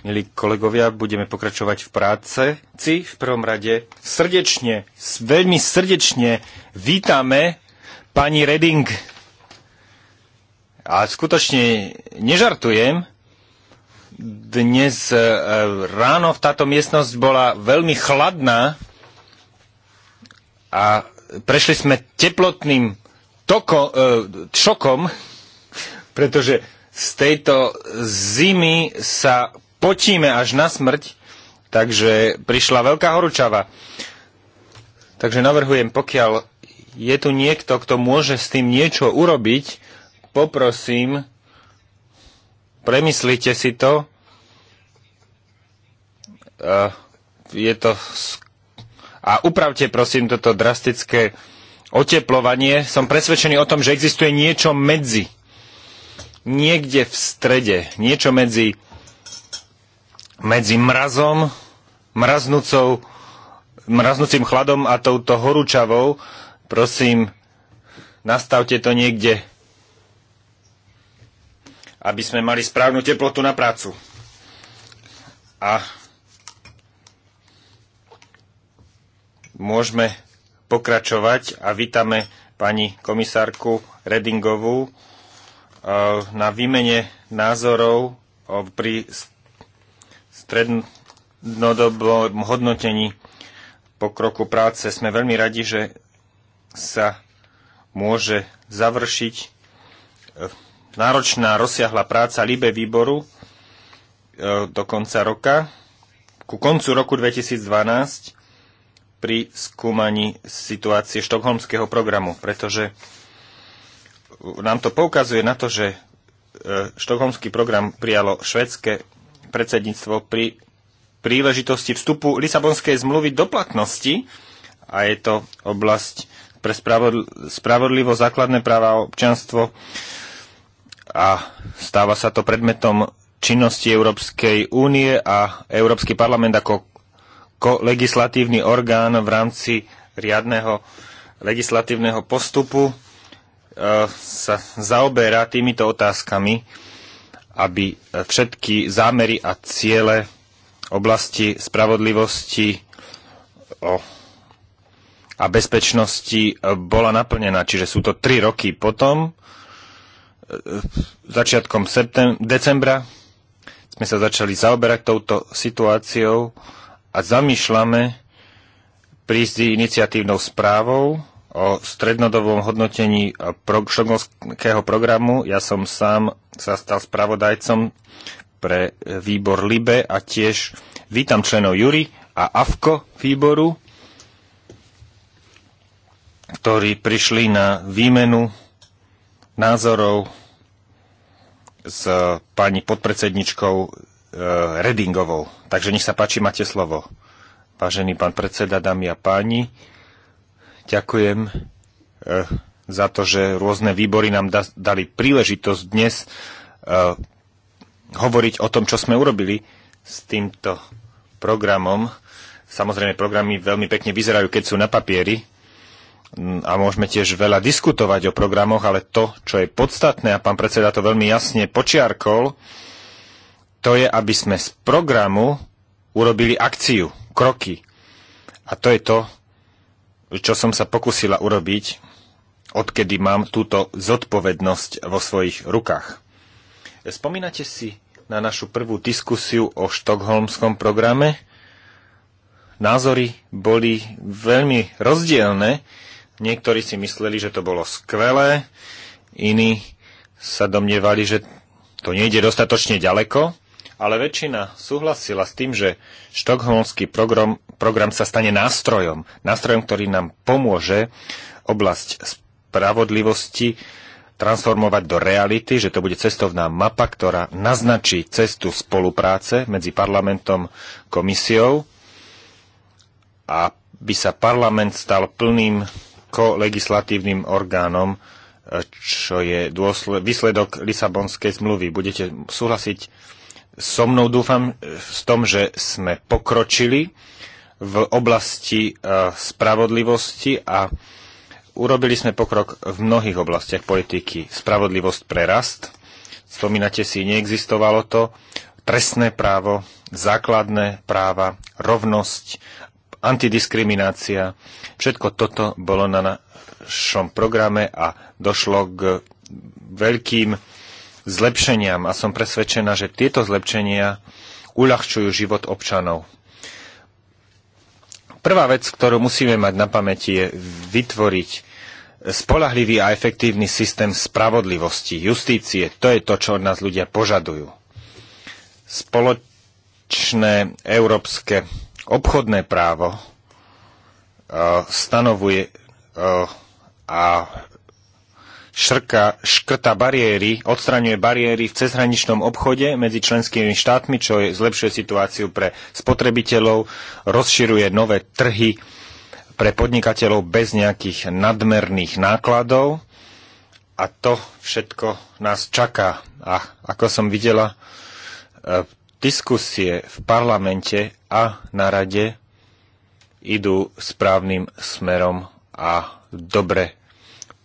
Milí kolegovia, budeme pokračovať v práce. Ci v prvom rade srdečne, veľmi srdečne vítame pani Reding. A skutočne nežartujem, dnes e, ráno táto miestnosť bola veľmi chladná a prešli sme teplotným toko, e, šokom, pretože z tejto zimy sa potíme až na smrť, takže prišla veľká horúčava. Takže navrhujem, pokiaľ je tu niekto, kto môže s tým niečo urobiť, poprosím, premyslite si to. Je to... A upravte prosím toto drastické oteplovanie. Som presvedčený o tom, že existuje niečo medzi niekde v strede, niečo medzi, medzi mrazom, mraznúcou, mraznúcim chladom a touto horúčavou. Prosím, nastavte to niekde, aby sme mali správnu teplotu na prácu. A môžeme pokračovať a vítame pani komisárku Redingovú Eh, na výmene názorov pri strednodobom hodnotení pokroku práce. Sme veľmi radi, že sa môže završiť eh, náročná, rozsiahla práca Libe výboru eh, do konca roka, ku koncu roku 2012 pri skúmaní situácie štokholmského programu, pretože nám to poukazuje na to, že e, štokholmský program prijalo švedské predsedníctvo pri príležitosti vstupu Lisabonskej zmluvy do platnosti a je to oblasť pre spravodlivo základné práva a občanstvo a stáva sa to predmetom činnosti Európskej únie a Európsky parlament ako legislatívny orgán v rámci riadneho legislatívneho postupu sa zaoberá týmito otázkami, aby všetky zámery a ciele oblasti spravodlivosti a bezpečnosti e, bola naplnená. Čiže sú to tri roky potom, e, začiatkom septem- decembra, sme sa začali zaoberať touto situáciou a zamýšľame prísť iniciatívnou správou, o strednodobom hodnotení štokholmského programu. Ja som sám sa stal spravodajcom pre výbor LIBE a tiež vítam členov Jury a AFKO výboru, ktorí prišli na výmenu názorov s pani podpredsedničkou e, Redingovou. Takže nech sa páči, máte slovo. Vážený pán predseda, dámy a páni, Ďakujem eh, za to, že rôzne výbory nám dali príležitosť dnes eh, hovoriť o tom, čo sme urobili s týmto programom. Samozrejme, programy veľmi pekne vyzerajú, keď sú na papieri mm, a môžeme tiež veľa diskutovať o programoch, ale to, čo je podstatné, a pán predseda to veľmi jasne počiarkol, to je, aby sme z programu urobili akciu, kroky. A to je to, čo som sa pokusila urobiť, odkedy mám túto zodpovednosť vo svojich rukách. Spomínate si na našu prvú diskusiu o štokholmskom programe? Názory boli veľmi rozdielne. Niektorí si mysleli, že to bolo skvelé, iní sa domnievali, že to nejde dostatočne ďaleko ale väčšina súhlasila s tým, že štokholmský program, program sa stane nástrojom, nástrojom, ktorý nám pomôže oblasť spravodlivosti transformovať do reality, že to bude cestovná mapa, ktorá naznačí cestu spolupráce medzi parlamentom, komisiou a by sa parlament stal plným kolegislatívnym orgánom, čo je dôsled- výsledok Lisabonskej zmluvy. Budete súhlasiť so mnou dúfam e, v tom, že sme pokročili v oblasti e, spravodlivosti a urobili sme pokrok v mnohých oblastiach politiky. Spravodlivosť pre rast, spomínate si, neexistovalo to, trestné právo, základné práva, rovnosť, antidiskriminácia. Všetko toto bolo na našom programe a došlo k veľkým zlepšeniam a som presvedčená, že tieto zlepšenia uľahčujú život občanov. Prvá vec, ktorú musíme mať na pamäti, je vytvoriť spolahlivý a efektívny systém spravodlivosti, justície. To je to, čo od nás ľudia požadujú. Spoločné európske obchodné právo e, stanovuje e, a šrka, škrta bariéry, odstraňuje bariéry v cezhraničnom obchode medzi členskými štátmi, čo je, zlepšuje situáciu pre spotrebiteľov, rozširuje nové trhy pre podnikateľov bez nejakých nadmerných nákladov. A to všetko nás čaká. A ako som videla, e, diskusie v parlamente a na rade idú správnym smerom a dobre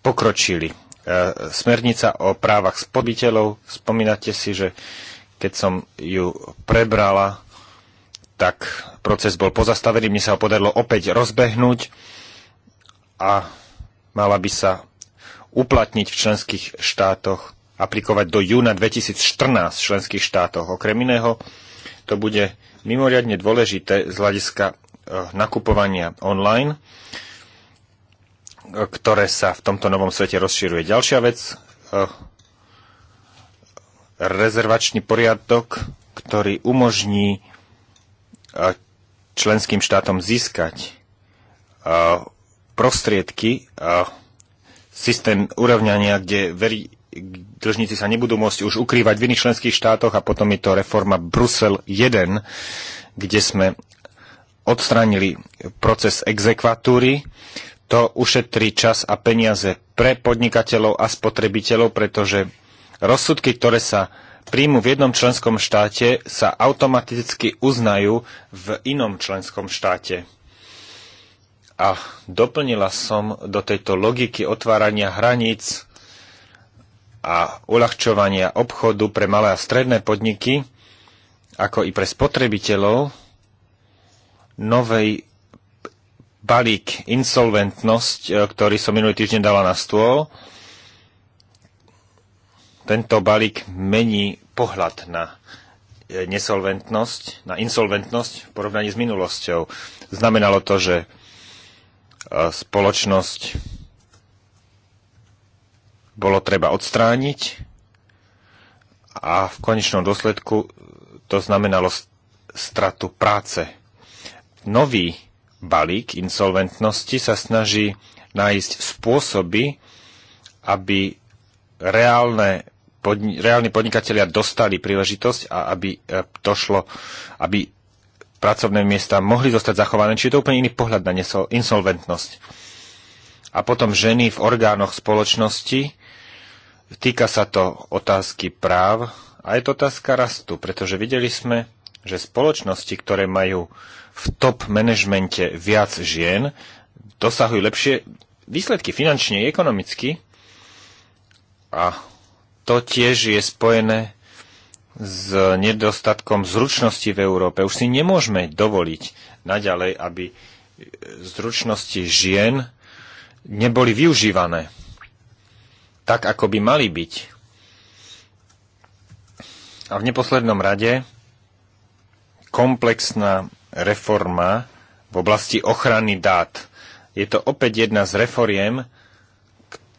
pokročili. E, smernica o právach spotrebiteľov. Spomínate si, že keď som ju prebrala, tak proces bol pozastavený, mi sa ho podarilo opäť rozbehnúť a mala by sa uplatniť v členských štátoch, aplikovať do júna 2014 v členských štátoch. Okrem iného, to bude mimoriadne dôležité z hľadiska e, nakupovania online, ktoré sa v tomto novom svete rozširuje. Ďalšia vec, eh, rezervačný poriadok, ktorý umožní eh, členským štátom získať eh, prostriedky, systém urovňania, kde veri, dlžníci sa nebudú môcť už ukrývať v iných členských štátoch a potom je to reforma Brusel 1, kde sme odstránili proces exekvatúry, to ušetrí čas a peniaze pre podnikateľov a spotrebiteľov, pretože rozsudky, ktoré sa príjmu v jednom členskom štáte, sa automaticky uznajú v inom členskom štáte. A doplnila som do tejto logiky otvárania hraníc a uľahčovania obchodu pre malé a stredné podniky, ako i pre spotrebiteľov, novej balík insolventnosť, e, ktorý som minulý týždeň dala na stôl. Tento balík mení pohľad na e, nesolventnosť, na insolventnosť v porovnaní s minulosťou. Znamenalo to, že e, spoločnosť bolo treba odstrániť a v konečnom dôsledku to znamenalo stratu práce. Nový balík insolventnosti sa snaží nájsť spôsoby, aby reálne podni- reálni podnikatelia dostali príležitosť a aby došlo, e, aby pracovné miesta mohli zostať zachované. Čiže je to úplne iný pohľad na insolventnosť. A potom ženy v orgánoch spoločnosti. Týka sa to otázky práv a je to otázka rastu, pretože videli sme, že spoločnosti, ktoré majú v top manažmente viac žien, dosahujú lepšie výsledky finančne i ekonomicky. A to tiež je spojené s nedostatkom zručnosti v Európe. Už si nemôžeme dovoliť naďalej, aby zručnosti žien neboli využívané tak, ako by mali byť. A v neposlednom rade komplexná reforma v oblasti ochrany dát. Je to opäť jedna z reforiem,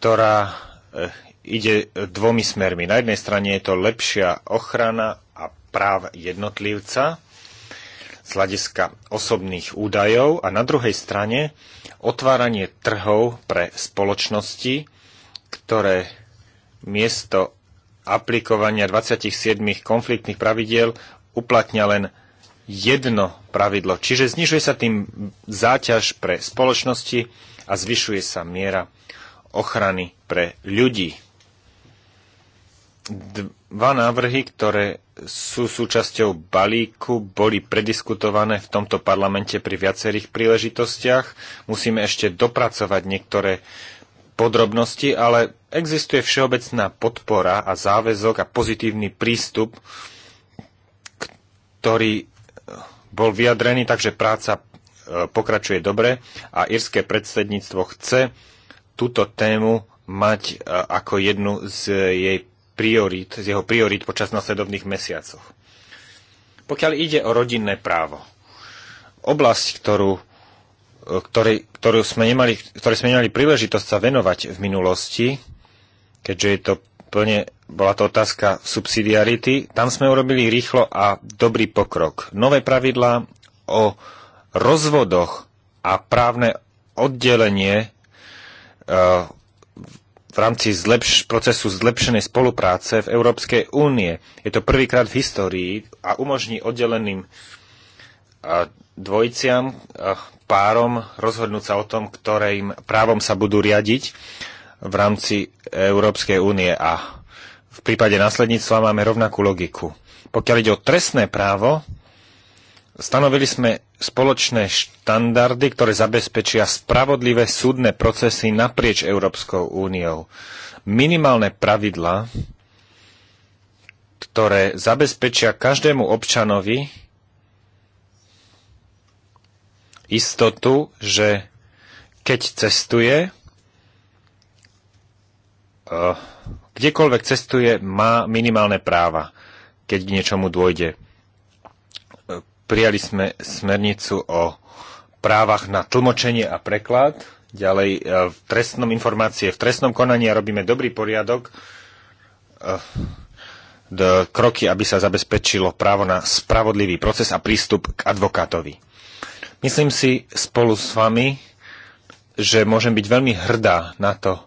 ktorá eh, ide dvomi smermi. Na jednej strane je to lepšia ochrana a práv jednotlivca z hľadiska osobných údajov a na druhej strane otváranie trhov pre spoločnosti, ktoré miesto aplikovania 27 konfliktných pravidiel uplatňa len jedno pravidlo. Čiže znižuje sa tým záťaž pre spoločnosti a zvyšuje sa miera ochrany pre ľudí. Dva návrhy, ktoré sú súčasťou balíku, boli prediskutované v tomto parlamente pri viacerých príležitostiach. Musíme ešte dopracovať niektoré podrobnosti, ale existuje všeobecná podpora a záväzok a pozitívny prístup, ktorý bol vyjadrený, takže práca e, pokračuje dobre a írske predsedníctvo chce túto tému mať e, ako jednu z jej priorít, z jeho priorít počas nasledovných mesiacoch. Pokiaľ ide o rodinné právo, oblasť, ktorú, e, ktorej, ktorú sme nemali, ktorej sme nemali príležitosť sa venovať v minulosti, keďže je to plne, bola to otázka subsidiarity, tam sme urobili rýchlo a dobrý pokrok. Nové pravidlá o rozvodoch a právne oddelenie e, v rámci zlepš- procesu zlepšenej spolupráce v Európskej únie. Je to prvýkrát v histórii a umožní oddeleným e, dvojiciam, e, párom rozhodnúť sa o tom, ktorým právom sa budú riadiť v rámci Európskej únie a v prípade nasledníctva máme rovnakú logiku. Pokiaľ ide o trestné právo, stanovili sme spoločné štandardy, ktoré zabezpečia spravodlivé súdne procesy naprieč Európskou úniou. Minimálne pravidlá, ktoré zabezpečia každému občanovi istotu, že keď cestuje, E, kdekoľvek cestuje, má minimálne práva, keď k niečomu dôjde. E, prijali sme smernicu o právach na tlmočenie a preklad, ďalej e, v trestnom informácie, v trestnom konaní a robíme dobrý poriadok, kroky, aby sa zabezpečilo právo na spravodlivý proces a prístup k advokátovi. Myslím si spolu s vami, že môžem byť veľmi hrdá na to,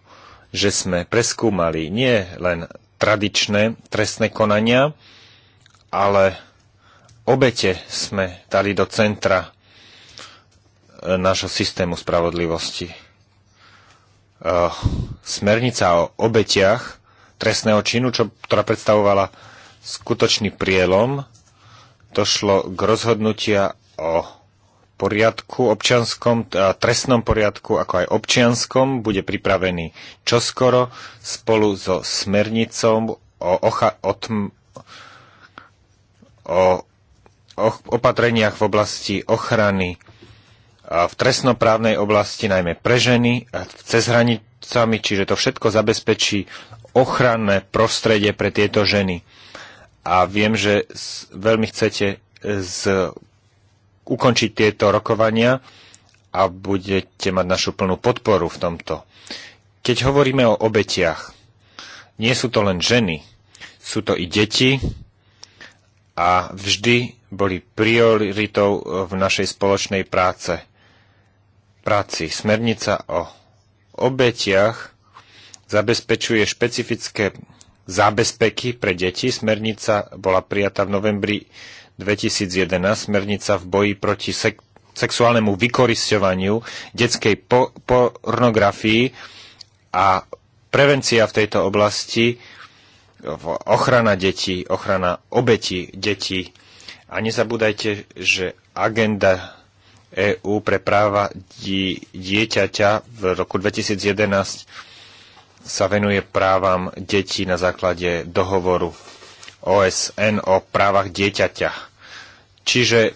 že sme preskúmali nie len tradičné trestné konania, ale obete sme dali do centra e, nášho systému spravodlivosti. E, smernica o obetiach trestného činu, čo, ktorá predstavovala skutočný prielom, došlo k rozhodnutia o poriadku občianskom, trestnom poriadku, ako aj občianskom, bude pripravený čoskoro spolu so smernicou o, ocha, o, tm, o, o opatreniach v oblasti ochrany v trestnoprávnej oblasti, najmä pre ženy, cez hranicami, čiže to všetko zabezpečí ochranné prostredie pre tieto ženy. A viem, že veľmi chcete z ukončiť tieto rokovania a budete mať našu plnú podporu v tomto. Keď hovoríme o obetiach, nie sú to len ženy, sú to i deti a vždy boli prioritou v našej spoločnej práce. Práci smernica o obetiach zabezpečuje špecifické zábezpeky pre deti. Smernica bola prijatá v novembri 2011 smernica v boji proti sek- sexuálnemu vykorisťovaniu, detskej po- pornografii a prevencia v tejto oblasti, ochrana detí, ochrana obeti detí. A nezabúdajte, že agenda EÚ pre práva dieťaťa v roku 2011 sa venuje právam detí na základe dohovoru OSN o právach dieťaťa. Čiže e,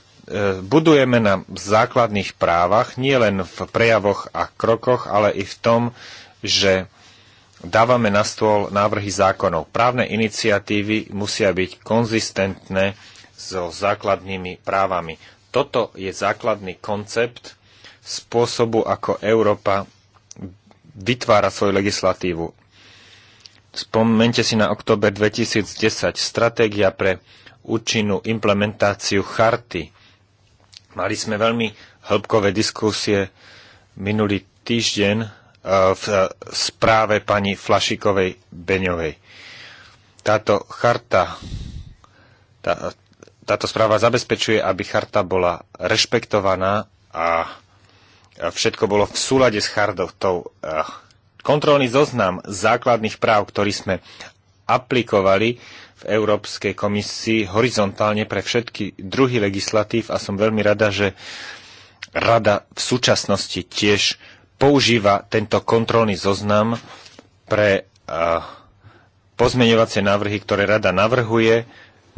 budujeme na základných právach, nie len v prejavoch a krokoch, ale i v tom, že dávame na stôl návrhy zákonov. Právne iniciatívy musia byť konzistentné so základnými právami. Toto je základný koncept spôsobu, ako Európa vytvára svoju legislatívu. Spomente si na október 2010 stratégia pre účinnú implementáciu charty. Mali sme veľmi hĺbkové diskusie minulý týždeň e, e, v správe pani Flašikovej Beňovej. Táto charta, tá, táto správa zabezpečuje, aby charta bola rešpektovaná a všetko bolo v súlade s chartou. E, kontrolný zoznam základných práv, ktorý sme aplikovali, Európskej komisii horizontálne pre všetky druhy legislatív a som veľmi rada, že rada v súčasnosti tiež používa tento kontrolný zoznam pre eh, pozmeňovacie návrhy, ktoré rada navrhuje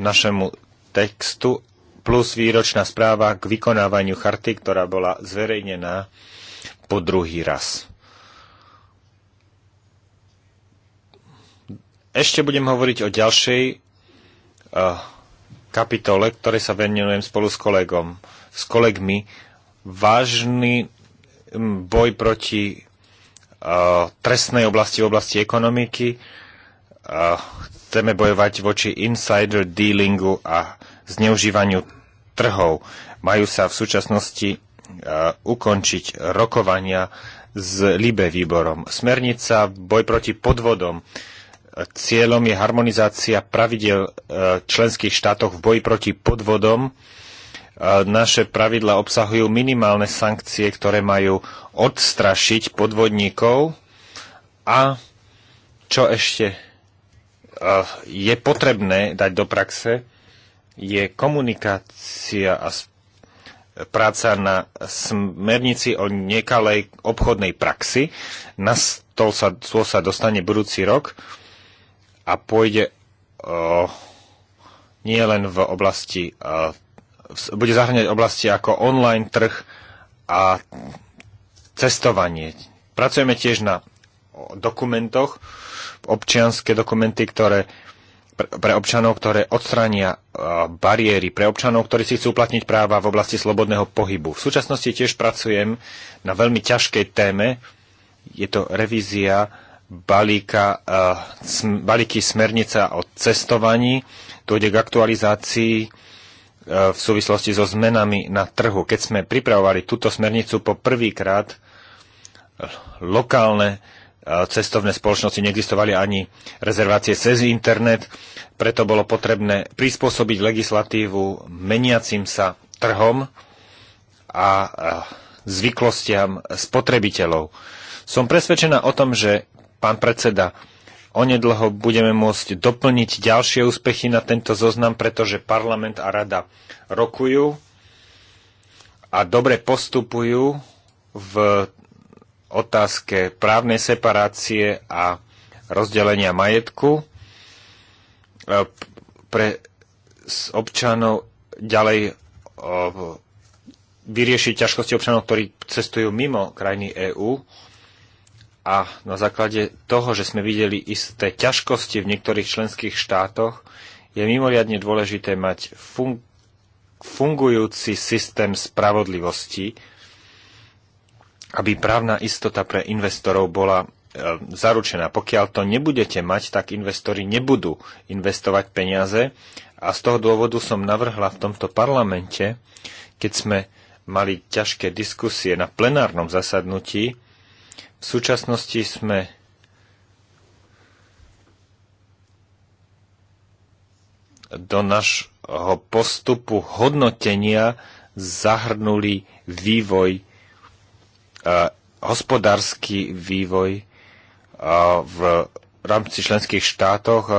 našemu textu, plus výročná správa k vykonávaniu charty, ktorá bola zverejnená po druhý raz. Ešte budem hovoriť o ďalšej uh, kapitole, ktorej sa venujem spolu s kolegom, s kolegmi. Vážny mm, boj proti uh, trestnej oblasti, v oblasti ekonomiky. Uh, chceme bojovať voči insider dealingu a zneužívaniu trhov. Majú sa v súčasnosti uh, ukončiť rokovania s Libe výborom. Smernica boj proti podvodom Cieľom je harmonizácia pravidel e, členských štátoch v boji proti podvodom. E, naše pravidla obsahujú minimálne sankcie, ktoré majú odstrašiť podvodníkov a čo ešte e, je potrebné dať do praxe, je komunikácia a práca na smernici o nekalej obchodnej praxi. Na stôl sa, stôl sa dostane budúci rok a pôjde uh, nie len v oblasti, uh, bude zahrňať oblasti ako online trh a cestovanie. Pracujeme tiež na dokumentoch, občianské dokumenty, ktoré pre občanov, ktoré odstrania eh, bariéry, pre občanov, ktorí si chcú uplatniť práva v oblasti slobodného pohybu. V súčasnosti tiež pracujem na veľmi ťažkej téme. Je to revízia balíka, eh, balíky smernica o cestovaní. Dôjde k aktualizácii eh, v súvislosti so zmenami na trhu. Keď sme pripravovali túto smernicu po prvýkrát, lokálne eh, cestovné spoločnosti neexistovali ani rezervácie cez internet, preto bolo potrebné prispôsobiť legislatívu meniacim sa trhom a zvyklostiam spotrebiteľov. Som presvedčená o tom, že Pán predseda, onedlho budeme môcť doplniť ďalšie úspechy na tento zoznam, pretože parlament a rada rokujú a dobre postupujú v otázke právnej separácie a rozdelenia majetku e, pre občanov ďalej e, vyriešiť ťažkosti občanov, ktorí cestujú mimo krajiny EÚ a na základe toho, že sme videli isté ťažkosti v niektorých členských štátoch, je mimoriadne dôležité mať fun- fungujúci systém spravodlivosti, aby právna istota pre investorov bola e, zaručená. Pokiaľ to nebudete mať, tak investori nebudú investovať peniaze a z toho dôvodu som navrhla v tomto parlamente, keď sme mali ťažké diskusie na plenárnom zasadnutí, v súčasnosti sme do našho postupu hodnotenia zahrnuli vývoj, e, hospodársky vývoj e, v rámci členských štátoch, e,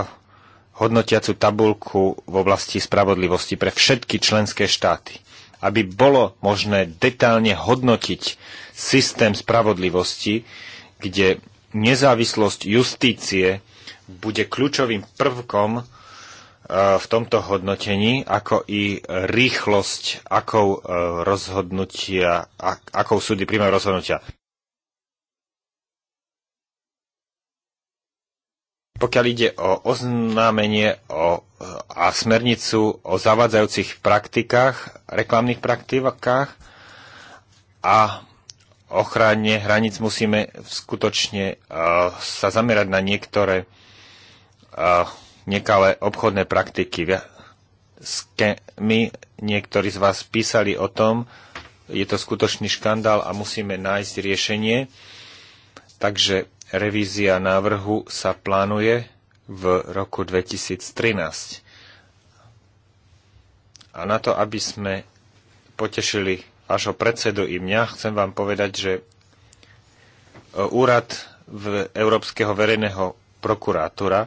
hodnotiacu tabulku v oblasti spravodlivosti pre všetky členské štáty aby bolo možné detálne hodnotiť systém spravodlivosti, kde nezávislosť justície bude kľúčovým prvkom e, v tomto hodnotení, ako i rýchlosť, akou e, rozhodnutia, akou súdy príjmajú rozhodnutia. Pokiaľ ide o oznámenie o, a smernicu o zavádzajúcich praktikách, reklamných praktikách a ochrane hraníc musíme skutočne uh, sa zamerať na niektoré uh, nekalé obchodné praktiky. My, niektorí z vás písali o tom, je to skutočný škandál a musíme nájsť riešenie. Takže Revízia návrhu sa plánuje v roku 2013. A na to, aby sme potešili vášho predsedu i mňa, chcem vám povedať, že e, úrad v Európskeho verejného prokurátora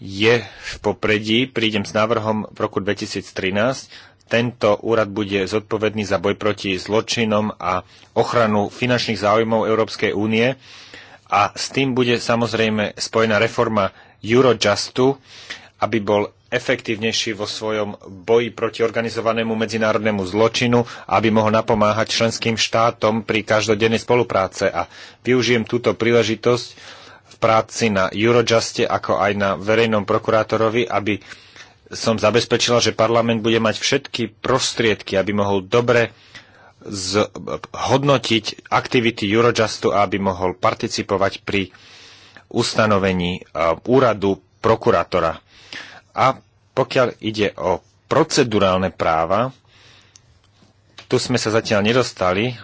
je v popredí, prídem s návrhom v roku 2013. Tento úrad bude zodpovedný za boj proti zločinom a ochranu finančných záujmov Európskej únie a s tým bude samozrejme spojená reforma Eurojustu, aby bol efektívnejší vo svojom boji proti organizovanému medzinárodnému zločinu, aby mohol napomáhať členským štátom pri každodennej spolupráce. A využijem túto príležitosť v práci na Eurojuste, ako aj na verejnom prokurátorovi, aby som zabezpečila, že parlament bude mať všetky prostriedky, aby mohol dobre hodnotiť aktivity Eurojustu, aby mohol participovať pri ustanovení e, úradu prokurátora. A pokiaľ ide o procedurálne práva, tu sme sa zatiaľ nedostali.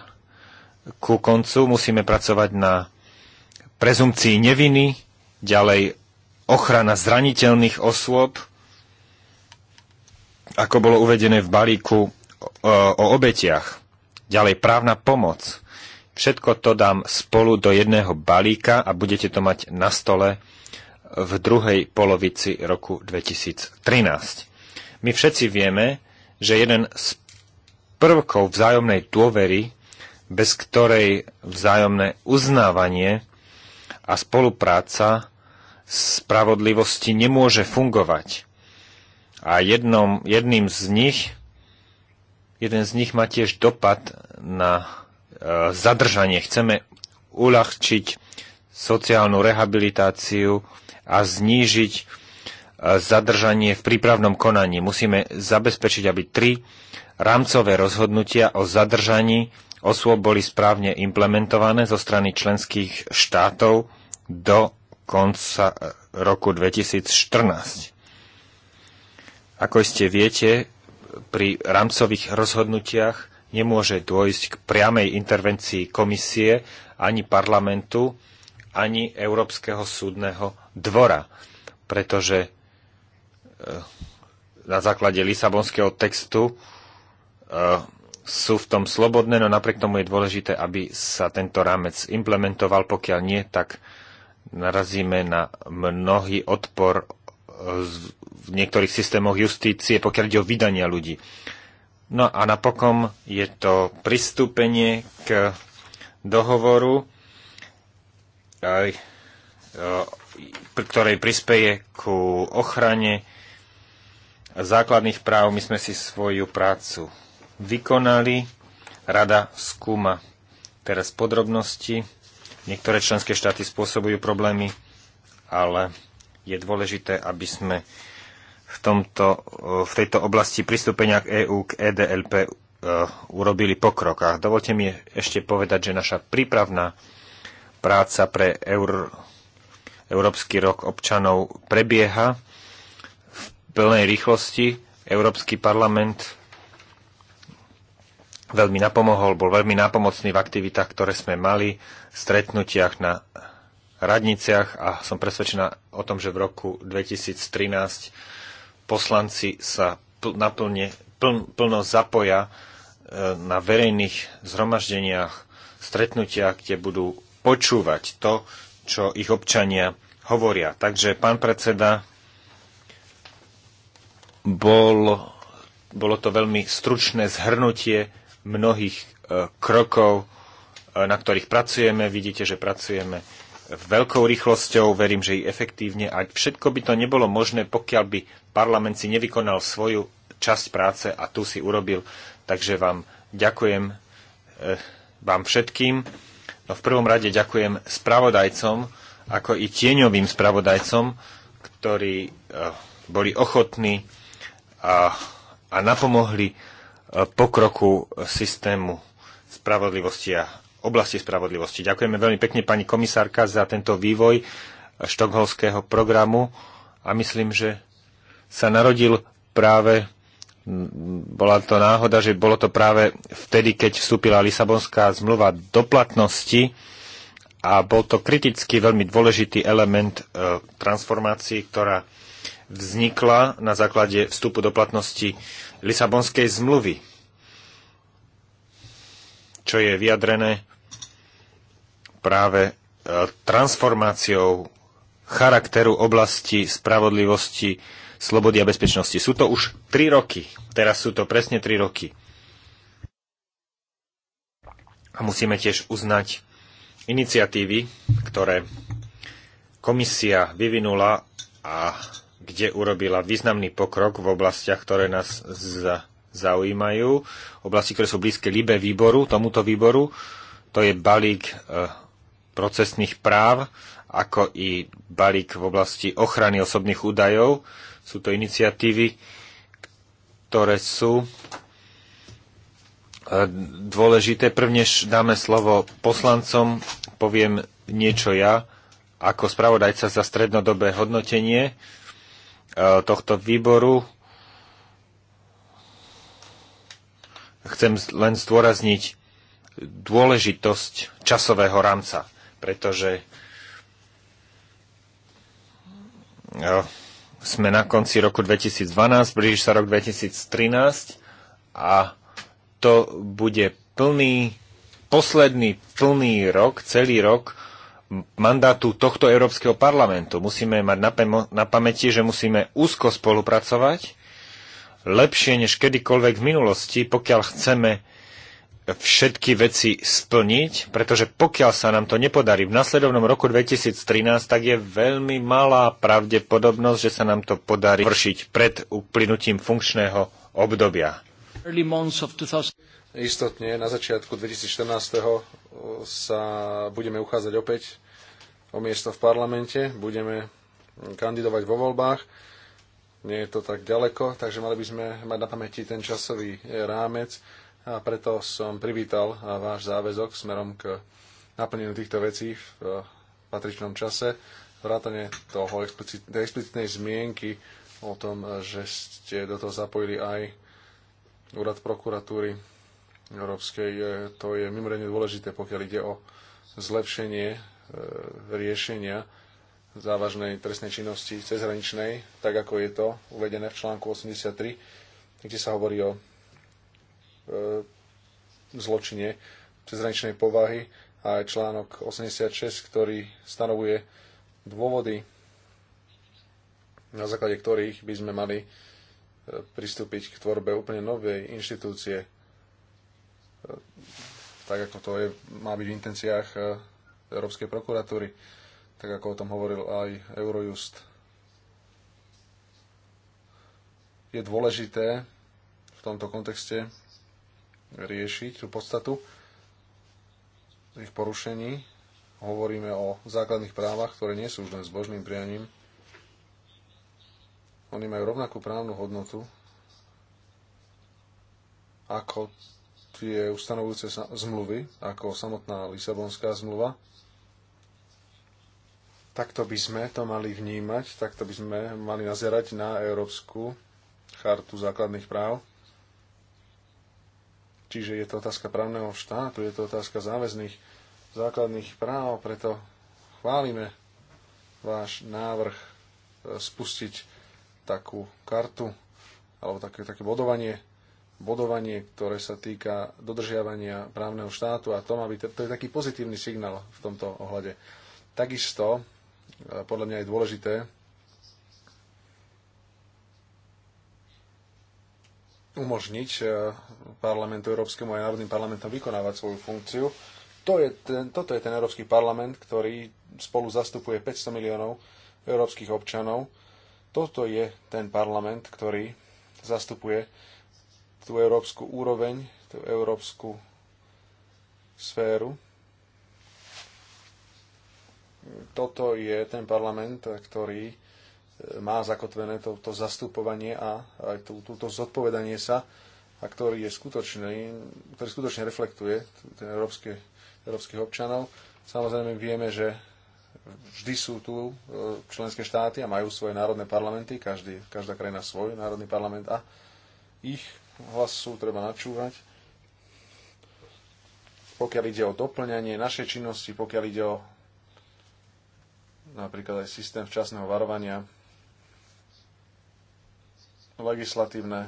Ku koncu musíme pracovať na prezumcii neviny, ďalej ochrana zraniteľných osôb, ako bolo uvedené v balíku o, e, o obetiach Ďalej právna pomoc. Všetko to dám spolu do jedného balíka a budete to mať na stole v druhej polovici roku 2013. My všetci vieme, že jeden z prvkov vzájomnej dôvery, bez ktorej vzájomné uznávanie a spolupráca spravodlivosti nemôže fungovať. A jednom, jedným z nich Jeden z nich má tiež dopad na e, zadržanie. Chceme uľahčiť sociálnu rehabilitáciu a znížiť e, zadržanie v prípravnom konaní. Musíme zabezpečiť, aby tri rámcové rozhodnutia o zadržaní osôb boli správne implementované zo strany členských štátov do konca e, roku 2014. Ako ste viete, pri rámcových rozhodnutiach nemôže dôjsť k priamej intervencii komisie ani parlamentu, ani Európskeho súdneho dvora, pretože e, na základe Lisabonského textu e, sú v tom slobodné, no napriek tomu je dôležité, aby sa tento rámec implementoval. Pokiaľ nie, tak narazíme na mnohý odpor v niektorých systémoch justície, pokiaľ ide o vydania ľudí. No a napokon je to pristúpenie k dohovoru, e, ktorej prispeje ku ochrane základných práv. My sme si svoju prácu vykonali. Rada skúma teraz podrobnosti. Niektoré členské štáty spôsobujú problémy, ale je dôležité, aby sme v, tomto, v tejto oblasti pristúpenia k EÚ, k EDLP e, urobili pokrok. A dovolte mi ešte povedať, že naša prípravná práca pre Eur, Európsky rok občanov prebieha v plnej rýchlosti. Európsky parlament veľmi napomohol, bol veľmi nápomocný v aktivitách, ktoré sme mali, v stretnutiach na radniciach a som presvedčená o tom, že v roku 2013 poslanci sa pl- naplne, pl, plno zapoja e, na verejných zhromaždeniach, stretnutiach, kde budú počúvať to, čo ich občania hovoria. Takže, pán predseda, bol, bolo to veľmi stručné zhrnutie mnohých e, krokov, e, na ktorých pracujeme. Vidíte, že pracujeme veľkou rýchlosťou, verím, že i efektívne a všetko by to nebolo možné, pokiaľ by parlament si nevykonal svoju časť práce a tu si urobil. Takže vám ďakujem eh, vám všetkým. No v prvom rade ďakujem spravodajcom, ako i tieňovým spravodajcom, ktorí eh, boli ochotní a, a napomohli eh, pokroku systému spravodlivosti a oblasti spravodlivosti. Ďakujeme veľmi pekne pani komisárka za tento vývoj štokholského programu a myslím, že sa narodil práve bola to náhoda, že bolo to práve vtedy, keď vstúpila Lisabonská zmluva do platnosti a bol to kriticky veľmi dôležitý element e, transformácií, ktorá vznikla na základe vstupu do platnosti Lisabonskej zmluvy, čo je vyjadrené práve e, transformáciou charakteru oblasti spravodlivosti, slobody a bezpečnosti. Sú to už tri roky. Teraz sú to presne tri roky. A musíme tiež uznať iniciatívy, ktoré komisia vyvinula a kde urobila významný pokrok v oblastiach, ktoré nás zaujímajú. Oblasti, ktoré sú blízke Libe výboru, tomuto výboru. To je balík e, procesných práv, ako i balík v oblasti ochrany osobných údajov. Sú to iniciatívy, ktoré sú e, dôležité. Prvnež dáme slovo poslancom, poviem niečo ja ako spravodajca za strednodobé hodnotenie e, tohto výboru. Chcem len stôrazniť dôležitosť časového rámca pretože sme na konci roku 2012, blíži sa rok 2013 a to bude plný, posledný plný rok, celý rok mandátu tohto Európskeho parlamentu. Musíme mať na, na pamäti, že musíme úzko spolupracovať, lepšie než kedykoľvek v minulosti, pokiaľ chceme všetky veci splniť, pretože pokiaľ sa nám to nepodarí v nasledovnom roku 2013, tak je veľmi malá pravdepodobnosť, že sa nám to podarí vršiť pred uplynutím funkčného obdobia. Istotne, na začiatku 2014. sa budeme uchádzať opäť o miesto v parlamente, budeme kandidovať vo voľbách nie je to tak ďaleko, takže mali by sme mať na pamäti ten časový e, rámec a preto som privítal váš záväzok smerom k naplneniu týchto vecí v e, patričnom čase, vrátane toho explicitnej zmienky o tom, že ste do toho zapojili aj úrad prokuratúry Európskej. E, to je mimoriadne dôležité, pokiaľ ide o zlepšenie e, riešenia závažnej trestnej činnosti cezhraničnej, tak ako je to uvedené v článku 83, kde sa hovorí o E, zločine cezhraničnej povahy a aj článok 86, ktorý stanovuje dôvody, na základe ktorých by sme mali e, pristúpiť k tvorbe úplne novej inštitúcie, e, tak ako to je, má byť v intenciách Európskej prokuratúry, tak ako o tom hovoril aj Eurojust. Je dôležité v tomto kontexte riešiť tú podstatu ich porušení. Hovoríme o základných právach, ktoré nie sú už len zbožným prianím. Oni majú rovnakú právnu hodnotu ako tie ustanovujúce zmluvy, ako samotná Lisabonská zmluva. Takto by sme to mali vnímať, takto by sme mali nazerať na Európsku chartu základných práv. Čiže je to otázka právneho štátu, je to otázka záväzných základných práv, preto chválime váš návrh e, spustiť takú kartu alebo také, také bodovanie, bodovanie, ktoré sa týka dodržiavania právneho štátu a tom, aby to, to je taký pozitívny signál v tomto ohľade. Takisto, e, podľa mňa je dôležité, umožniť eh, parlamentu európskemu aj národným parlamentom vykonávať svoju funkciu. To je ten, toto je ten Európsky parlament, ktorý spolu zastupuje 500 miliónov európskych občanov. Toto je ten parlament, ktorý zastupuje tú európsku úroveň, tú európsku sféru. Toto je ten parlament, ktorý má zakotvené to, to zastupovanie a aj tú, túto zodpovedanie sa, a ktorý je skutočný, ktorý skutočne reflektuje ten európske, európskych občanov. Samozrejme vieme, že vždy sú tu e, členské štáty a majú svoje národné parlamenty, každý, každá krajina svoj národný parlament a ich hlasu treba načúvať. Pokiaľ ide o doplňanie našej činnosti, pokiaľ ide o napríklad aj systém včasného varovania legislatívne,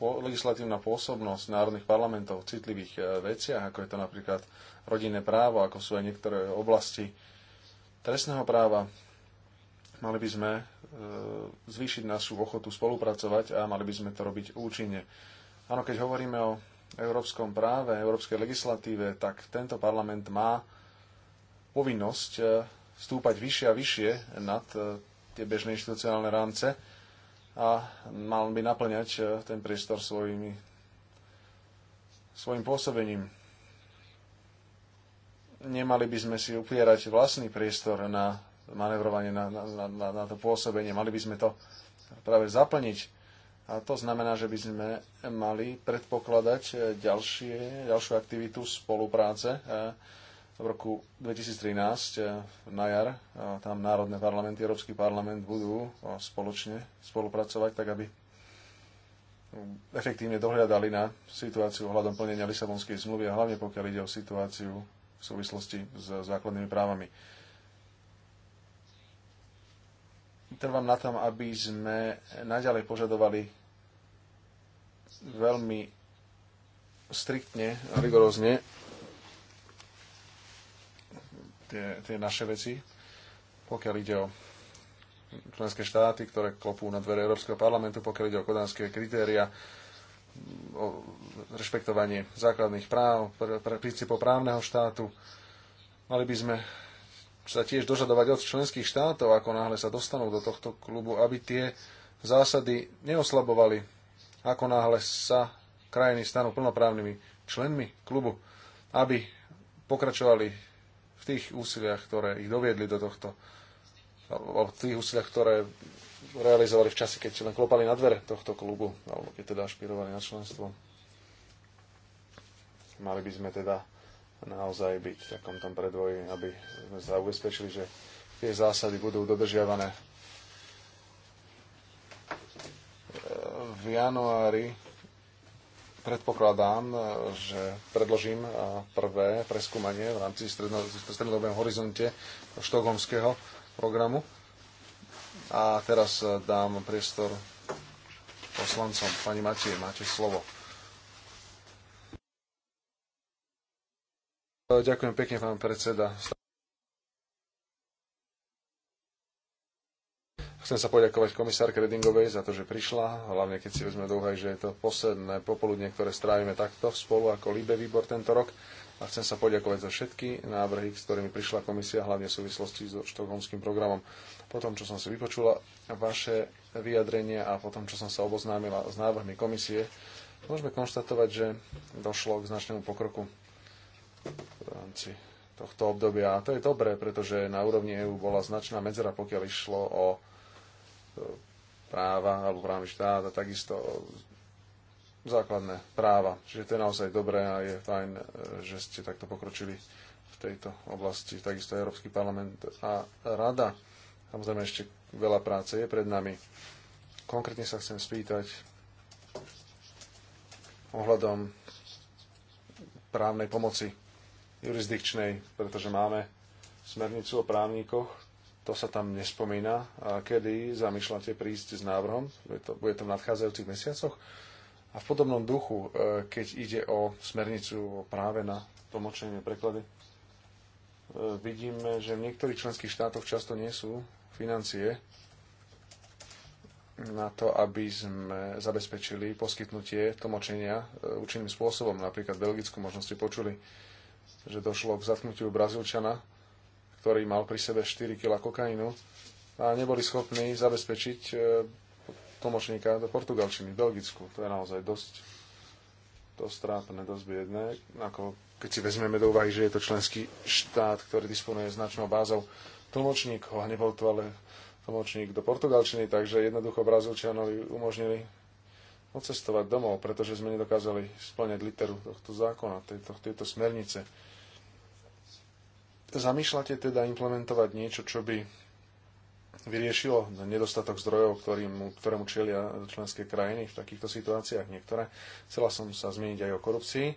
legislatívna pôsobnosť národných parlamentov v citlivých e, veciach, ako je to napríklad rodinné právo, ako sú aj niektoré oblasti trestného práva. Mali by sme e, zvýšiť našu ochotu spolupracovať a mali by sme to robiť účinne. Áno, keď hovoríme o európskom práve, európskej legislatíve, tak tento parlament má povinnosť e, stúpať vyššie a vyššie nad tie bežné inštitucionálne rámce a mal by naplňať e, ten priestor svojimi, svojim pôsobením. Nemali by sme si upierať vlastný priestor na manevrovanie, na, na, na, na to pôsobenie. Mali by sme to práve zaplniť. A to znamená, že by sme mali predpokladať e, ďalšie, ďalšiu aktivitu spolupráce. E, v roku 2013 eh, na jar. Eh, tam národné parlamenty, Európsky parlament budú eh, spoločne spolupracovať, tak aby efektívne dohľadali na situáciu ohľadom plnenia Lisabonskej zmluvy a hlavne pokiaľ ide o situáciu v súvislosti s základnými právami. Trvám na tom, aby sme naďalej požadovali veľmi striktne, rigorózne tie, tie naše veci, pokiaľ ide o členské štáty, ktoré klopú na dvere Európskeho parlamentu, pokiaľ ide o kodanské kritéria, o rešpektovanie základných práv, pr- pr- princípov právneho štátu. Mali by sme sa tiež dožadovať od členských štátov, ako náhle sa dostanú do tohto klubu, aby tie zásady neoslabovali, ako náhle sa krajiny stanú plnoprávnymi členmi klubu, aby pokračovali tých úsiliach, ktoré ich doviedli do tohto, alebo v tých úsiliach, ktoré realizovali v čase, keď len klopali na dvere tohto klubu, alebo keď teda špirovali na členstvo. Mali by sme teda naozaj byť v takom tom predvoji, aby sme sa ubezpečili, že tie zásady budú dodržiavané. V januári predpokladám, e, že predložím e, prvé preskúmanie v rámci strednodobého horizonte štokholmského programu. A teraz e, dám priestor poslancom. Pani Matie, máte slovo. Ďakujem pekne, pán predseda. Chcem sa poďakovať komisárke Redingovej za to, že prišla, hlavne keď si vezme do úvahy, že je to posledné popoludne, ktoré strávime takto spolu ako Libe výbor tento rok. A chcem sa poďakovať za všetky návrhy, s ktorými prišla komisia, hlavne v súvislosti so štokholmským programom. Po tom, čo som si vypočula vaše vyjadrenia a po tom, čo som sa oboznámila s návrhmi komisie, môžeme konštatovať, že došlo k značnému pokroku v rámci tohto obdobia. A to je dobré, pretože na úrovni EÚ bola značná medzera, pokiaľ išlo o práva alebo právny štát a takisto základné práva. Čiže to je naozaj dobré a je fajn, e, že ste takto pokročili v tejto oblasti. Takisto Európsky parlament a rada. Samozrejme ešte veľa práce je pred nami. Konkrétne sa chcem spýtať ohľadom právnej pomoci jurisdikčnej, pretože máme smernicu o právnikoch, to sa tam nespomína. A kedy zamýšľate prísť s návrhom? Bude to, bude to v nadchádzajúcich mesiacoch? A v podobnom duchu, e, keď ide o smernicu o práve na tlmočenie preklady, e, vidíme, že v niektorých členských štátoch často nie sú financie na to, aby sme zabezpečili poskytnutie tlmočenia e, účinným spôsobom. Napríklad v Belgicku možno ste počuli, že došlo k zatknutiu Brazílčana, ktorý mal pri sebe 4 kg kokainu a neboli schopní zabezpečiť e, tlmočníka do portugalčiny, v Belgicku. To je naozaj dosť, dosť trápne, dosť biedné. Ako keď si vezmeme do úvahy, že je to členský štát, ktorý disponuje značnou bázou tlmočníkov a nebol to ale tlmočník do portugalčiny, takže jednoducho Brazílčanovi umožnili odcestovať domov, pretože sme nedokázali splňať literu tohto zákona, tejto, tejto smernice. Zamýšľate teda implementovať niečo, čo by vyriešilo nedostatok zdrojov, ktorým, ktorému čelia členské krajiny v takýchto situáciách niektoré. Chcela som sa zmieniť aj o korupcii. E,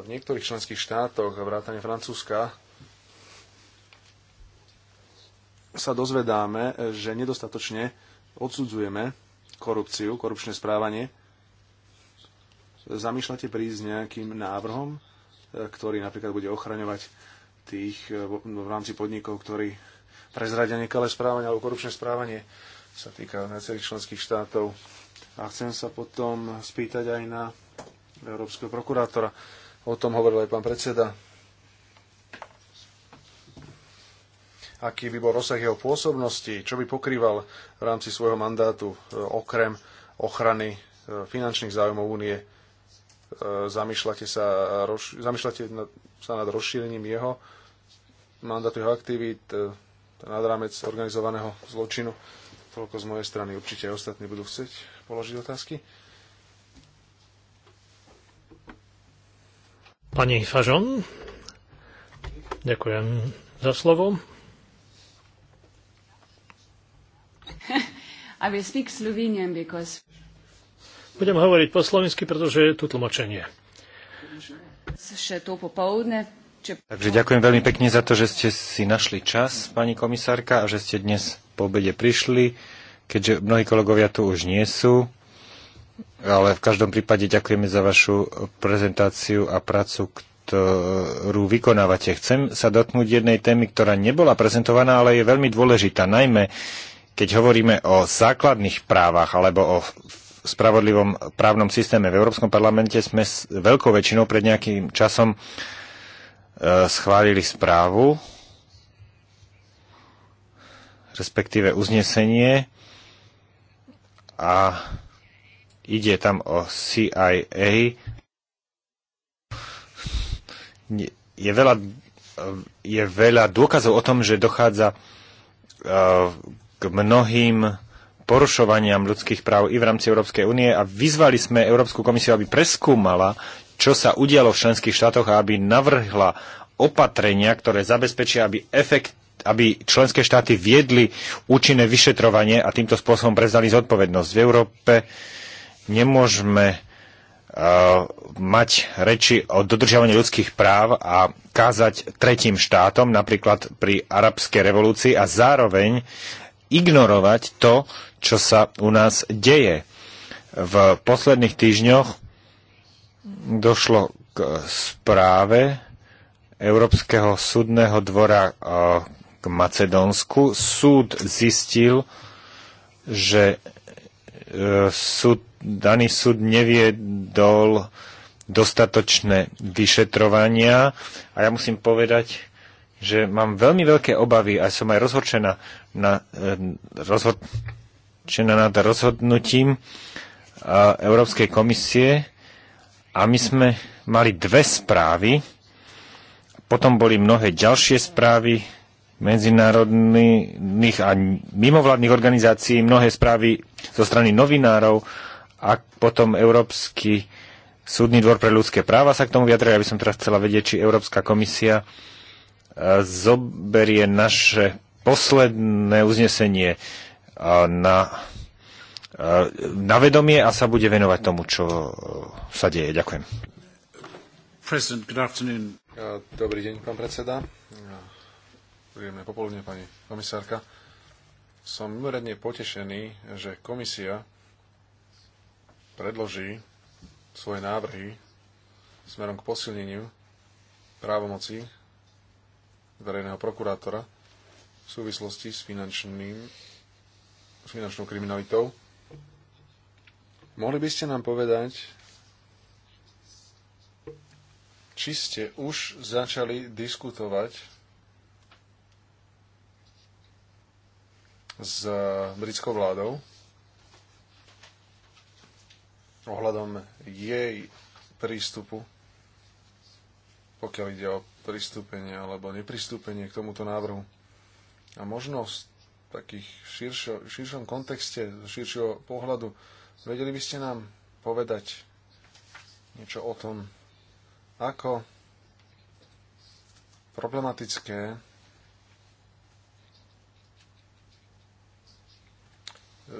v niektorých členských štátoch, vrátane Francúzska, sa dozvedáme, že nedostatočne odsudzujeme korupciu, korupčné správanie. Zamýšľate prísť nejakým návrhom, e, ktorý napríklad bude ochraňovať tých e, no, v rámci podnikov, ktorí prezradia nekalé správanie alebo korupčné správanie sa týka viacerých členských štátov. A chcem sa potom spýtať aj na Európskeho prokurátora. O tom hovoril aj pán predseda. Aký by bol rozsah jeho pôsobnosti, čo by pokrýval v rámci svojho mandátu e, okrem ochrany e, finančných záujmov únie E, zamýšľate sa, roz, zamýšľate sa nad rozšírením jeho mandátu, jeho aktivít e, nad rámec organizovaného zločinu. Toľko z mojej strany. Určite aj ostatní budú chcieť položiť otázky. Pani Fažon, ďakujem za slovo. I will speak Slovenian because... Budem hovoriť po slovensky, pretože je tu tlmočenie. Takže ďakujem veľmi pekne za to, že ste si našli čas, pani komisárka, a že ste dnes po obede prišli, keďže mnohí kolegovia tu už nie sú. Ale v každom prípade ďakujeme za vašu prezentáciu a prácu, ktorú vykonávate. Chcem sa dotknúť jednej témy, ktorá nebola prezentovaná, ale je veľmi dôležitá, najmä keď hovoríme o základných právach alebo o spravodlivom právnom systéme. V Európskom parlamente sme s veľkou väčšinou pred nejakým časom e, schválili správu, respektíve uznesenie a ide tam o CIA. Je veľa, je veľa dôkazov o tom, že dochádza e, k mnohým porušovaniam ľudských práv i v rámci Európskej únie a vyzvali sme Európsku komisiu, aby preskúmala, čo sa udialo v členských štátoch a aby navrhla opatrenia, ktoré zabezpečia, aby efekt aby členské štáty viedli účinné vyšetrovanie a týmto spôsobom prezdali zodpovednosť. V Európe nemôžeme uh, mať reči o dodržiavaní ľudských práv a kázať tretím štátom, napríklad pri arabskej revolúcii a zároveň ignorovať to, čo sa u nás deje. V posledných týždňoch došlo k správe Európskeho súdneho dvora e, k Macedónsku. Súd zistil, že e, súd, daný súd neviedol dostatočné vyšetrovania a ja musím povedať, že mám veľmi veľké obavy a som aj rozhorčená, na, eh, rozhorčená nad rozhodnutím eh, Európskej komisie a my sme mali dve správy, potom boli mnohé ďalšie správy medzinárodných a mimovládnych organizácií, mnohé správy zo strany novinárov a potom Európsky súdny dvor pre ľudské práva sa k tomu vyjadril. aby som teraz chcela vedieť, či Európska komisia zoberie naše posledné uznesenie e, na, e, na vedomie a sa bude venovať tomu, čo e, sa deje. Ďakujem. Dobrý deň, pán predseda. Príjemné popoludne, pani komisárka. Som mimoriadne potešený, že komisia predloží svoje návrhy smerom k posilneniu právomocí verejného prokurátora v súvislosti s, finančným, s finančnou kriminalitou. Mohli by ste nám povedať, či ste už začali diskutovať s britskou vládou ohľadom jej prístupu, pokiaľ ide o pristúpenie alebo nepristúpenie k tomuto návrhu. A možno v takých širšo, širšom kontexte, širšieho pohľadu, vedeli by ste nám povedať niečo o tom, ako problematické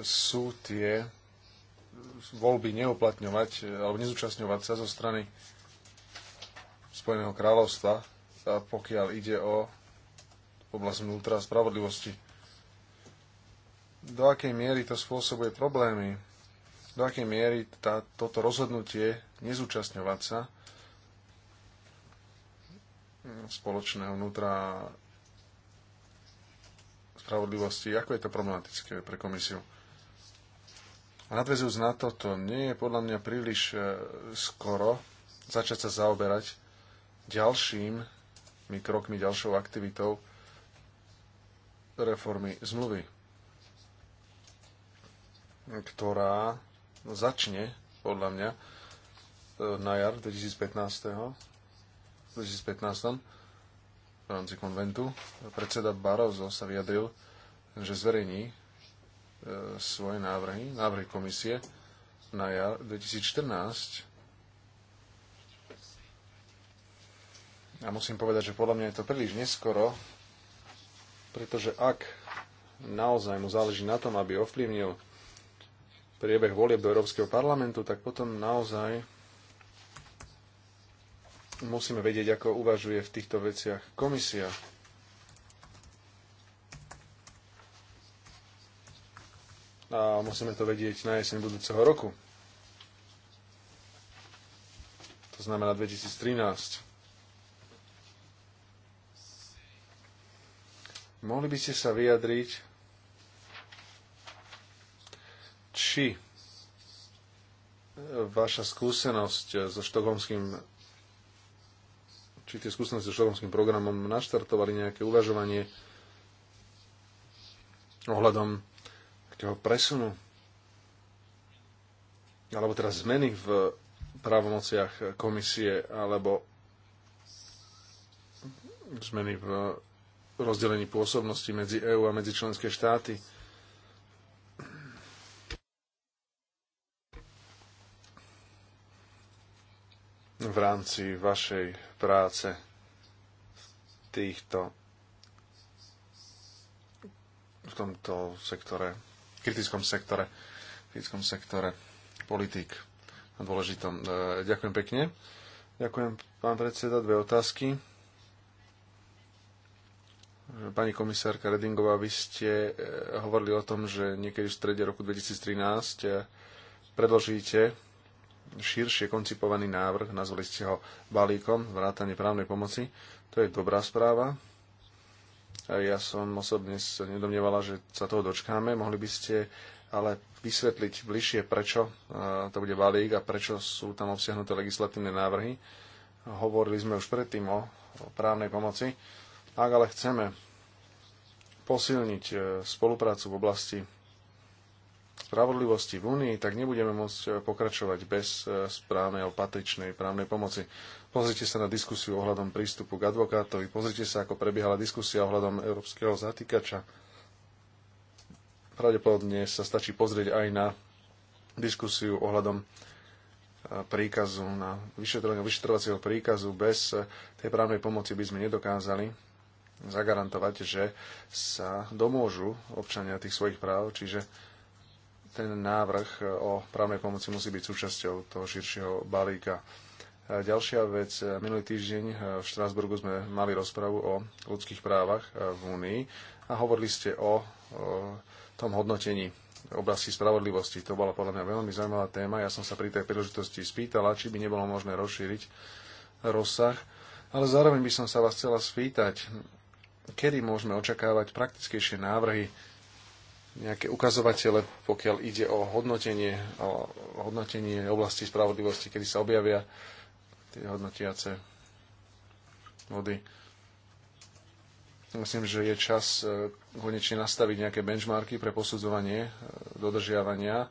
sú tie voľby neuplatňovať alebo nezúčastňovať sa zo strany Spojeného kráľovstva sa pokiaľ ide o oblasť vnútra spravodlivosti. Do akej miery to spôsobuje problémy? Do akej miery tá, toto rozhodnutie nezúčastňovať sa spoločného vnútra spravodlivosti, ako je to problematické pre komisiu? A nadvezujúc na toto, nie je podľa mňa príliš e, skoro začať sa zaoberať ďalším krokmi, ďalšou aktivitou reformy zmluvy, ktorá začne, podľa mňa, na jar 2015. 2015 v rámci konventu. Predseda Barozo sa vyjadril, že zverejní e, svoje návrhy, návrhy komisie na jar 2014 A musím povedať, že podľa mňa je to príliš neskoro, pretože ak naozaj mu záleží na tom, aby ovplyvnil priebeh volieb do Európskeho parlamentu, tak potom naozaj musíme vedieť, ako uvažuje v týchto veciach komisia. A musíme to vedieť na jeseň budúceho roku. To znamená 2013. Mohli by ste sa vyjadriť, či vaša skúsenosť so štokholmským či tie skúsenosti so štokholmským programom naštartovali nejaké uvažovanie ohľadom toho presunu alebo teraz zmeny v právomociach komisie alebo zmeny v rozdelení pôsobnosti medzi EÚ a medzi členské štáty. v rámci vašej práce v týchto v tomto sektore, kritickom sektore, kritickom sektore politik dôležitom. E, ďakujem pekne. Ďakujem, pán predseda, dve otázky. Pani komisárka Redingová, vy ste e, hovorili o tom, že niekedy v strede roku 2013 e, predložíte širšie koncipovaný návrh, nazvali ste ho balíkom, vrátanie právnej pomoci. To je dobrá správa. Ja som osobne sa nedomnievala, že sa toho dočkáme. Mohli by ste ale vysvetliť bližšie, prečo e, to bude balík a prečo sú tam obsiahnuté legislatívne návrhy. Hovorili sme už predtým o právnej pomoci ak ale chceme posilniť e, spoluprácu v oblasti spravodlivosti v Únii, tak nebudeme môcť e, pokračovať bez e, správnej a patričnej právnej pomoci. Pozrite sa na diskusiu ohľadom prístupu k advokátovi, pozrite sa, ako prebiehala diskusia ohľadom európskeho zatýkača. Pravdepodobne sa stačí pozrieť aj na diskusiu ohľadom príkazu, na vyšetrovacieho príkazu. Bez tej právnej pomoci by sme nedokázali zagarantovať, že sa domôžu občania tých svojich práv, čiže ten návrh e, o právnej pomoci musí byť súčasťou toho širšieho balíka. E, ďalšia vec, e, minulý týždeň v Štrásburgu sme mali rozpravu o ľudských právach v Únii a hovorili ste o, tom hodnotení oblasti spravodlivosti. To bola podľa mňa veľmi zaujímavá téma. Ja som sa pri tej príležitosti spýtala, či by nebolo možné rozšíriť rozsah, ale zároveň by som sa vás chcela spýtať, kedy môžeme očakávať praktickejšie návrhy, nejaké ukazovatele, pokiaľ ide o hodnotenie, o hodnotenie oblasti spravodlivosti, kedy sa objavia tie hodnotiace vody. Myslím, že je čas e, konečne nastaviť nejaké benchmarky pre posudzovanie e, dodržiavania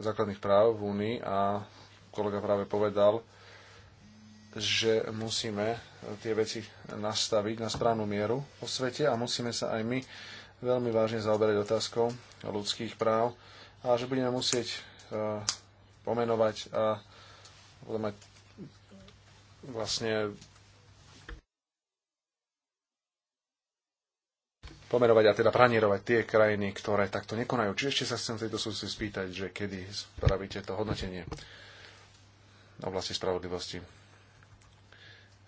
základných práv v Únii a kolega práve povedal, že musíme tie veci nastaviť na správnu mieru vo svete a musíme sa aj my veľmi vážne zaoberať otázkou ľudských práv a že budeme musieť e, pomenovať a budeme mať vlastne pomenovať a teda pranierovať tie krajiny, ktoré takto nekonajú. Čiže ešte sa chcem v tejto súci spýtať, že kedy spravíte to hodnotenie oblasti spravodlivosti.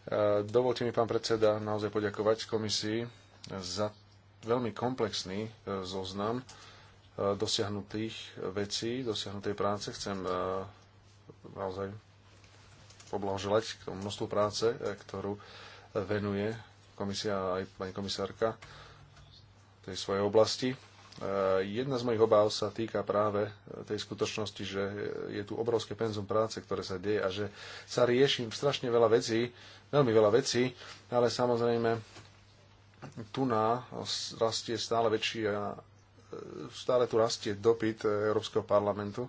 Eh, dovolte mi, pán predseda, naozaj poďakovať komisii za veľmi komplexný eh, zoznam eh, dosiahnutých vecí, dosiahnutej práce. Chcem naozaj poblahoželať k tomu množstvu práce, ktorú venuje komisia aj pani komisárka tej svojej oblasti. Eh, jedna z mojich obáv sa týka práve eh, tej skutočnosti, že je tu obrovské penzum práce, ktoré sa deje a že sa rieši strašne veľa vecí, veľmi veľa vecí, ale samozrejme tu na rastie stále väčší a eh, stále tu rastie dopyt Európskeho parlamentu.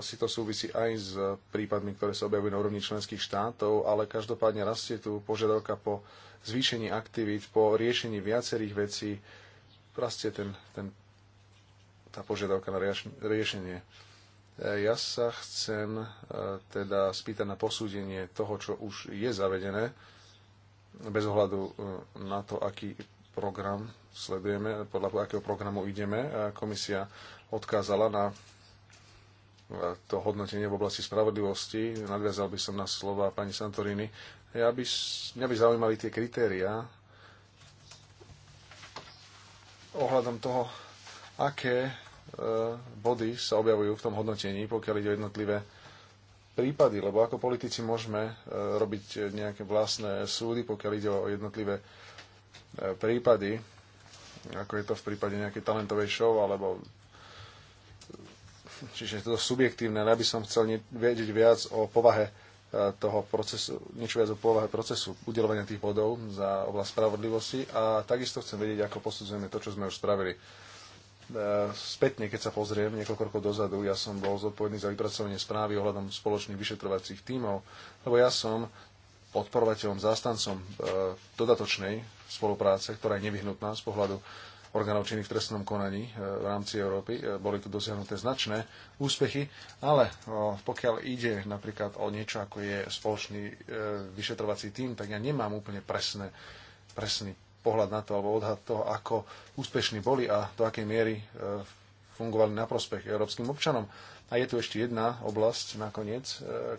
Asi to súvisí aj s prípadmi, ktoré sa objavujú na úrovni členských štátov, ale každopádne rastie tu požiadavka po zvýšení aktivít, po riešení viacerých vecí, rastie ten, ten, tá požiadavka na riešenie. E, ja sa chcem e, teda spýtať na posúdenie toho, čo už je zavedené, bez ohľadu e, na to, aký program sledujeme, podľa akého programu ideme. Komisia odkázala na to hodnotenie v oblasti spravodlivosti. Nadviazal by som na slova pani Santorini. Ja by, mňa by zaujímali tie kritériá, ohľadom toho, aké e, body sa objavujú v tom hodnotení, pokiaľ ide o jednotlivé prípady, lebo ako politici môžeme e, robiť nejaké vlastné súdy, pokiaľ ide o jednotlivé e, prípady, ako je to v prípade nejakej talentovej show, alebo čiže je to subjektívne, ale ja by som chcel vedieť viac o povahe E, toho procesu, niečo viac o povahe procesu udelovania tých bodov za oblasť spravodlivosti a takisto chcem vedieť, ako posudzujeme to, čo sme už spravili. E, spätne, keď sa pozriem, niekoľko rokov dozadu, ja som bol zodpovedný za vypracovanie správy ohľadom spoločných vyšetrovacích tímov, lebo ja som podporovateľom, zástancom e, dodatočnej spolupráce, ktorá je nevyhnutná z pohľadu orgánov činných v trestnom konaní e, v rámci Európy. E, boli tu dosiahnuté značné úspechy, ale e, pokiaľ ide napríklad o niečo, ako je spoločný vyšetrovací tým, tak ja nemám úplne presné, presný pohľad na to alebo odhad toho, ako úspešní boli a do akej miery fungovali na prospech európskym občanom. A je tu ešte jedna oblasť nakoniec,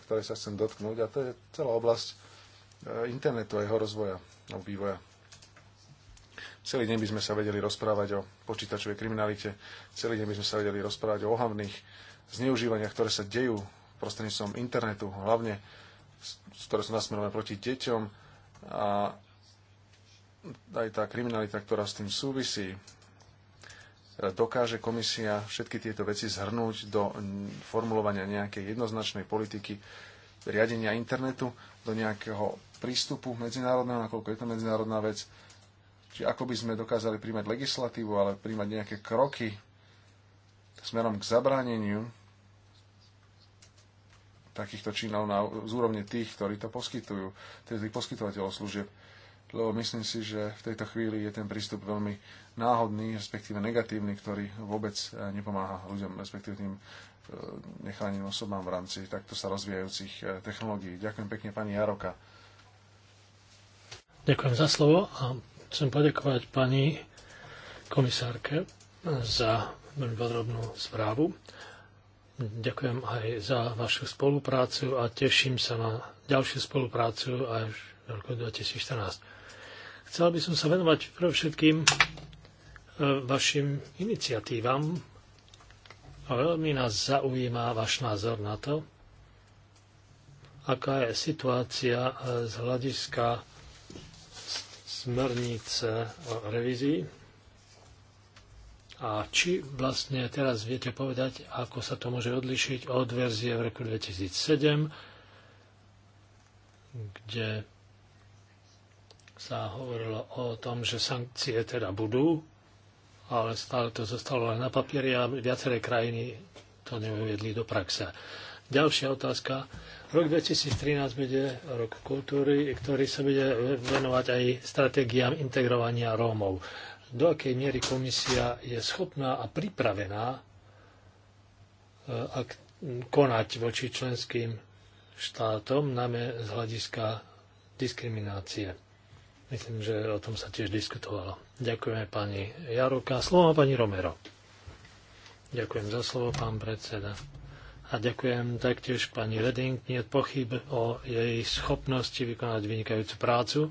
ktorej sa chcem dotknúť, a to je celá oblasť internetu a jeho rozvoja a vývoja. Celý deň by sme sa vedeli rozprávať o počítačovej kriminalite, celý deň by sme sa vedeli rozprávať o ohavných zneužívaniach, ktoré sa dejú prostredníctvom internetu, hlavne ktoré sú nasmerované proti deťom a aj tá kriminalita, ktorá s tým súvisí, e, dokáže komisia všetky tieto veci zhrnúť do formulovania nejakej jednoznačnej politiky riadenia internetu, do nejakého prístupu medzinárodného, nakoľko je to medzinárodná vec, či ako by sme dokázali príjmať legislatívu, ale príjmať nejaké kroky smerom k zabráneniu takýchto činov na, z úrovne tých, ktorí to poskytujú, teda tých poskytovateľov služieb. Lebo myslím si, že v tejto chvíli je ten prístup veľmi náhodný, respektíve negatívny, ktorý vôbec e, nepomáha ľuďom, respektíve tým e, nechráneným osobám v rámci takto sa rozvíjajúcich e, technológií. Ďakujem pekne pani Jaroka. Ďakujem za slovo a Chcem poďakovať pani komisárke za veľmi podrobnú správu. Ďakujem aj za vašu spoluprácu a teším sa na ďalšiu spoluprácu až v roku 2014. Chcel by som sa venovať pre všetkým e, vašim iniciatívam a veľmi nás zaujíma váš názor na to, aká je situácia e, z hľadiska smernice o revízii. A či vlastne teraz viete povedať, ako sa to môže odlišiť od verzie v roku 2007, kde sa hovorilo o tom, že sankcie teda budú, ale stále to zostalo len na papieri a viaceré krajiny to neuviedli do praxe. Ďalšia otázka Rok 2013 bude rok kultúry, ktorý sa bude venovať aj stratégiám integrovania Rómov. Do akej miery komisia je schopná a pripravená eh, ak, konať voči členským štátom, najmä z hľadiska diskriminácie. Myslím, že o tom sa tiež diskutovalo. Ďakujeme pani Jaroka. Slovo pani Romero. Ďakujem za slovo, pán predseda a ďakujem taktiež pani Reding. Nie je pochyb o jej schopnosti vykonať vynikajúcu prácu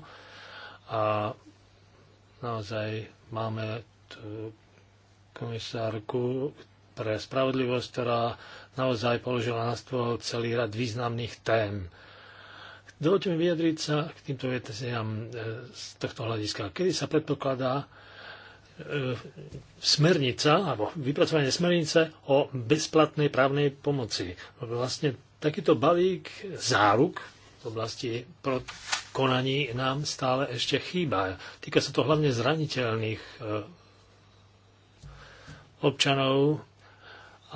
a naozaj máme tu komisárku pre spravodlivosť, ktorá naozaj položila na stôl celý rad významných tém. Dovolte mi vyjadriť sa k týmto veteciam e, z tohto hľadiska. Kedy sa predpokladá, E, smernica, alebo vypracovanie smernice o bezplatnej právnej pomoci. Vlastne takýto balík záruk v oblasti konaní nám stále ešte chýba. Týka sa to hlavne zraniteľných e, občanov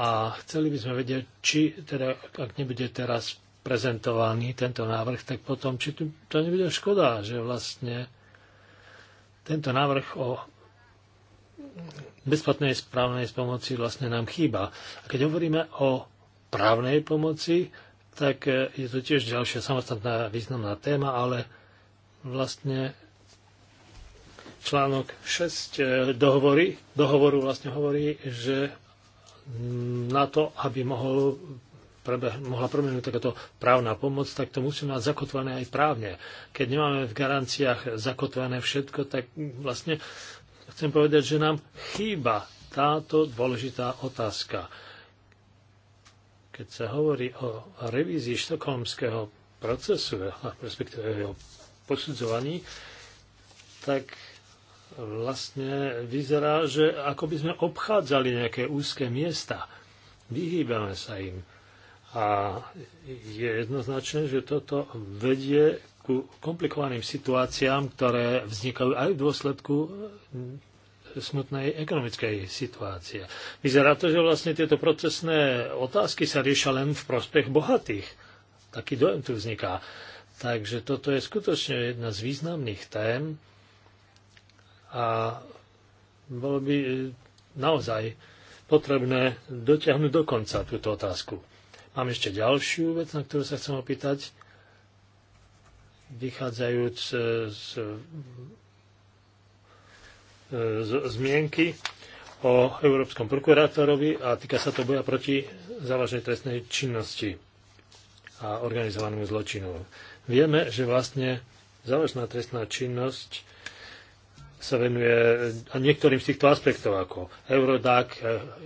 a chceli by sme vedieť, či teda, ak nebude teraz prezentovaný tento návrh, tak potom, či to nebude škoda, že vlastne tento návrh o bezplatnej správnej pomoci vlastne nám chýba. A keď hovoríme o právnej pomoci, tak e, je to tiež ďalšia samostatná významná téma, ale vlastne článok 6 e, dohovory, dohovoru vlastne hovorí, že na to, aby mohol prebeh, mohla prebehnúť takáto právna pomoc, tak to musí mať zakotvené aj právne. Keď nemáme v garanciách zakotvené všetko, tak vlastne chcem povedať, že nám chýba táto dôležitá otázka. Keď sa hovorí o revízii štokholmského procesu, respektíve jeho posudzovaní, tak vlastne vyzerá, že ako by sme obchádzali nejaké úzke miesta. Vyhýbame sa im. A je jednoznačné, že toto vedie ku komplikovaným situáciám, ktoré vznikajú aj v dôsledku e, smutnej ekonomickej situácie. Vyzerá to, že vlastne tieto procesné otázky sa riešia len v prospech bohatých. Taký dojem tu vzniká. Takže toto je skutočne jedna z významných tém a bolo by e, naozaj potrebné dotiahnuť do konca túto otázku. Mám ešte ďalšiu vec, na ktorú sa chcem opýtať vychádzajúc e, z, e, e, z zmienky o Európskom prokurátorovi a týka sa to boja proti závažnej trestnej činnosti a organizovanému zločinu. Vieme, že vlastne závažná trestná činnosť sa venuje niektorým z týchto aspektov, ako Eurodac,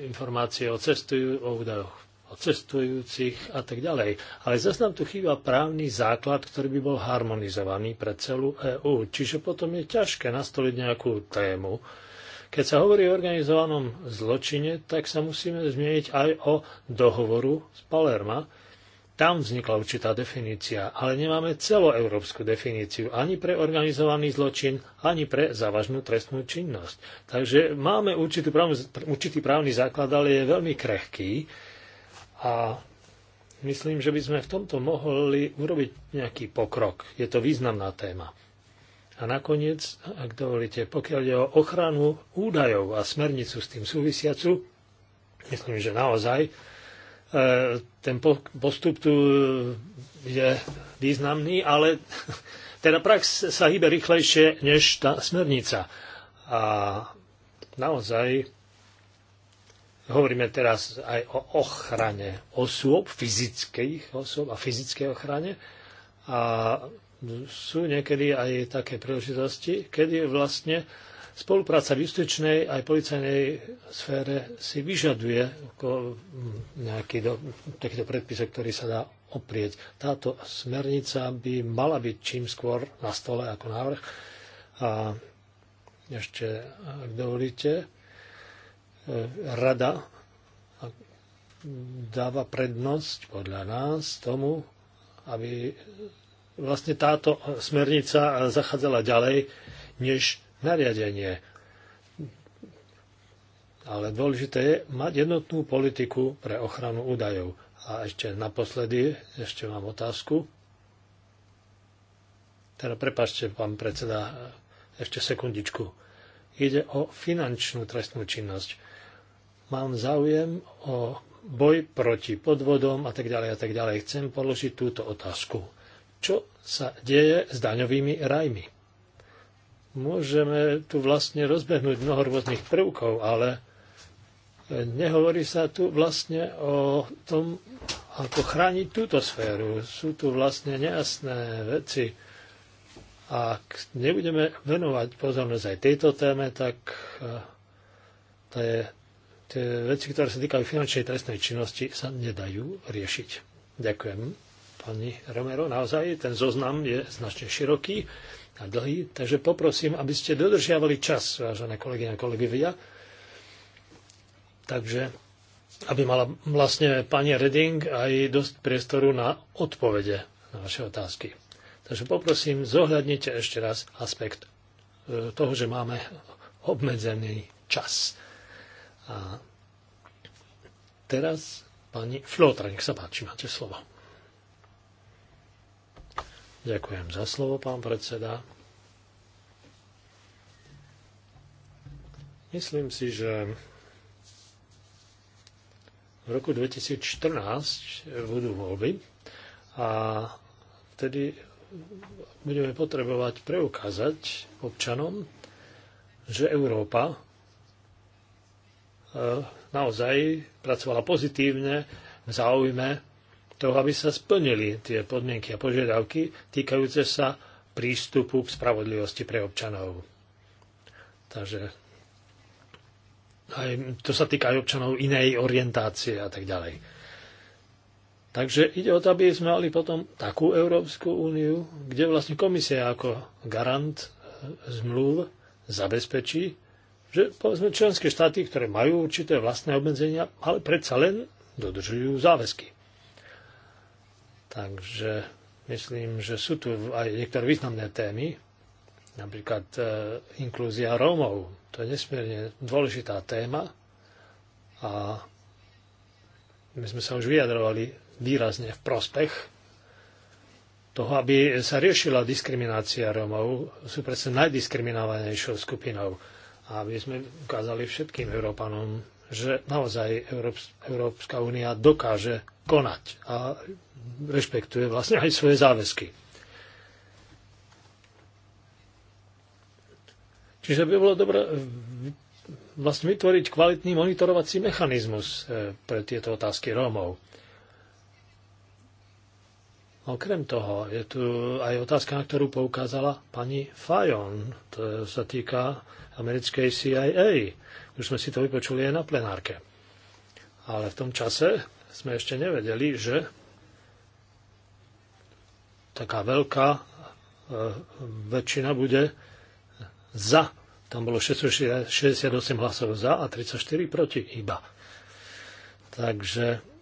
informácie o cestujú, o údajoch o cestujúcich a tak ďalej. Ale zase nám tu chýba právny základ, ktorý by bol harmonizovaný pre celú EÚ. Čiže potom je ťažké nastoliť nejakú tému. Keď sa hovorí o organizovanom zločine, tak sa musíme zmieniť aj o dohovoru z Palerma. Tam vznikla určitá definícia, ale nemáme celoeurópsku definíciu ani pre organizovaný zločin, ani pre závažnú trestnú činnosť. Takže máme určitý právny, určitý právny základ, ale je veľmi krehký a myslím, že by sme v tomto mohli urobiť nejaký pokrok. Je to významná téma. A nakoniec, ak dovolíte, pokiaľ je o ochranu údajov a smernicu s tým súvisiacu, myslím, že naozaj e, ten postup tu je významný, ale teda prax sa hýbe rýchlejšie než tá smernica. A naozaj Hovoríme teraz aj o ochrane osôb, fyzických osôb a fyzickej ochrane. A sú niekedy aj také príležitosti, kedy vlastne spolupráca v justičnej aj policajnej sfére si vyžaduje hm, nejaký do, takýto predpis, ktorý sa dá oprieť. Táto smernica by mala byť čím skôr na stole ako návrh. A ešte, ak dovolíte, E, rada dáva prednosť podľa nás tomu, aby vlastne táto smernica zachádzala ďalej než nariadenie. Ale dôležité je mať jednotnú politiku pre ochranu údajov. A ešte naposledy, ešte mám otázku. Teda prepačte, pán predseda, ešte sekundičku. Ide o finančnú trestnú činnosť mám záujem o boj proti podvodom a tak ďalej a tak ďalej. Chcem položiť túto otázku. Čo sa deje s daňovými rajmi? Môžeme tu vlastne rozbehnúť mnoho rôznych prvkov, ale nehovorí sa tu vlastne o tom, ako chrániť túto sféru. Sú tu vlastne nejasné veci. Ak nebudeme venovať pozornosť aj tejto téme, tak eh, to je tie veci, ktoré sa týkajú finančnej trestnej činnosti, sa nedajú riešiť. Ďakujem. Pani Romero, naozaj ten zoznam je značne široký a dlhý, takže poprosím, aby ste dodržiavali čas, vážené kolegyne a kolegovia. Takže, aby mala vlastne pani Reding aj dosť priestoru na odpovede na vaše otázky. Takže poprosím, zohľadnite ešte raz aspekt e, toho, že máme obmedzený čas. A teraz pani Flotra, nech sa páči, máte slovo. Ďakujem za slovo, pán predseda. Myslím si, že v roku 2014 budú voľby a vtedy budeme potrebovať preukázať občanom, že Európa E, naozaj pracovala pozitívne v záujme toho, aby sa splnili tie podmienky a požiadavky týkajúce sa prístupu k spravodlivosti pre občanov. Takže aj to sa týka aj občanov inej orientácie a tak ďalej. Takže ide o to, aby sme mali potom takú Európsku úniu, kde vlastne komisia ako garant e, zmluv zabezpečí, že povedzme členské štáty, ktoré majú určité vlastné obmedzenia, ale predsa len dodržujú záväzky. Takže myslím, že sú tu aj niektoré významné témy, napríklad e, inklúzia Rómov. To je nesmierne dôležitá téma a my sme sa už vyjadrovali výrazne v prospech toho, aby sa riešila diskriminácia Rómov. Sú presne najdiskriminovanejšou skupinou aby sme ukázali všetkým Európanom, že naozaj Európska únia dokáže konať a rešpektuje vlastne aj svoje záväzky. Čiže by bolo dobré vlastne vytvoriť kvalitný monitorovací mechanizmus eh, pre tieto otázky Rómov. Okrem toho je tu aj otázka, na ktorú poukázala pani Fajon. To sa týka americkej CIA. Už sme si to vypočuli aj na plenárke. Ale v tom čase sme ešte nevedeli, že taká veľká e, väčšina bude za. Tam bolo 668 hlasov za a 34 proti iba. Takže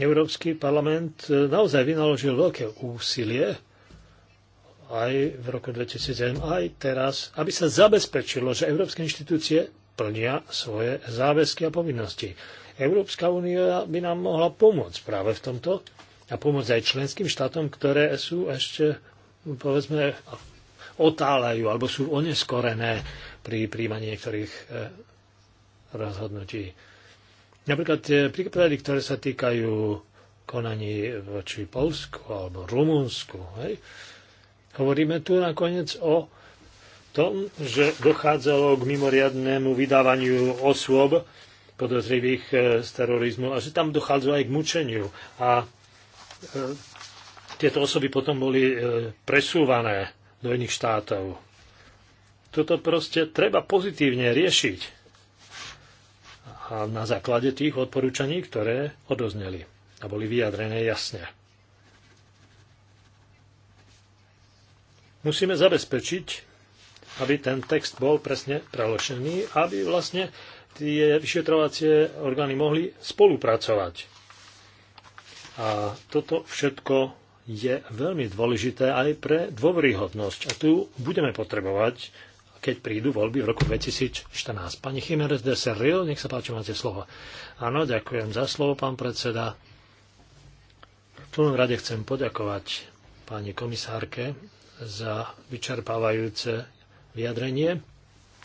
Európsky parlament e, naozaj vynaložil veľké úsilie aj v roku 2007, aj teraz, aby sa zabezpečilo, že európske inštitúcie plnia svoje záväzky a povinnosti. Európska únia by nám mohla pomôcť práve v tomto a pomôcť aj členským štátom, ktoré sú ešte, povedzme, otáľajú alebo sú oneskorené pri príjmaní niektorých e, rozhodnutí. Napríklad tie príklady, ktoré sa týkajú konaní voči Polsku alebo Rumunsku, hej, hovoríme tu nakoniec o tom, že dochádzalo k mimoriadnému vydávaniu osôb podozrivých e, z terorizmu a že tam dochádzalo aj k mučeniu. A e, tieto osoby potom boli e, presúvané do iných štátov. Toto proste treba pozitívne riešiť a na základe tých odporúčaní, ktoré odozneli a boli vyjadrené jasne. Musíme zabezpečiť, aby ten text bol presne preložený, aby vlastne tie vyšetrovacie orgány mohli spolupracovať. A toto všetko je veľmi dôležité aj pre dôveryhodnosť. A tu budeme potrebovať keď prídu voľby v roku 2014. Pani Chimérez de Serril, nech sa páči, máte slovo. Áno, ďakujem za slovo, pán predseda. V prvom rade chcem poďakovať pani komisárke za vyčerpávajúce vyjadrenie.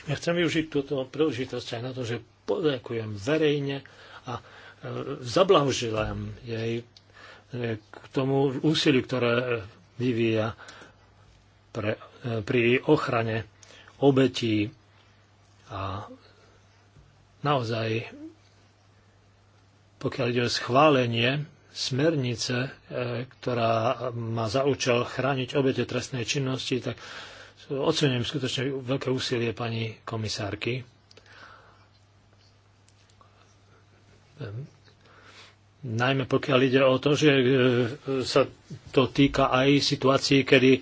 Ja chcem využiť túto príležitosť aj na to, že poďakujem verejne a e, zablahoželám jej e, k tomu úsiliu, ktoré vyvíja pre, e, pri ochrane obetí a naozaj, pokiaľ ide o schválenie smernice, e, ktorá má za účel chrániť obete trestnej činnosti, tak ocenujem skutočne veľké úsilie pani komisárky. Ehm, najmä pokiaľ ide o to, že e, sa to týka aj situácií, kedy e,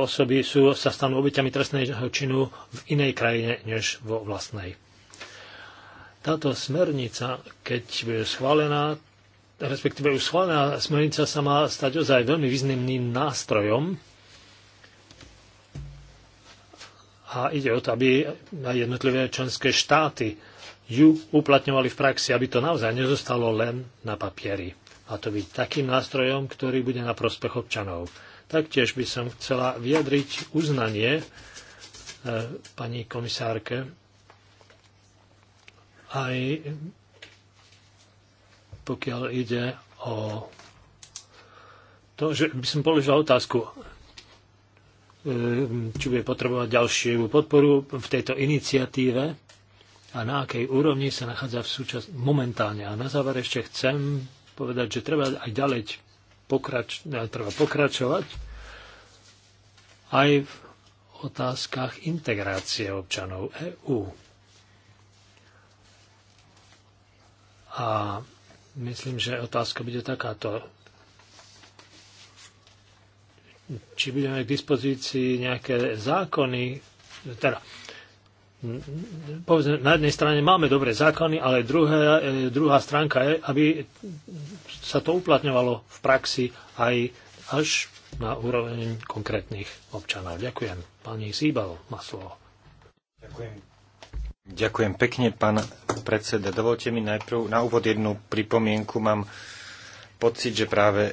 osoby sú, sa stanú obyťami trestného činu v inej krajine než vo vlastnej. Táto smernica, keď je schválená, respektíve už schválená smernica sa má stať ozaj veľmi významným nástrojom a ide o to, aby aj jednotlivé členské štáty ju uplatňovali v praxi, aby to naozaj nezostalo len na papieri. A to byť takým nástrojom, ktorý bude na prospech občanov. Taktiež by som chcela vyjadriť uznanie e, pani komisárke aj pokiaľ ide o to, že by som položila otázku, e, či bude potrebovať ďalšiu podporu v tejto iniciatíve a na akej úrovni sa nachádza v súčas momentálne. A na záver ešte chcem povedať, že treba aj ďalej pokrač, treba pokračovať aj v otázkach integrácie občanov EÚ. A myslím, že otázka bude takáto. Či budeme k dispozícii nejaké zákony, teda povedzme, na jednej strane máme dobré zákony, ale druhé, e, druhá stránka je, aby sa to uplatňovalo v praxi aj až na úroveň konkrétnych občanov. Ďakujem. Pani Sýbal má slovo. Ďakujem. Ďakujem pekne, pán predseda. Dovolte mi najprv na úvod jednu pripomienku. Mám pocit, že práve e,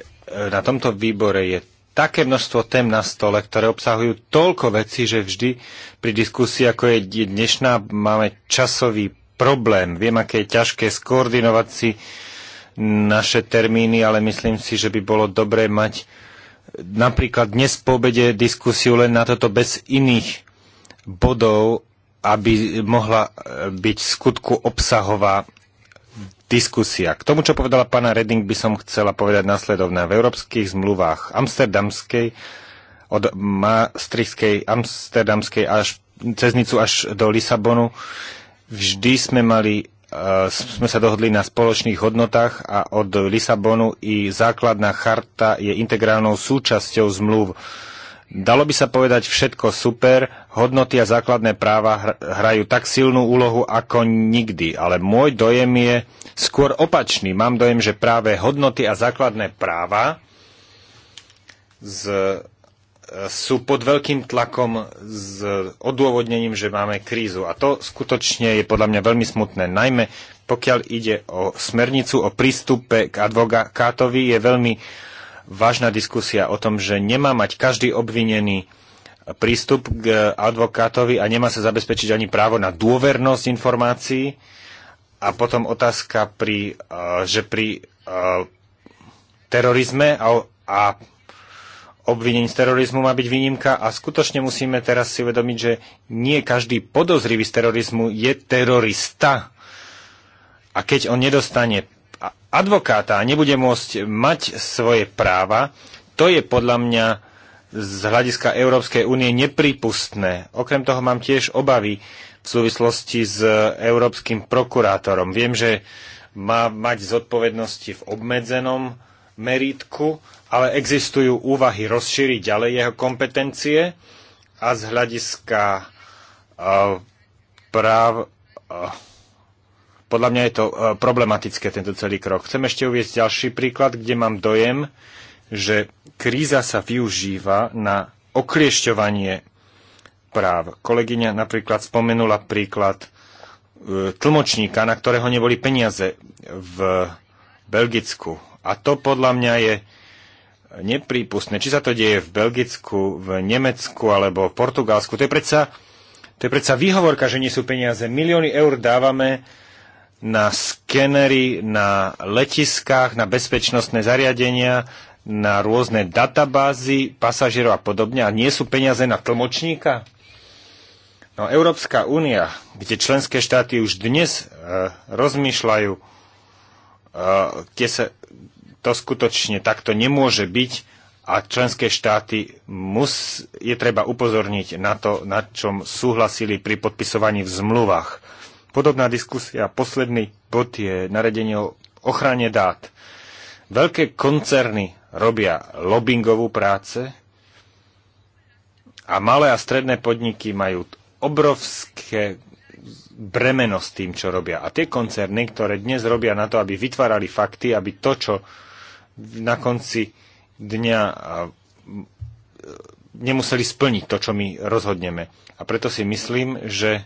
na tomto výbore je také množstvo tém na stole, ktoré obsahujú toľko vecí, že vždy pri diskusii, ako je dnešná, máme časový problém. Viem, aké je ťažké skoordinovať si naše termíny, ale myslím si, že by bolo dobré mať napríklad dnes po obede diskusiu len na toto bez iných bodov, aby mohla e, byť skutku obsahová diskusia. K tomu, čo povedala pána Redding, by som chcela povedať následovné. V európskych zmluvách amsterdamskej, od maastrichtskej, amsterdamskej až ceznicu až do Lisabonu, vždy sme mali eh, sme sa dohodli na spoločných hodnotách a od Lisabonu i základná charta je integrálnou súčasťou zmluv. Uh, Dalo by sa povedať všetko super, hodnoty a základné práva hrajú tak silnú úlohu ako nikdy, ale môj dojem je skôr opačný. Mám dojem, že práve hodnoty a základné práva z, e, sú pod veľkým tlakom s odôvodnením, že máme krízu. A to skutočne je podľa mňa veľmi smutné. Najmä pokiaľ ide o smernicu o prístupe k advokátovi, je veľmi vážna diskusia o tom, že nemá mať každý obvinený e, prístup k advokátovi a nemá sa zabezpečiť ani právo na dôvernosť informácií. A potom otázka, pri, e, že pri e, terorizme a, a obvinení z terorizmu má byť výnimka a skutočne musíme teraz si uvedomiť, že nie každý podozrivý z terorizmu je terorista. A keď on nedostane advokáta a nebude môcť mať svoje práva, to je podľa mňa z hľadiska Európskej únie nepripustné. Okrem toho mám tiež obavy v súvislosti s európskym prokurátorom. Viem, že má mať zodpovednosti v obmedzenom meritku, ale existujú úvahy rozšíriť ďalej jeho kompetencie a z hľadiska uh, práv uh, podľa mňa je to e, problematické, tento celý krok. Chcem ešte uvieť ďalší príklad, kde mám dojem, že kríza sa využíva na okliešťovanie práv. Kolegyňa napríklad spomenula príklad e, tlmočníka, na ktorého neboli peniaze v Belgicku. A to podľa mňa je neprípustné. Či sa to deje v Belgicku, v Nemecku alebo v Portugalsku, to je predsa, to je predsa výhovorka, že nie sú peniaze. Milióny eur dávame na skenery, na letiskách, na bezpečnostné zariadenia, na rôzne databázy pasažierov a podobne a nie sú peniaze na tlmočníka? No Európska únia, kde členské štáty už dnes e, rozmýšľajú, e, kde sa to skutočne takto nemôže byť a členské štáty mus, je treba upozorniť na to, na čom súhlasili pri podpisovaní v zmluvách. Podobná diskusia. Posledný bod je naredenie o ochrane dát. Veľké koncerny robia lobbyingovú práce a malé a stredné podniky majú obrovské bremeno s tým, čo robia. A tie koncerny, ktoré dnes robia na to, aby vytvárali fakty, aby to, čo na konci dňa nemuseli splniť to, čo my rozhodneme. A preto si myslím, že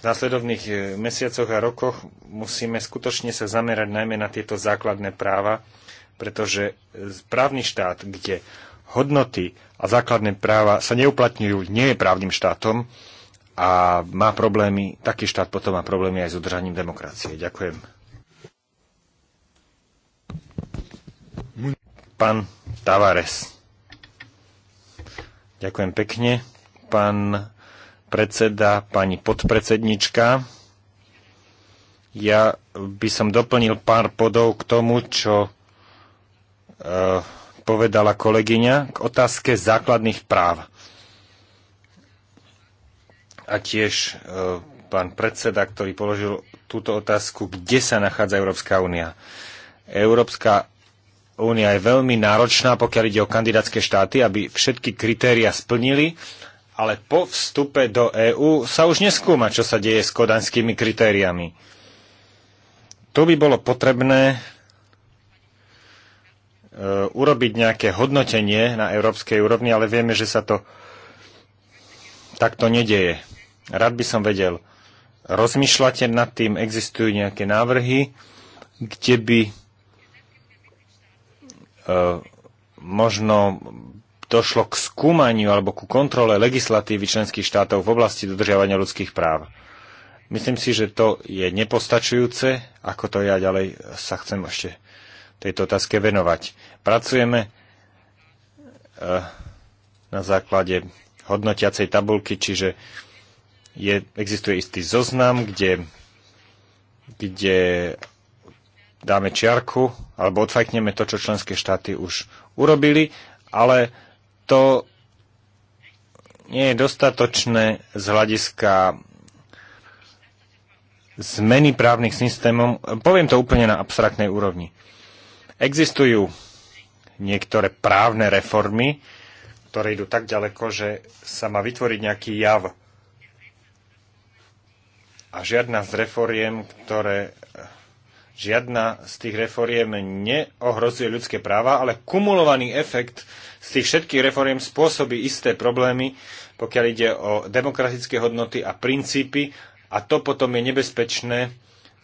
v následovných e, mesiacoch a rokoch musíme skutočne sa zamerať najmä na tieto základné práva, pretože e, právny štát, kde hodnoty a základné práva sa neuplatňujú, nie je právnym štátom a má problémy, taký štát potom má problémy aj s udržaním demokracie. Ďakujem. Pán Tavares. Ďakujem pekne. Pán predseda, pani podpredsednička. Ja by som doplnil pár podov k tomu, čo e, povedala kolegyňa k otázke základných práv. A tiež e, pán predseda, ktorý položil túto otázku, kde sa nachádza Európska únia. Európska únia je veľmi náročná, pokiaľ ide o kandidátske štáty, aby všetky kritéria splnili ale po vstupe do EÚ sa už neskúma, čo sa deje s kodaňskými kritériami. Tu by bolo potrebné e, urobiť nejaké hodnotenie na európskej úrovni, ale vieme, že sa to takto nedeje. Rád by som vedel, rozmýšľate nad tým, existujú nejaké návrhy, kde by e, možno došlo k skúmaniu alebo ku kontrole legislatívy členských štátov v oblasti dodržiavania ľudských práv. Myslím si, že to je nepostačujúce, ako to ja ďalej sa chcem ešte tejto otázke venovať. Pracujeme eh, na základe hodnotiacej tabulky, čiže je, existuje istý zoznam, kde, kde dáme čiarku alebo odfajkneme to, čo členské štáty už urobili, ale to nie je dostatočné z hľadiska zmeny právnych systémov. Poviem to úplne na abstraktnej úrovni. Existujú niektoré právne reformy, ktoré idú tak ďaleko, že sa má vytvoriť nejaký jav. A žiadna z reforiem, ktoré žiadna z tých reforiem neohrozuje ľudské práva, ale kumulovaný efekt z tých všetkých reforiem spôsobí isté problémy, pokiaľ ide o demokratické hodnoty a princípy a to potom je nebezpečné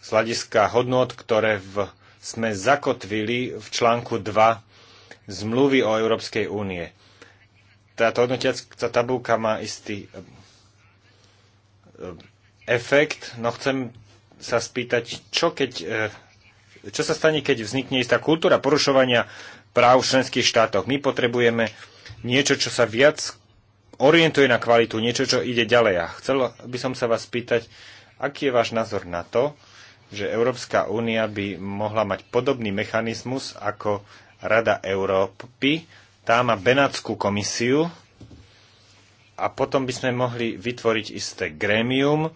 z hľadiska hodnot, ktoré v, sme zakotvili v článku 2 zmluvy o Európskej únie. Táto hodnotiacká tabulka má istý eh, efekt, no chcem sa spýtať, čo, keď, eh, čo sa stane, keď vznikne istá kultúra porušovania práv v členských štátoch. My potrebujeme niečo, čo sa viac orientuje na kvalitu, niečo, čo ide ďalej. A chcel by som sa vás spýtať, aký je váš názor na to, že Európska únia by mohla mať podobný mechanizmus ako Rada Európy. Tá má Benátskú komisiu a potom by sme mohli vytvoriť isté grémium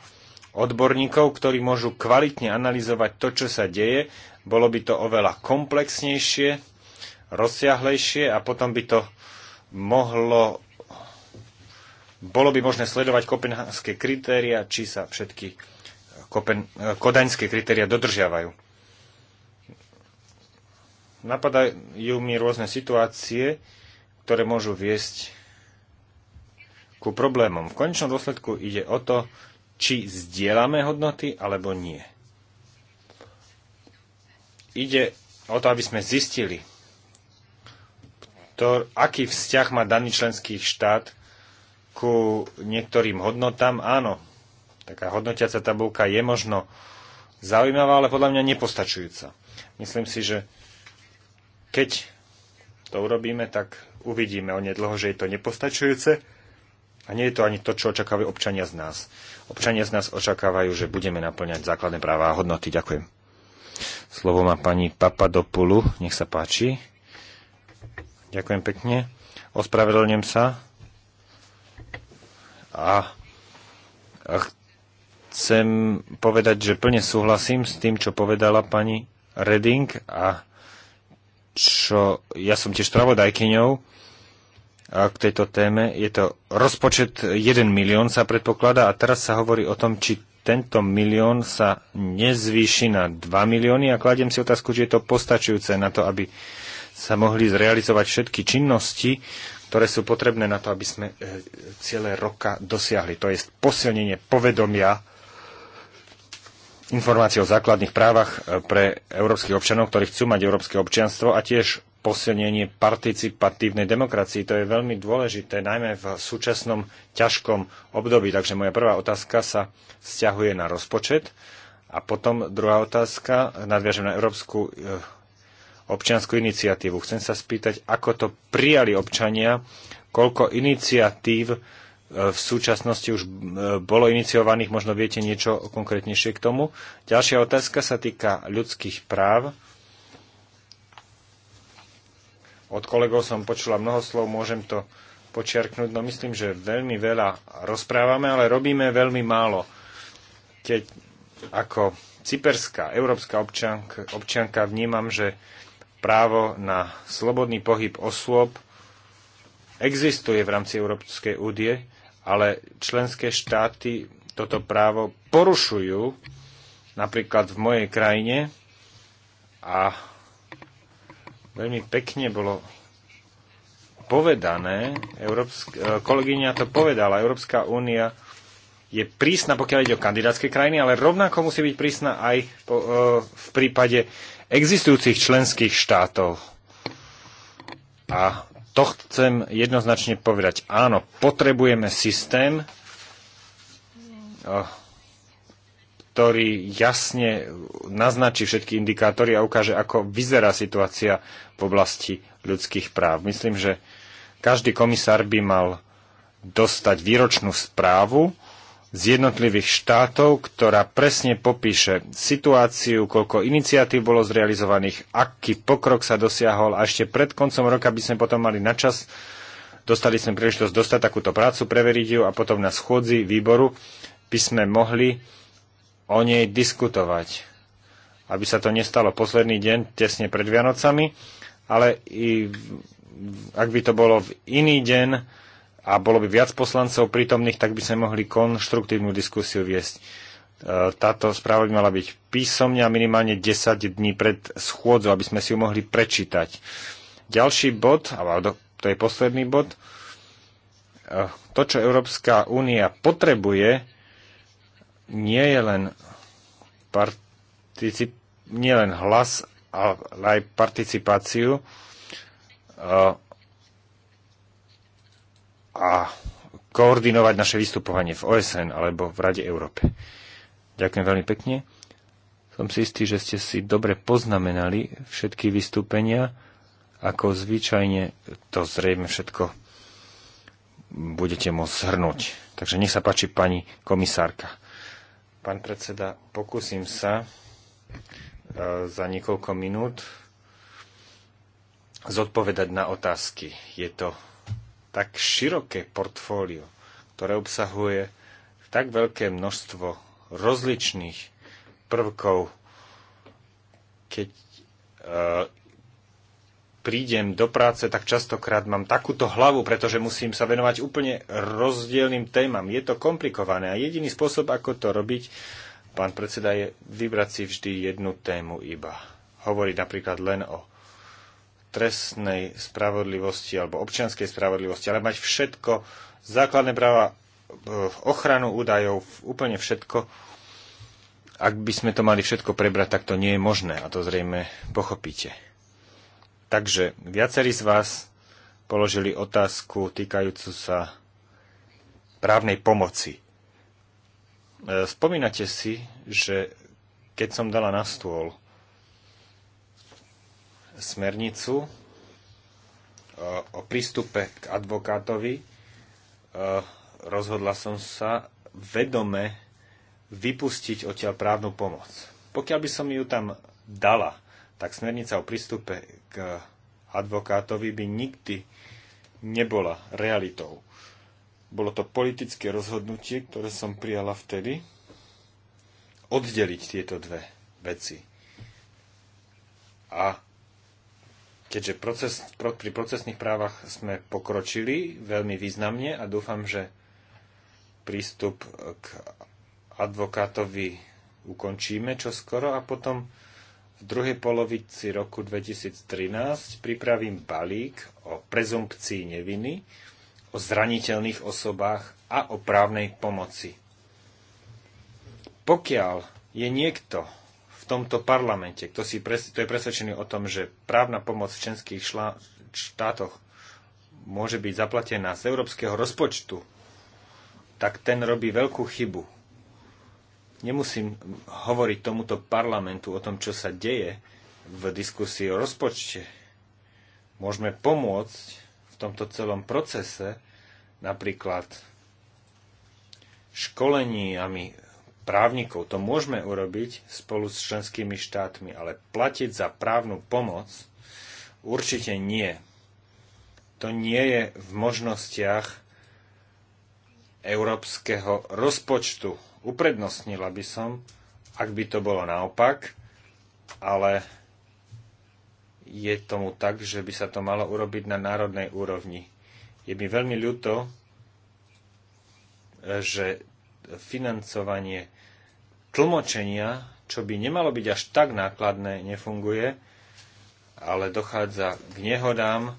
odborníkov, ktorí môžu kvalitne analyzovať to, čo sa deje. Bolo by to oveľa komplexnejšie rozsiahlejšie a potom by to mohlo bolo by možné sledovať kopenhánske kritéria, či sa všetky kopen, kodaňské kritéria dodržiavajú. Napadajú mi rôzne situácie, ktoré môžu viesť ku problémom. V konečnom dôsledku ide o to, či zdieľame hodnoty alebo nie. Ide o to, aby sme zistili, ktor, aký vzťah má daný členský štát ku niektorým hodnotám. Áno, taká hodnotiaca tabulka je možno zaujímavá, ale podľa mňa nepostačujúca. Myslím si, že keď to urobíme, tak uvidíme onedlho, že je to nepostačujúce a nie je to ani to, čo očakávajú občania z nás. Občania z nás očakávajú, že budeme naplňať základné práva a hodnoty. Ďakujem. Slovo má pani Papadopoulu. Nech sa páči. Ďakujem pekne. Ospravedlňujem sa. A, chcem povedať, že plne súhlasím s tým, čo povedala pani Reding a čo ja som tiež pravodajkyňou k tejto téme. Je to rozpočet 1 milión sa predpokladá a teraz sa hovorí o tom, či tento milión sa nezvýši na 2 milióny a kladiem si otázku, či je to postačujúce na to, aby sa mohli zrealizovať všetky činnosti, ktoré sú potrebné na to, aby sme e, celé roka dosiahli. To je posilnenie povedomia informácie o základných právach e, pre európskych občanov, ktorí chcú mať európske občianstvo a tiež posilnenie participatívnej demokracii. To je veľmi dôležité, najmä v súčasnom ťažkom období. Takže moja prvá otázka sa vzťahuje na rozpočet a potom druhá otázka nadviažem na Európsku e, občianskú iniciatívu. Chcem sa spýtať, ako to prijali občania, koľko iniciatív e, v súčasnosti už e, bolo iniciovaných, možno viete niečo konkrétnejšie k tomu. Ďalšia otázka sa týka ľudských práv. Od kolegov som počula mnoho slov, môžem to počiarknúť, no myslím, že veľmi veľa rozprávame, ale robíme veľmi málo. Keď ako cyperská európska občianka, občianka vnímam, že právo na slobodný pohyb osôb existuje v rámci Európskej údie, ale členské štáty toto právo porušujú, napríklad v mojej krajine. A veľmi pekne bolo povedané, Európsk, e, kolegyňa to povedala, Európska únia je prísna, pokiaľ ide o kandidátske krajiny, ale rovnako musí byť prísna aj po, e, v prípade existujúcich členských štátov. A to chcem jednoznačne povedať. Áno, potrebujeme systém, eh, ktorý jasne naznačí všetky indikátory a ukáže, ako vyzerá situácia v oblasti ľudských práv. Myslím, že každý komisár by mal dostať výročnú správu z jednotlivých štátov, ktorá presne popíše situáciu, koľko iniciatív bolo zrealizovaných, aký pokrok sa dosiahol a ešte pred koncom roka by sme potom mali načas, dostali sme príležitosť dostať takúto prácu, preveriť ju a potom na schôdzi výboru by sme mohli o nej diskutovať. Aby sa to nestalo posledný deň, tesne pred Vianocami, ale i ak by to bolo v iný deň, a bolo by viac poslancov prítomných, tak by sme mohli konštruktívnu diskusiu viesť. E, táto správa by mala byť písomne a minimálne 10 dní pred schôdzou, aby sme si ju mohli prečítať. Ďalší bod, alebo to je posledný bod, e, to, čo Európska únia potrebuje, nie je len, particip, nie len hlas, ale aj participáciu e, a koordinovať naše vystupovanie v OSN alebo v Rade Európe. Ďakujem veľmi pekne. Som si istý, že ste si dobre poznamenali všetky vystúpenia. Ako zvyčajne to zrejme všetko budete môcť zhrnúť. Takže nech sa páči pani komisárka. Pán predseda, pokúsim sa e, za niekoľko minút zodpovedať na otázky. Je to tak široké portfólio, ktoré obsahuje tak veľké množstvo rozličných prvkov, keď e, prídem do práce, tak častokrát mám takúto hlavu, pretože musím sa venovať úplne rozdielným témam. Je to komplikované a jediný spôsob, ako to robiť, pán predseda, je vybrať si vždy jednu tému iba. Hovorí napríklad len o trestnej spravodlivosti alebo občianskej spravodlivosti, ale mať všetko, základné práva, e, ochranu údajov, úplne všetko. Ak by sme to mali všetko prebrať, tak to nie je možné a to zrejme pochopíte. Takže viacerí z vás položili otázku týkajúcu sa právnej pomoci. E, spomínate si, že keď som dala na stôl smernicu e, o prístupe k advokátovi, e, rozhodla som sa vedome vypustiť odtiaľ právnu pomoc. Pokiaľ by som ju tam dala, tak smernica o prístupe k advokátovi by nikdy nebola realitou. Bolo to politické rozhodnutie, ktoré som prijala vtedy, oddeliť tieto dve veci. A keďže proces, pri procesných právach sme pokročili veľmi významne a dúfam, že prístup k advokátovi ukončíme čoskoro a potom v druhej polovici roku 2013 pripravím balík o prezumpcii neviny, o zraniteľných osobách a o právnej pomoci. Pokiaľ je niekto tomto parlamente, kto, si pres, kto je presvedčený o tom, že právna pomoc v členských šla, štátoch môže byť zaplatená z európskeho rozpočtu, tak ten robí veľkú chybu. Nemusím hovoriť tomuto parlamentu o tom, čo sa deje v diskusii o rozpočte. Môžeme pomôcť v tomto celom procese napríklad školeniami právnikov. To môžeme urobiť spolu s členskými štátmi, ale platiť za právnu pomoc určite nie. To nie je v možnostiach európskeho rozpočtu. Uprednostnila by som, ak by to bolo naopak, ale je tomu tak, že by sa to malo urobiť na národnej úrovni. Je mi veľmi ľúto, že financovanie tlmočenia, čo by nemalo byť až tak nákladné, nefunguje, ale dochádza k nehodám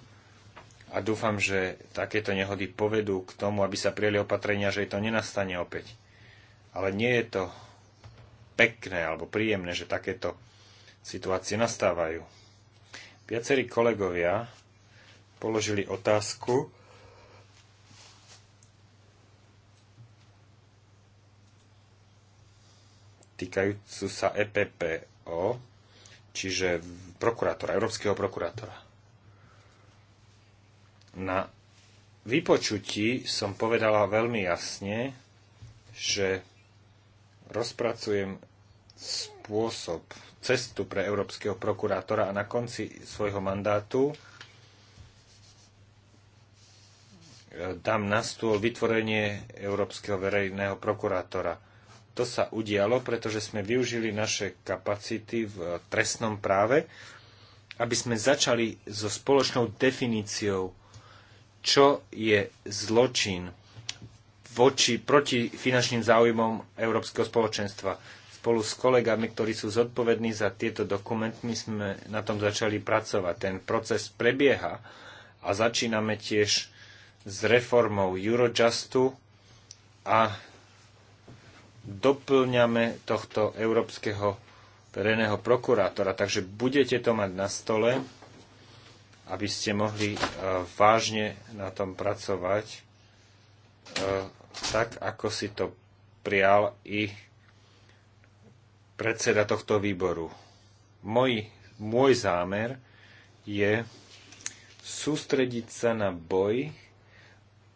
a dúfam, že takéto nehody povedú k tomu, aby sa prijeli opatrenia, že to nenastane opäť. Ale nie je to pekné alebo príjemné, že takéto situácie nastávajú. Viacerí kolegovia položili otázku, týkajúcu sa EPPO, čiže prokurátora, európskeho prokurátora. Na vypočutí som povedala veľmi jasne, že rozpracujem spôsob, cestu pre európskeho prokurátora a na konci svojho mandátu e, dám na stôl vytvorenie európskeho verejného prokurátora to sa udialo, pretože sme využili naše kapacity v trestnom práve, aby sme začali so spoločnou definíciou, čo je zločin voči, proti finančným záujmom Európskeho spoločenstva. Spolu s kolegami, ktorí sú zodpovední za tieto dokumenty sme na tom začali pracovať. Ten proces prebieha a začíname tiež s reformou Eurojustu a doplňame tohto európskeho verejného prokurátora. Takže budete to mať na stole, aby ste mohli e, vážne na tom pracovať, e, tak ako si to prijal i predseda tohto výboru. Môj, môj zámer je sústrediť sa na boj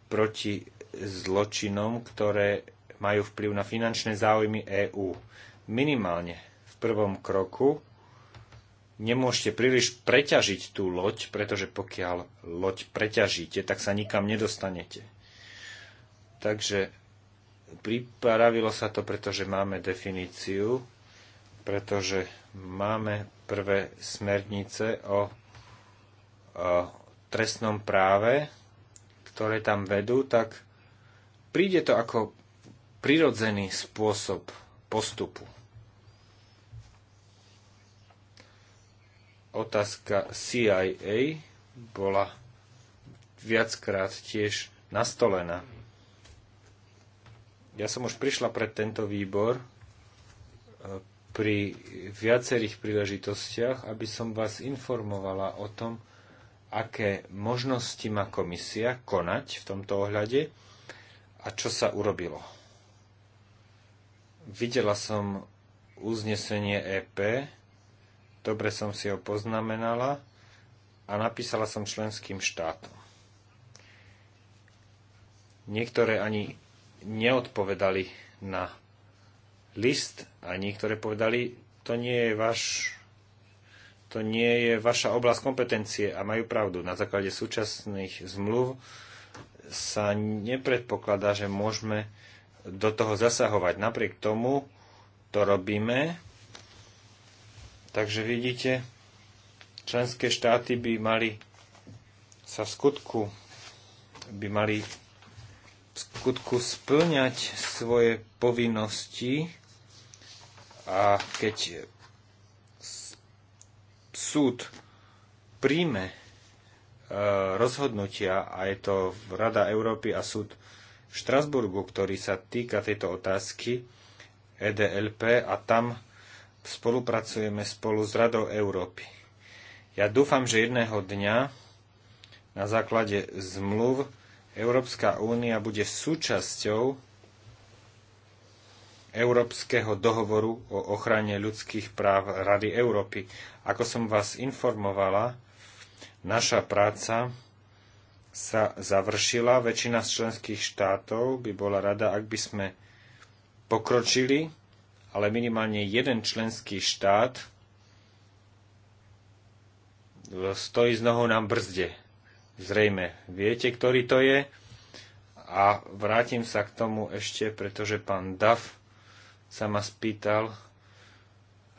proti zločinom, ktoré majú vplyv na finančné záujmy EÚ. Minimálne v prvom kroku nemôžete príliš preťažiť tú loď, pretože pokiaľ loď preťažíte, tak sa nikam nedostanete. Takže pripravilo sa to, pretože máme definíciu, pretože máme prvé smernice o, o trestnom práve, ktoré tam vedú, tak príde to ako prirodzený spôsob postupu. Otázka CIA bola viackrát tiež nastolená. Ja som už prišla pred tento výbor e, pri viacerých príležitostiach, aby som vás informovala o tom, aké možnosti má komisia konať v tomto ohľade a čo sa urobilo. Videla som uznesenie EP, dobre som si ho poznamenala a napísala som členským štátom. Niektoré ani neodpovedali na list a niektoré povedali, to nie je váš to nie je vaša oblasť kompetencie a majú pravdu. Na základe súčasných zmluv sa nepredpokladá, že môžeme do toho zasahovať. Napriek tomu to robíme. Takže vidíte, členské štáty by mali sa v skutku by mali v skutku splňať svoje povinnosti a keď súd príjme e, rozhodnutia a je to Rada Európy a súd v Štrasburgu, ktorý sa týka tejto otázky EDLP a tam spolupracujeme spolu s Radou Európy. Ja dúfam, že jedného dňa na základe zmluv Európska únia bude súčasťou Európskeho dohovoru o ochrane ľudských práv Rady Európy. Ako som vás informovala, naša práca sa završila. Väčšina z členských štátov by bola rada, ak by sme pokročili, ale minimálne jeden členský štát stojí z nohou na brzde. Zrejme viete, ktorý to je. A vrátim sa k tomu ešte, pretože pán DAF sa ma spýtal,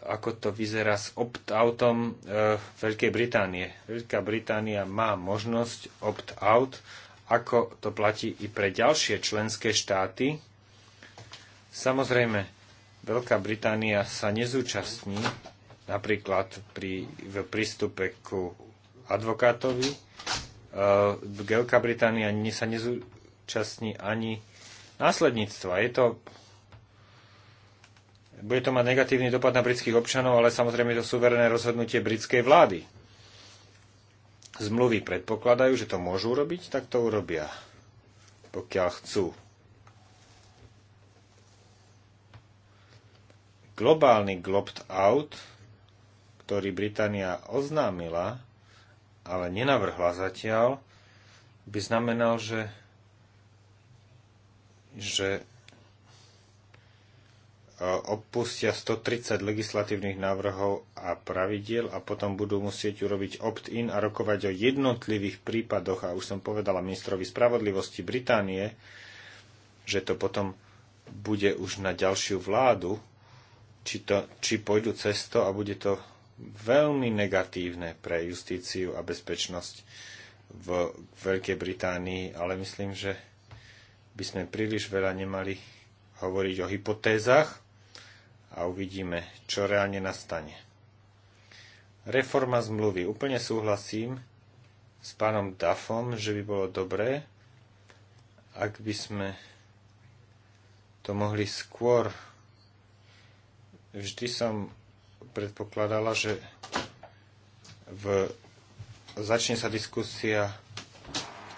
ako to vyzerá s opt-outom e, Veľkej Británie. Veľká Británia má možnosť opt-out, ako to platí i pre ďalšie členské štáty. Samozrejme, Veľká Británia sa nezúčastní napríklad pri, v prístupe ku advokátovi. E, Veľká Británia sa nezúčastní ani následníctva. Je to bude to mať negatívny dopad na britských občanov, ale samozrejme je to suverené rozhodnutie britskej vlády. Zmluvy predpokladajú, že to môžu urobiť, tak to urobia, pokiaľ chcú. Globálny glopt out, ktorý Británia oznámila, ale nenavrhla zatiaľ, by znamenal, že, že E, opustia 130 legislatívnych návrhov a pravidiel a potom budú musieť urobiť opt-in a rokovať o jednotlivých prípadoch. A už som povedala ministrovi spravodlivosti Británie, že to potom bude už na ďalšiu vládu, či, to, či pôjdu cesto a bude to veľmi negatívne pre justíciu a bezpečnosť v Veľkej Británii, ale myslím, že by sme príliš veľa nemali hovoriť o hypotézach, a uvidíme, čo reálne nastane. Reforma zmluvy. Úplne súhlasím s pánom Dafom, že by bolo dobré, ak by sme to mohli skôr. Vždy som predpokladala, že v... začne sa diskusia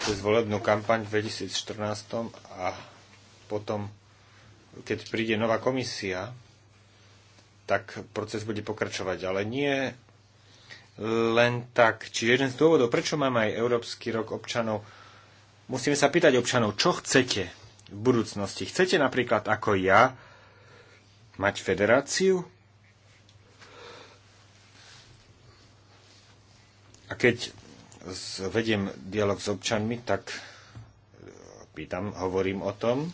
cez volebnú kampaň v 2014 a potom, keď príde nová komisia, tak proces bude pokračovať. Ale nie len tak. Čiže jeden z dôvodov, prečo máme aj Európsky rok občanov, musíme sa pýtať občanov, čo chcete v budúcnosti. Chcete napríklad ako ja mať federáciu? A keď vediem dialog s občanmi, tak e, pýtam, hovorím o tom.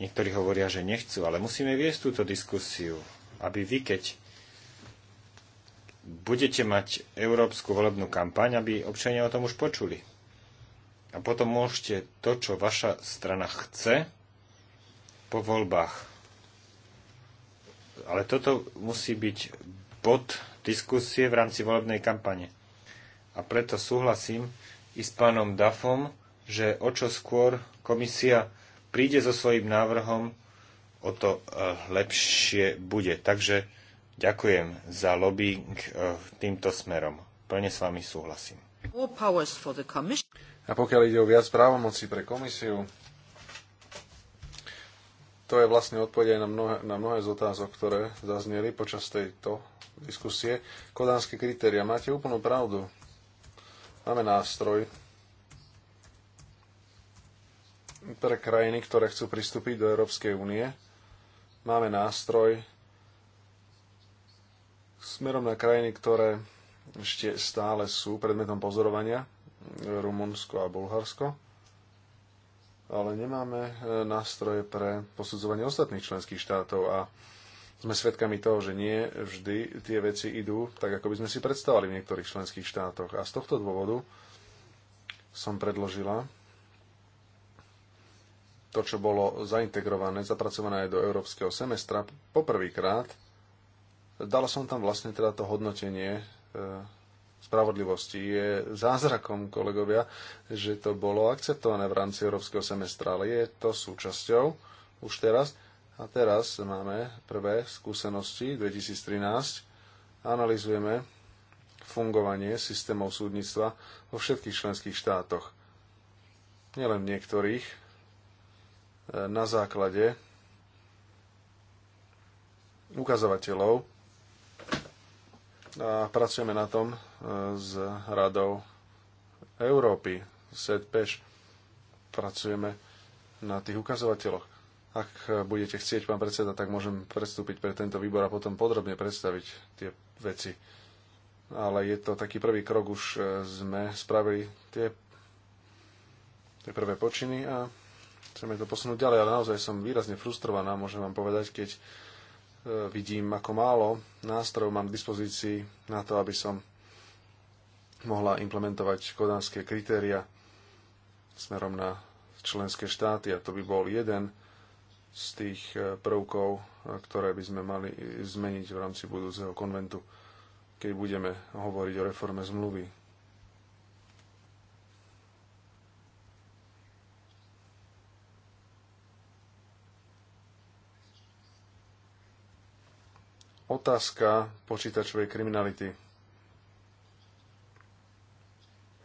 Niektorí hovoria, že nechcú, ale musíme viesť túto diskusiu aby vy, keď budete mať európsku volebnú kampaň, aby občania o tom už počuli. A potom môžete to, čo vaša strana chce, po voľbách. Ale toto musí byť bod diskusie v rámci volebnej kampane. A preto súhlasím i s pánom Dafom, že o čo skôr komisia príde so svojím návrhom o to eh, lepšie bude. Takže ďakujem za lobbying eh, týmto smerom. Plne s vami súhlasím. A pokiaľ ide o viac právomocí pre komisiu, to je vlastne odpoveď aj na mnohé, na mnohé z otázok, ktoré zazneli počas tejto diskusie. Kodánske kritéria. Máte úplnú pravdu. Máme nástroj pre krajiny, ktoré chcú pristúpiť do Európskej únie máme nástroj smerom na krajiny, ktoré ešte stále sú predmetom pozorovania, Rumunsko a Bulharsko, ale nemáme e, nástroje pre posudzovanie ostatných členských štátov a sme svedkami toho, že nie vždy tie veci idú tak, ako by sme si predstavali v niektorých členských štátoch. A z tohto dôvodu som predložila to, čo bolo zaintegrované, zapracované aj do európskeho semestra, poprvýkrát dala som tam vlastne teda to hodnotenie e, spravodlivosti. Je zázrakom, kolegovia, že to bolo akceptované v rámci európskeho semestra, ale je to súčasťou už teraz. A teraz máme prvé skúsenosti 2013. Analizujeme fungovanie systémov súdnictva vo všetkých členských štátoch. Nielen v niektorých, na základe ukazovateľov a pracujeme na tom e, s Radou Európy, SEDPEŠ. Pracujeme na tých ukazovateľoch. Ak budete chcieť, pán predseda, tak môžem predstúpiť pre tento výbor a potom podrobne predstaviť tie veci. Ale je to taký prvý krok, už e, sme spravili tie, tie prvé počiny a chceme to posunúť ďalej, ale naozaj som výrazne frustrovaná, môžem vám povedať, keď e, vidím, ako málo nástrojov mám k dispozícii na to, aby som mohla implementovať kodanské kritéria smerom na členské štáty a to by bol jeden z tých e, prvkov, e, ktoré by sme mali zmeniť v rámci budúceho konventu, keď budeme hovoriť o reforme zmluvy. otázka počítačovej kriminality.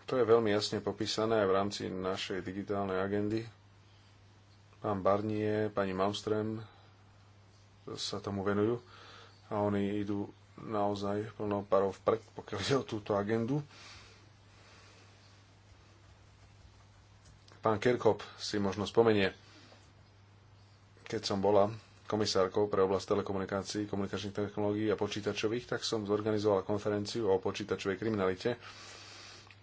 To je veľmi jasne popísané aj v rámci našej digitálnej agendy. Pán barnie, pani Malmström sa tomu venujú a oni idú naozaj plnou parou vpred, pokiaľ ide o túto agendu. Pán Kerkop si možno spomenie, keď som bola komisárkou pre oblasť telekomunikácií, komunikačných technológií a počítačových, tak som zorganizoval konferenciu o počítačovej kriminalite.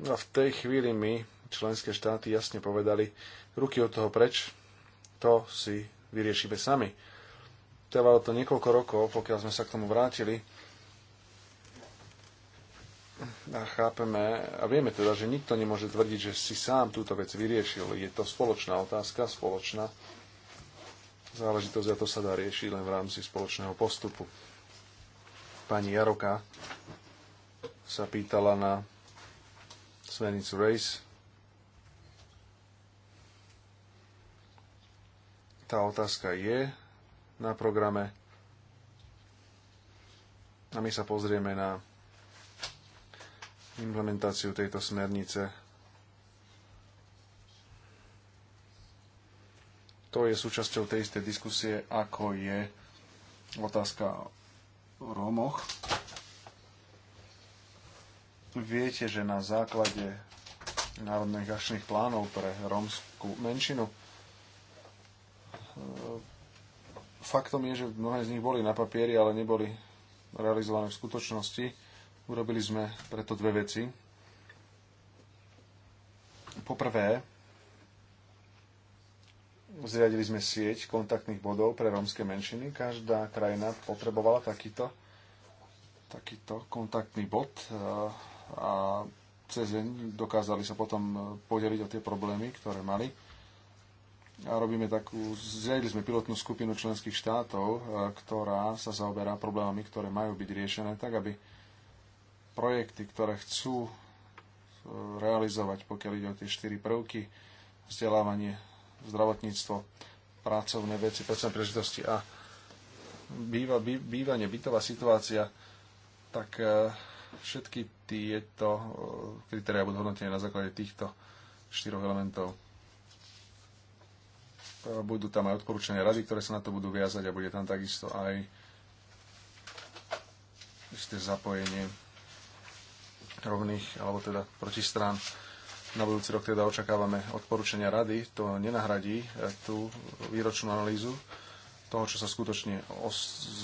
No a v tej chvíli mi členské štáty jasne povedali, ruky od toho preč, to si vyriešime sami. Trvalo to niekoľko rokov, pokiaľ sme sa k tomu vrátili. A chápeme a vieme teda, že nikto nemôže tvrdiť, že si sám túto vec vyriešil. Je to spoločná otázka, spoločná záležitosť a to sa dá riešiť len v rámci spoločného postupu. Pani Jaroka sa pýtala na Svenicu Race. Tá otázka je na programe a my sa pozrieme na implementáciu tejto smernice to je súčasťou tej istej diskusie, ako je otázka o Rómoch. Viete, že na základe národných akčných plánov pre rómskú menšinu e, faktom je, že mnohé z nich boli na papieri, ale neboli realizované v skutočnosti. Urobili sme preto dve veci. Poprvé, Zriadili sme sieť kontaktných bodov pre rómske menšiny. Každá krajina potrebovala takýto, takýto kontaktný bod eh, a cez deň dokázali sa potom eh, podeliť o tie problémy, ktoré mali. A robíme takú, zriadili sme pilotnú skupinu členských štátov, eh, ktorá sa zaoberá problémami, ktoré majú byť riešené, tak aby projekty, ktoré chcú realizovať, pokiaľ ide o tie štyri prvky, vzdelávanie, zdravotníctvo, pracovné veci, pracovné príležitosti a býva, bý, bývanie, bytová situácia, tak e, všetky tieto e, kritéria budú hodnotené na základe týchto štyroch elementov. E, budú tam aj odporúčané rady, ktoré sa na to budú viazať a bude tam takisto aj isté zapojenie rovných, alebo teda protistrán strán na budúci rok teda očakávame odporúčania rady. To nenahradí e, tú výročnú analýzu toho, čo sa skutočne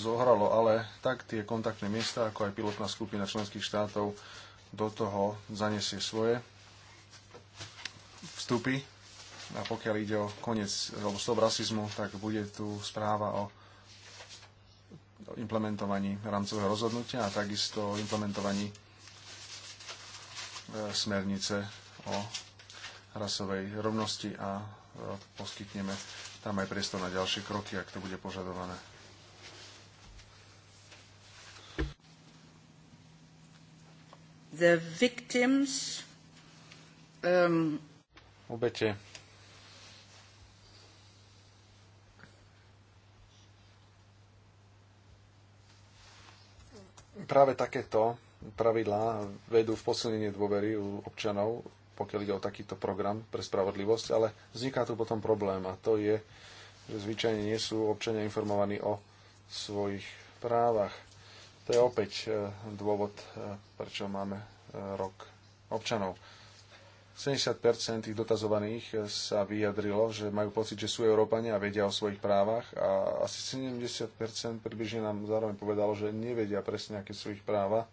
zohralo, ale tak tie kontaktné miesta, ako aj pilotná skupina členských štátov do toho zanesie svoje vstupy. A pokiaľ ide o koniec alebo stop rasizmu, tak bude tu správa o implementovaní rámcového rozhodnutia a takisto o implementovaní e, smernice o rasovej rovnosti a e, poskytneme tam aj priestor na ďalšie kroky, ak to bude požadované. The victims, um... Obete. Práve takéto pravidlá vedú v posilnenie dôvery u občanov pokiaľ ide o takýto program pre spravodlivosť, ale vzniká tu potom problém a to je, že zvyčajne nie sú občania informovaní o svojich právach. To je opäť e, dôvod, e, prečo máme e, rok občanov. 70% tých dotazovaných sa vyjadrilo, že majú pocit, že sú Európania a vedia o svojich právach a asi 70% približne nám zároveň povedalo, že nevedia presne, aké sú ich práva.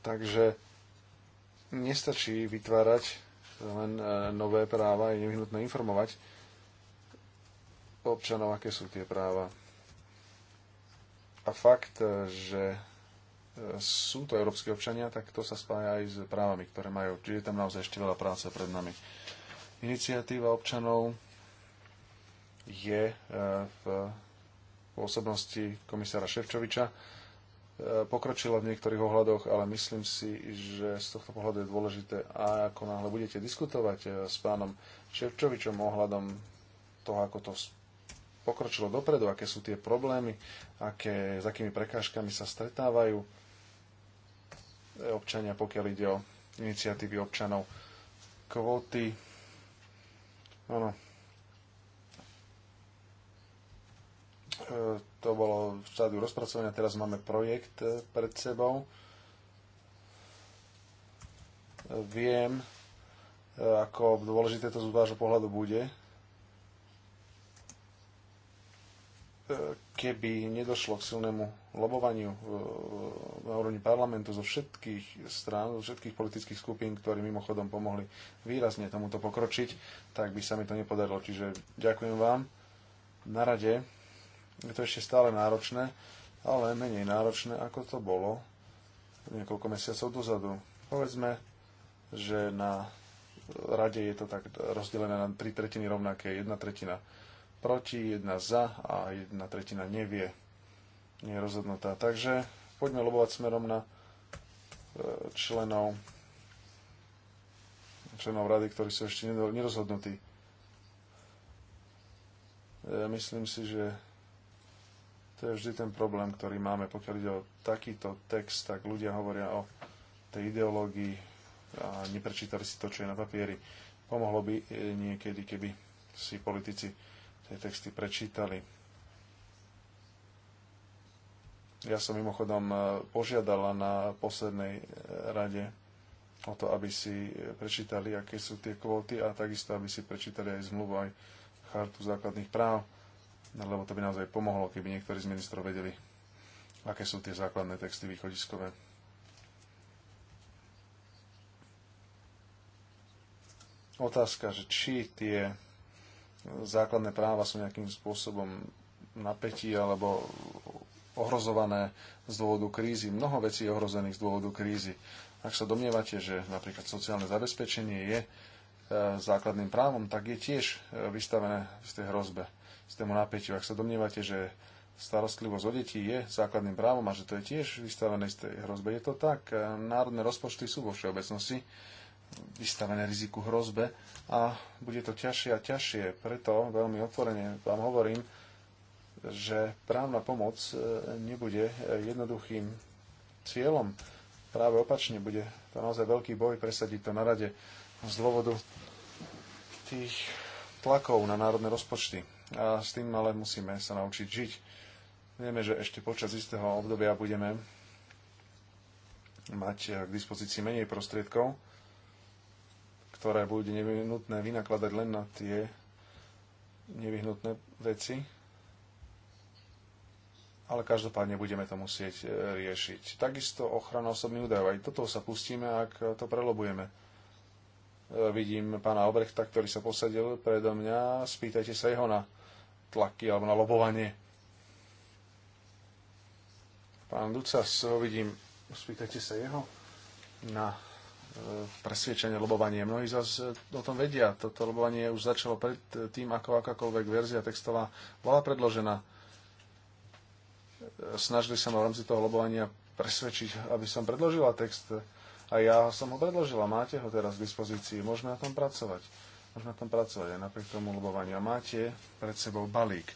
Takže Nestačí vytvárať len e, nové práva, je nevyhnutné informovať občanov, aké sú tie práva. A fakt, e, že e, sú to európske občania, tak to sa spája aj s právami, ktoré majú. Čiže je tam naozaj ešte veľa práce pred nami. Iniciatíva občanov je v pôsobnosti komisára Ševčoviča pokročila v niektorých ohľadoch, ale myslím si, že z tohto pohľadu je dôležité, a ako náhle budete diskutovať eh, s pánom Ševčovičom ohľadom toho, ako to pokročilo dopredu, aké sú tie problémy, aké, s akými prekážkami sa stretávajú eh, občania, pokiaľ ide o iniciatívy občanov. Kvóty, áno, E, to bolo v štádiu rozpracovania, teraz máme projekt e, pred sebou. E, viem, ako dôležité to z vášho pohľadu bude. Keby nedošlo k silnému lobovaniu na úrovni parlamentu zo všetkých strán, zo všetkých politických skupín, ktorí mimochodom pomohli výrazne tomuto pokročiť, tak by sa mi to nepodarilo. Čiže ďakujem vám. Na rade je to ešte stále náročné, ale menej náročné, ako to bolo niekoľko mesiacov dozadu. Povedzme, že na rade je to tak rozdelené na tri tretiny rovnaké. Jedna tretina proti, jedna za a jedna tretina nevie. Nie je rozhodnutá. Takže poďme lobovať smerom na e, členov členov rady, ktorí sú ešte nerozhodnutí. Ja e, myslím si, že to je vždy ten problém, ktorý máme. Pokiaľ ide o takýto text, tak ľudia hovoria o tej ideológii a neprečítali si to, čo je na papieri. Pomohlo by e, niekedy, keby si politici tie texty prečítali. Ja som mimochodom e, požiadala na poslednej e, rade o to, aby si prečítali, aké sú tie kvóty a takisto, aby si prečítali aj zmluvu, aj chartu základných práv No, lebo to by naozaj pomohlo, keby niektorí z ministrov vedeli, aké sú tie základné texty východiskové. Otázka, že či tie základné práva sú nejakým spôsobom napätí alebo ohrozované z dôvodu krízy. Mnoho vecí je ohrozených z dôvodu krízy. Ak sa domnievate, že napríklad sociálne zabezpečenie je e, základným právom, tak je tiež e, vystavené v tej hrozbe z tému napätiu. Ak sa domnievate, že starostlivosť o detí je základným právom a že to je tiež vystavené z tej hrozbe. Je to tak, e, národné rozpočty sú vo všeobecnosti vystavené riziku hrozbe a bude to ťažšie a ťažšie. Preto veľmi otvorene vám hovorím, že právna pomoc e, nebude e, jednoduchým cieľom. Práve opačne bude to naozaj veľký boj presadiť to na rade z dôvodu tých tlakov na národné rozpočty a s tým ale musíme sa naučiť žiť. Vieme, že ešte počas istého obdobia budeme mať eh, k dispozícii menej prostriedkov, ktoré bude nevyhnutné vynakladať len na tie nevyhnutné veci, ale každopádne budeme to musieť eh, riešiť. Takisto ochrana osobných údajov. Aj toto sa pustíme, ak to prelobujeme. Eh, vidím pána Obrechta, ktorý sa posadil predo mňa. Spýtajte sa jeho na tlaky alebo na lobovanie. Pán Ducas, vidím, spýtajte sa jeho na e, presviečanie, lobovanie. Mnohí zase o tom vedia. Toto lobovanie už začalo pred e, tým, ako akákoľvek verzia textová bola predložená. E, snažili sa ma v rámci toho lobovania presvedčiť, aby som predložila text. A ja som ho predložila. Máte ho teraz k dispozícii. Môžeme na tom pracovať na tom pracovať aj napriek tomu a Máte pred sebou balík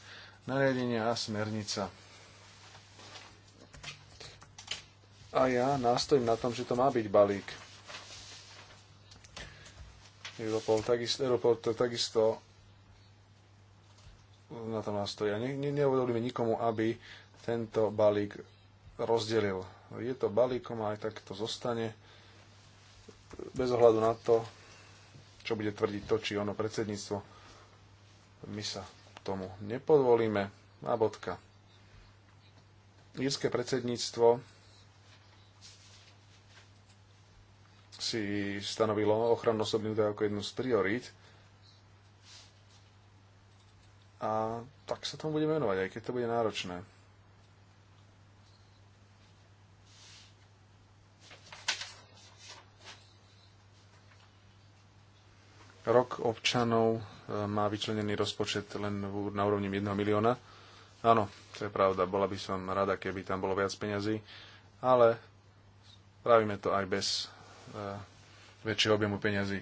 nariadenia a smernica. A ja nástojím na tom, že to má byť balík. Europol takisto, Europol to takisto na tom nastojí. Ne, ne, nikomu, aby tento balík rozdelil. Je to balíkom a aj tak to zostane bez ohľadu na to, čo bude tvrdiť to či ono predsedníctvo. My sa tomu nepodvolíme. A bodka. Írske predsedníctvo si stanovilo ochranu osobných údajov ako jednu z priorít. A tak sa tomu budeme venovať, aj keď to bude náročné. Rok občanov e, má vyčlenený rozpočet len na úrovni 1 milióna. Áno, to je pravda, bola by som rada, keby tam bolo viac peňazí, ale pravíme to aj bez e, väčšieho objemu peňazí.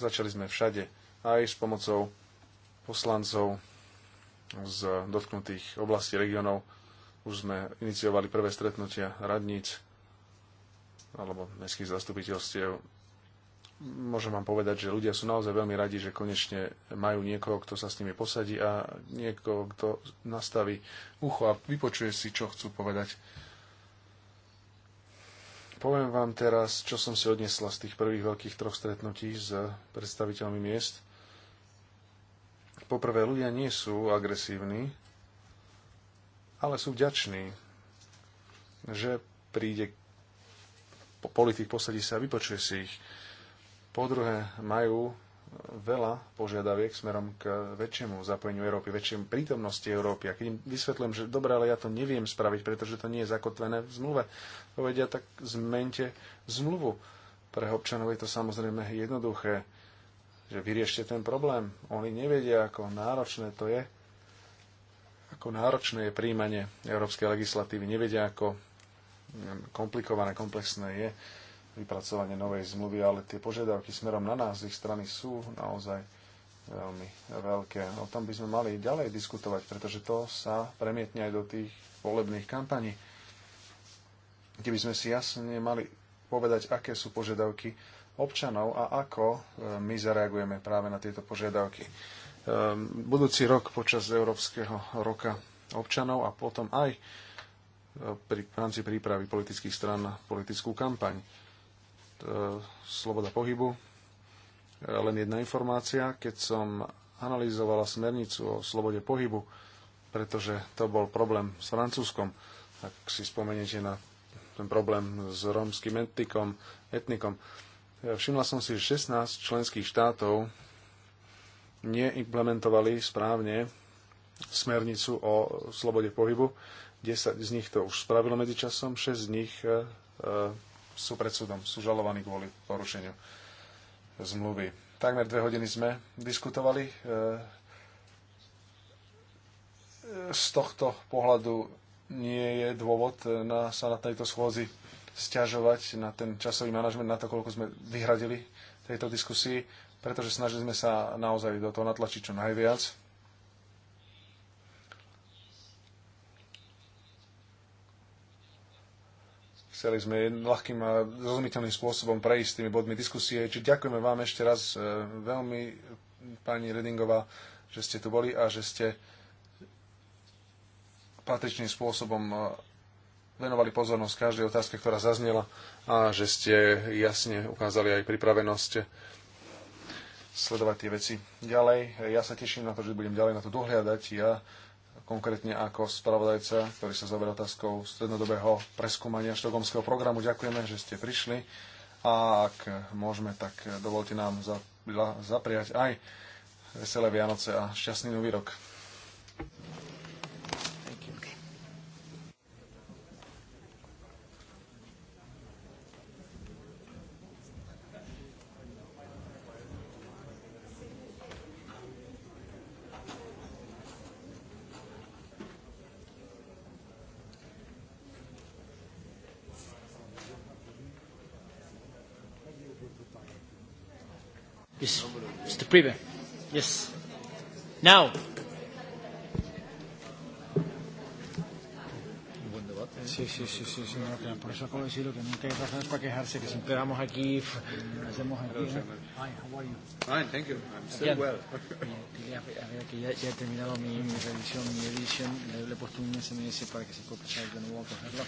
Začali sme všade, aj s pomocou poslancov z dotknutých oblastí regionov. Už sme iniciovali prvé stretnutia radníc alebo mestských zastupiteľstiev môžem vám povedať, že ľudia sú naozaj veľmi radi, že konečne majú niekoho, kto sa s nimi posadí a niekoho, kto nastaví ucho a vypočuje si, čo chcú povedať. Poviem vám teraz, čo som si odnesla z tých prvých veľkých troch stretnutí s predstaviteľmi miest. Poprvé, ľudia nie sú agresívni, ale sú vďační, že príde politik, posadí sa a vypočuje si ich po druhé, majú veľa požiadaviek smerom k väčšiemu zapojeniu Európy, väčšiemu prítomnosti Európy. A keď im vysvetľujem, že dobre, ale ja to neviem spraviť, pretože to nie je zakotvené v zmluve, povedia, tak zmente zmluvu. Pre občanov je to samozrejme jednoduché, že vyriešte ten problém. Oni nevedia, ako náročné to je, ako náročné je príjmanie európskej legislatívy, nevedia, ako komplikované, komplexné je vypracovanie novej zmluvy, ale tie požiadavky smerom na nás z ich strany sú naozaj veľmi veľké. O no, tom by sme mali ďalej diskutovať, pretože to sa premietne aj do tých volebných kampaní, kde by sme si jasne mali povedať, aké sú požiadavky občanov a ako e, my zareagujeme práve na tieto požiadavky. E, budúci rok počas Európskeho roka občanov a potom aj e, pri, v rámci prípravy politických stran na politickú kampaň. E, sloboda pohybu. E, len jedna informácia, keď som analyzovala smernicu o slobode pohybu, pretože to bol problém s Francúzskom, ak si spomeniete na ten problém s rómskym etnikom, etnikom. Všimla som si, že 16 členských štátov neimplementovali správne smernicu o slobode pohybu. 10 z nich to už spravilo medzičasom, 6 z nich e, sú pred súdom, sú žalovaní kvôli porušeniu zmluvy. Takmer dve hodiny sme diskutovali eh, z tohto pohľadu nie je dôvod eh, na, sa na tejto schôzi stiažovať na ten časový manažment, na to, koľko sme vyhradili tejto diskusii, pretože snažili sme sa naozaj do toho natlačiť čo najviac. Chceli sme ľahkým a zrozumiteľným spôsobom prejsť tými bodmi diskusie. Čiže ďakujeme vám ešte raz e, veľmi, pani Redingová, že ste tu boli a že ste patričným spôsobom e, venovali pozornosť každej otázke, ktorá zaznela a že ste jasne ukázali aj pripravenosť sledovať tie veci ďalej. Ja sa teším na to, že budem ďalej na to dohliadať. Ja konkrétne ako spravodajca, ktorý sa zaoberá otázkou strednodobého preskúmania štokomského programu. Ďakujeme, že ste prišli a ak môžeme, tak dovolte nám zapriať aj veselé Vianoce a šťastný nový rok. Prive. Yes. Now. Sí, sí, sí, sí, sí no, por eso acabo de decir lo que nunca hay razones para quejarse, que siempre vamos aquí, hacemos aquí. ¿no? Hi, how are you? Fine, thank you. I'm still well. a ver, que ya, ya he terminado mi, mi revisión, mi edición, le, le he puesto un SMS para que se pueda pasar, yo no voy a cogerlo,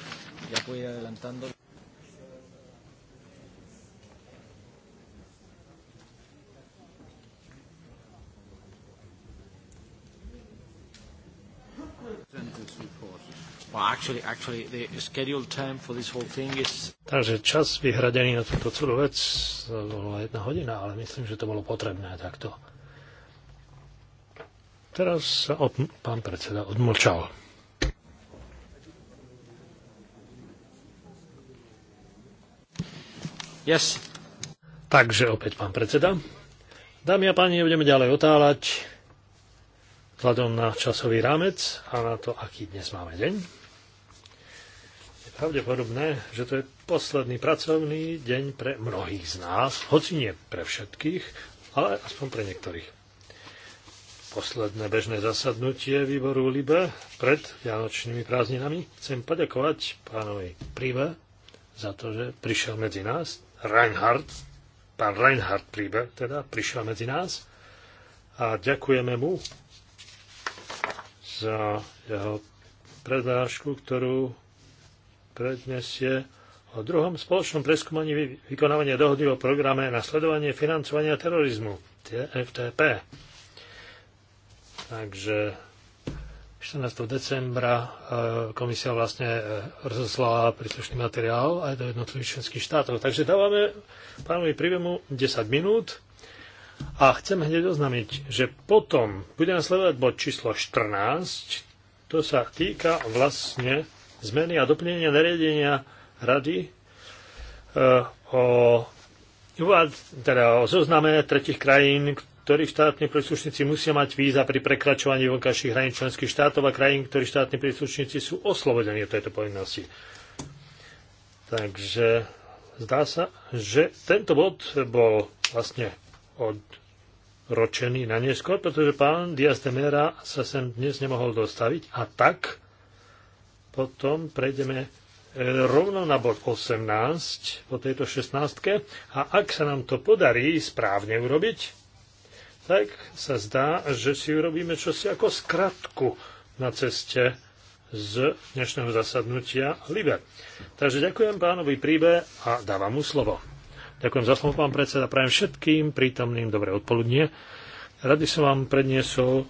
ya puedo ir adelantando. actually, actually the scheduled time for this whole thing is... Takže čas vyhradený na túto celú vec bola jedna hodina, ale myslím, že to bolo potrebné takto. Teraz sa pán predseda odmlčal. Yes. Takže opäť pán predseda. Dámy a páni, budeme ďalej otáľať vzhľadom na časový rámec a na to, aký dnes máme deň pravdepodobné, že to je posledný pracovný deň pre mnohých z nás, hoci nie pre všetkých, ale aspoň pre niektorých. Posledné bežné zasadnutie výboru LIBE pred vianočnými prázdninami chcem poďakovať pánovi Príbe za to, že prišiel medzi nás. Reinhard, pán Reinhard Príbe teda prišiel medzi nás a ďakujeme mu za jeho prednášku, ktorú Prednesie o druhom spoločnom preskúmaní vykonávania dohody o programe na sledovanie financovania terorizmu, FTP. Takže 14. decembra e, komisia vlastne e, rozoslala príslušný materiál aj do jednotlivých členských štátov. Takže dávame pánovi Privemu 10 minút a chcem hneď oznámiť, že potom bude nasledovať bod číslo 14. To sa týka vlastne zmeny a doplnenia nariadenia Rady eh, o, teda o zozname tretich krajín, ktorých štátni príslušníci musia mať víza pri prekračovaní vonkajších hraní členských štátov a krajín, ktorých štátni príslušníci sú oslobodení od tejto povinnosti. Takže zdá sa, že tento bod bol vlastne odročený na neskôr, pretože pán Diaz de Mera sa sem dnes nemohol dostaviť a tak potom prejdeme e, rovno na bod 18 po tejto 16. A ak sa nám to podarí správne urobiť, tak sa zdá, že si urobíme čosi ako skratku na ceste z dnešného zasadnutia Liber. Takže ďakujem pánovi Príbe a dávam mu slovo. Ďakujem za slovo, pán predseda. Prajem všetkým prítomným dobré odpoludnie. Rady som vám predniesol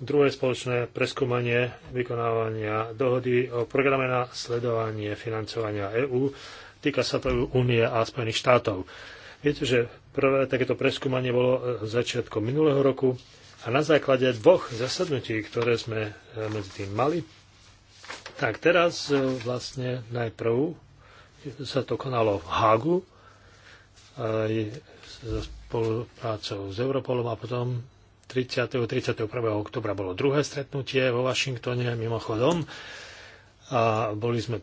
druhé spoločné preskúmanie vykonávania dohody o programe na sledovanie financovania EÚ. Týka sa to Únie a Spojených štátov. Viete, že prvé takéto preskúmanie bolo e, začiatkom minulého roku a na základe dvoch zasadnutí, ktoré sme e, medzi tým mali, tak teraz e, vlastne najprv sa to konalo v Hagu aj so spoluprácou s Europolom a potom 30. 31. oktobra bolo druhé stretnutie vo Washingtone mimochodom a boli sme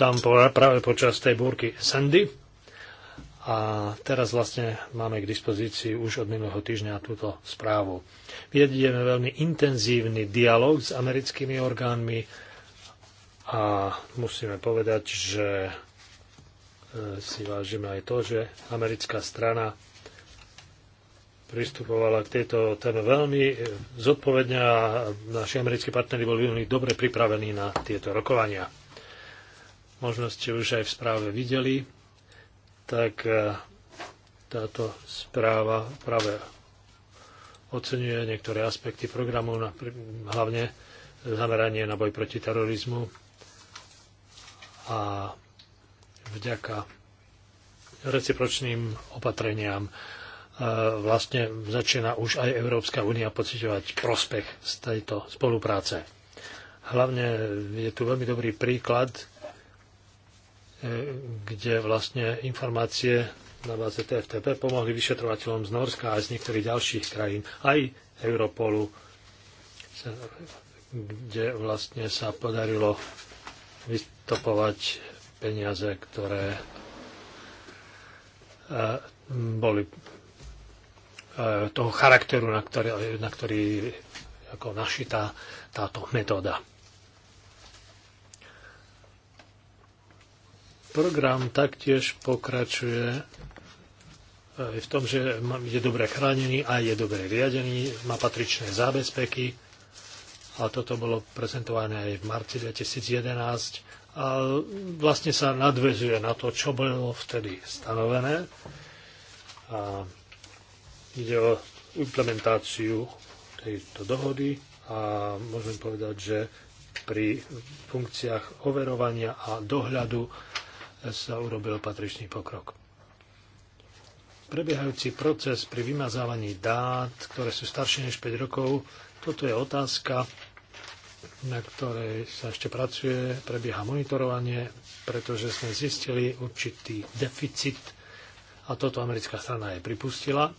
tam práve počas tej búrky Sandy. A teraz vlastne máme k dispozícii už od minulého týždňa túto správu. Viedieme veľmi intenzívny dialog s americkými orgánmi a musíme povedať, že e, si vážime aj to, že americká strana pristupovala k tejto téme veľmi e, zodpovedne a naši americkí partnery boli veľmi dobre pripravení na tieto rokovania. Možno ste už aj v správe videli, tak e, táto správa práve oceňuje niektoré aspekty programu, hlavne zameranie na boj proti terorizmu a vďaka recipročným opatreniam vlastne začína už aj Európska únia pociťovať prospech z tejto spolupráce. Hlavne je tu veľmi dobrý príklad, e, kde vlastne informácie na báze TFTP pomohli vyšetrovateľom z Norska a z niektorých ďalších krajín, aj Europolu, kde vlastne sa podarilo vystopovať peniaze, ktoré e, boli E, toho charakteru, na ktorý, na ktorý ako našitá táto metóda. Program taktiež pokračuje e, v tom, že je dobre chránený a je dobre riadený, má patričné zábezpeky a toto bolo prezentované aj v marci 2011 a vlastne sa nadvezuje na to, čo bolo vtedy stanovené. A Ide o implementáciu tejto dohody a môžem povedať, že pri funkciách overovania a dohľadu sa urobil patričný pokrok. Prebiehajúci proces pri vymazávaní dát, ktoré sú staršie než 5 rokov, toto je otázka, na ktorej sa ešte pracuje, prebieha monitorovanie, pretože sme zistili určitý deficit a toto americká strana aj pripustila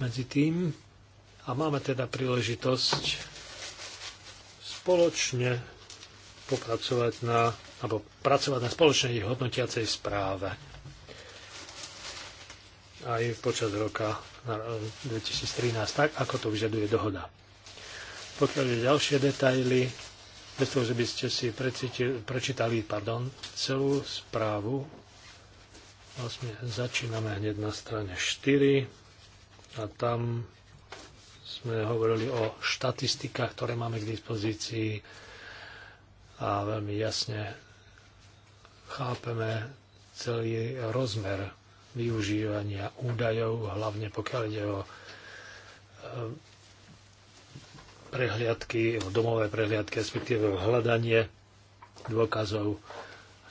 medzi tým a máme teda príležitosť spoločne popracovať na, alebo pracovať na spoločnej hodnotiacej správe aj počas roka 2013, tak ako to vyžaduje dohoda. Pokiaľ je ďalšie detaily, bez toho, že by ste si prečítali pardon, celú správu, vlastne začíname hneď na strane 4 a tam sme hovorili o štatistikách, ktoré máme k dispozícii a veľmi jasne chápeme celý rozmer využívania údajov, hlavne pokiaľ ide o eh, prehliadky, domové prehliadky, respektíve hľadanie dôkazov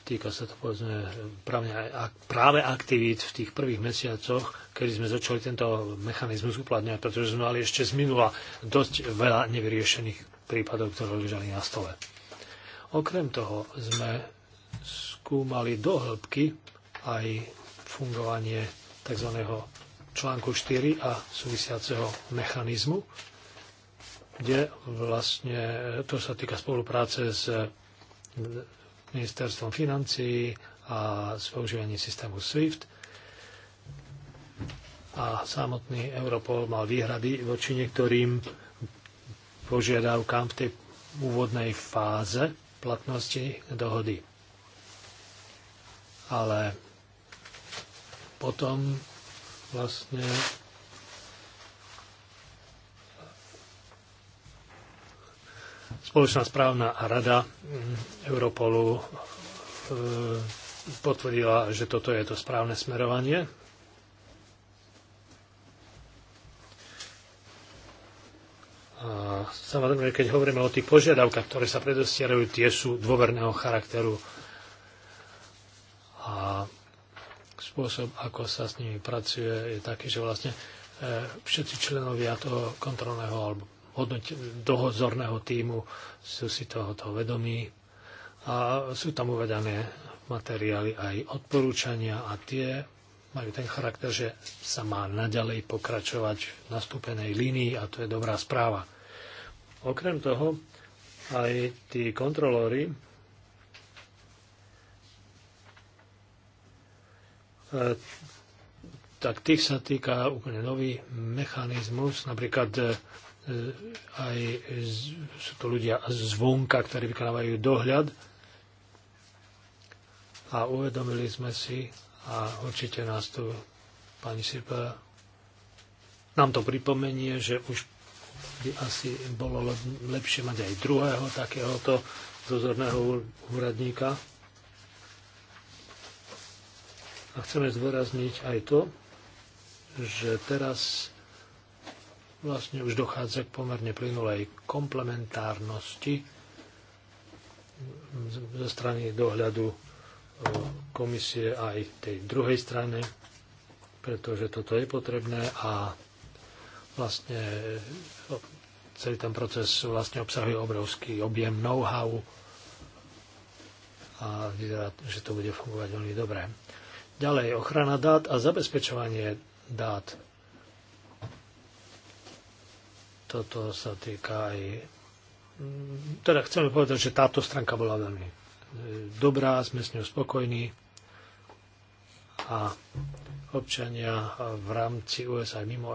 Týka sa to povedzme práve, práve aktivít v tých prvých mesiacoch, kedy sme začali tento mechanizmus uplatňovať, pretože sme mali ešte z minula dosť veľa nevyriešených prípadov, ktoré ležali na stole. Okrem toho sme skúmali dohlbky aj fungovanie tzv. článku 4 a súvisiaceho mechanizmu, kde vlastne to sa týka spolupráce s ministerstvom financí a s používaním systému SWIFT. A samotný Europol mal výhrady voči niektorým požiadavkám v tej úvodnej fáze platnosti dohody. Ale potom vlastne Spoločná správna rada mm, Europolu e, potvrdila, že toto je to správne smerovanie. A samozrejme, keď hovoríme o tých požiadavkách, ktoré sa predostierajú, tie sú dôverného charakteru a spôsob, ako sa s nimi pracuje, je taký, že vlastne e, všetci členovia toho kontrolného alebo hodnoť dohozorného týmu sú si toho vedomí a sú tam uvedané materiály aj odporúčania a tie majú ten charakter, že sa má naďalej pokračovať v nastúpenej línii a to je dobrá správa. Okrem toho, aj tí kontrolóri e, tak tých sa týka úplne nový mechanizmus, napríklad e, E, aj sú to ľudia zvonka, ktorí vykonávajú dohľad. A uvedomili sme si, a určite nás tu pani Sirpa nám to pripomenie, že už by asi bolo lepšie mať aj druhého takéhoto dozorného úradníka. A chceme zdôrazniť aj to, že teraz vlastne už dochádza k pomerne plynulej komplementárnosti zo strany dohľadu e, komisie aj tej druhej strane, pretože toto je potrebné a vlastne e, celý ten proces vlastne obsahuje obrovský objem know-how a vyzerá, že to bude fungovať veľmi dobre. Ďalej, ochrana dát a zabezpečovanie dát toto sa týka aj... Mm, teda chcem povedať, že táto stránka bola veľmi e, dobrá, sme s ňou spokojní a občania v rámci USA aj mimo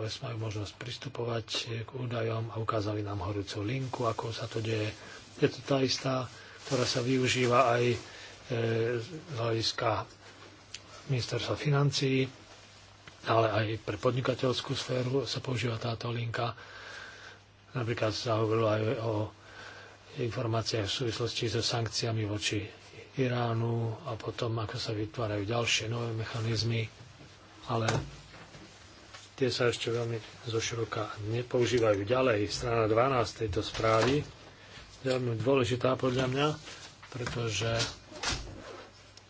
US majú možnosť pristupovať k údajom a ukázali nám horúcu linku, ako sa to deje. Je to tá istá, ktorá sa využíva aj e, z hľadiska ministerstva financií ale aj pre podnikateľskú sféru sa používa táto linka. Napríklad sa hovorilo aj o informáciách v súvislosti so sankciami voči Iránu a potom, ako sa vytvárajú ďalšie nové mechanizmy, ale tie sa ešte veľmi zoširoka nepoužívajú. Ďalej, strana 12 tejto správy, veľmi dôležitá podľa mňa, pretože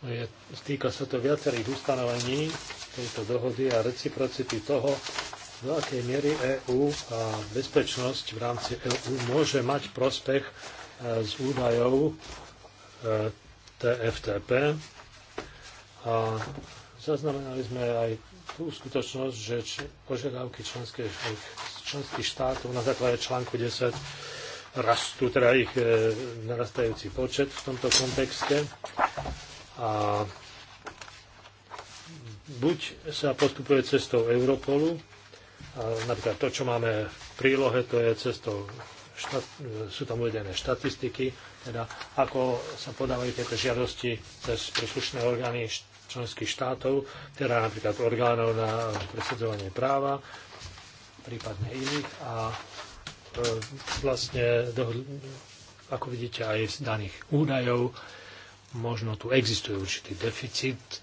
je, týka sa to viacerých ustanovení, tejto dohody a reciprocity toho, do akej miery EÚ a bezpečnosť v rámci EÚ môže mať prospech e, z údajov e, TFTP. A zaznamenali sme aj tú skutočnosť, že požiadavky členských, členských štátov na základe článku 10 rastú, teda ich e, narastajúci počet v tomto kontexte. A buď sa postupuje cestou Europolu, a napríklad to, čo máme v prílohe, to je cestou, štat, sú tam uvedené štatistiky, teda ako sa podávajú tieto žiadosti cez príslušné orgány členských štátov, teda napríklad orgánov na presadzovanie práva, prípadne iných a e, vlastne ako vidíte aj z daných údajov, možno tu existuje určitý deficit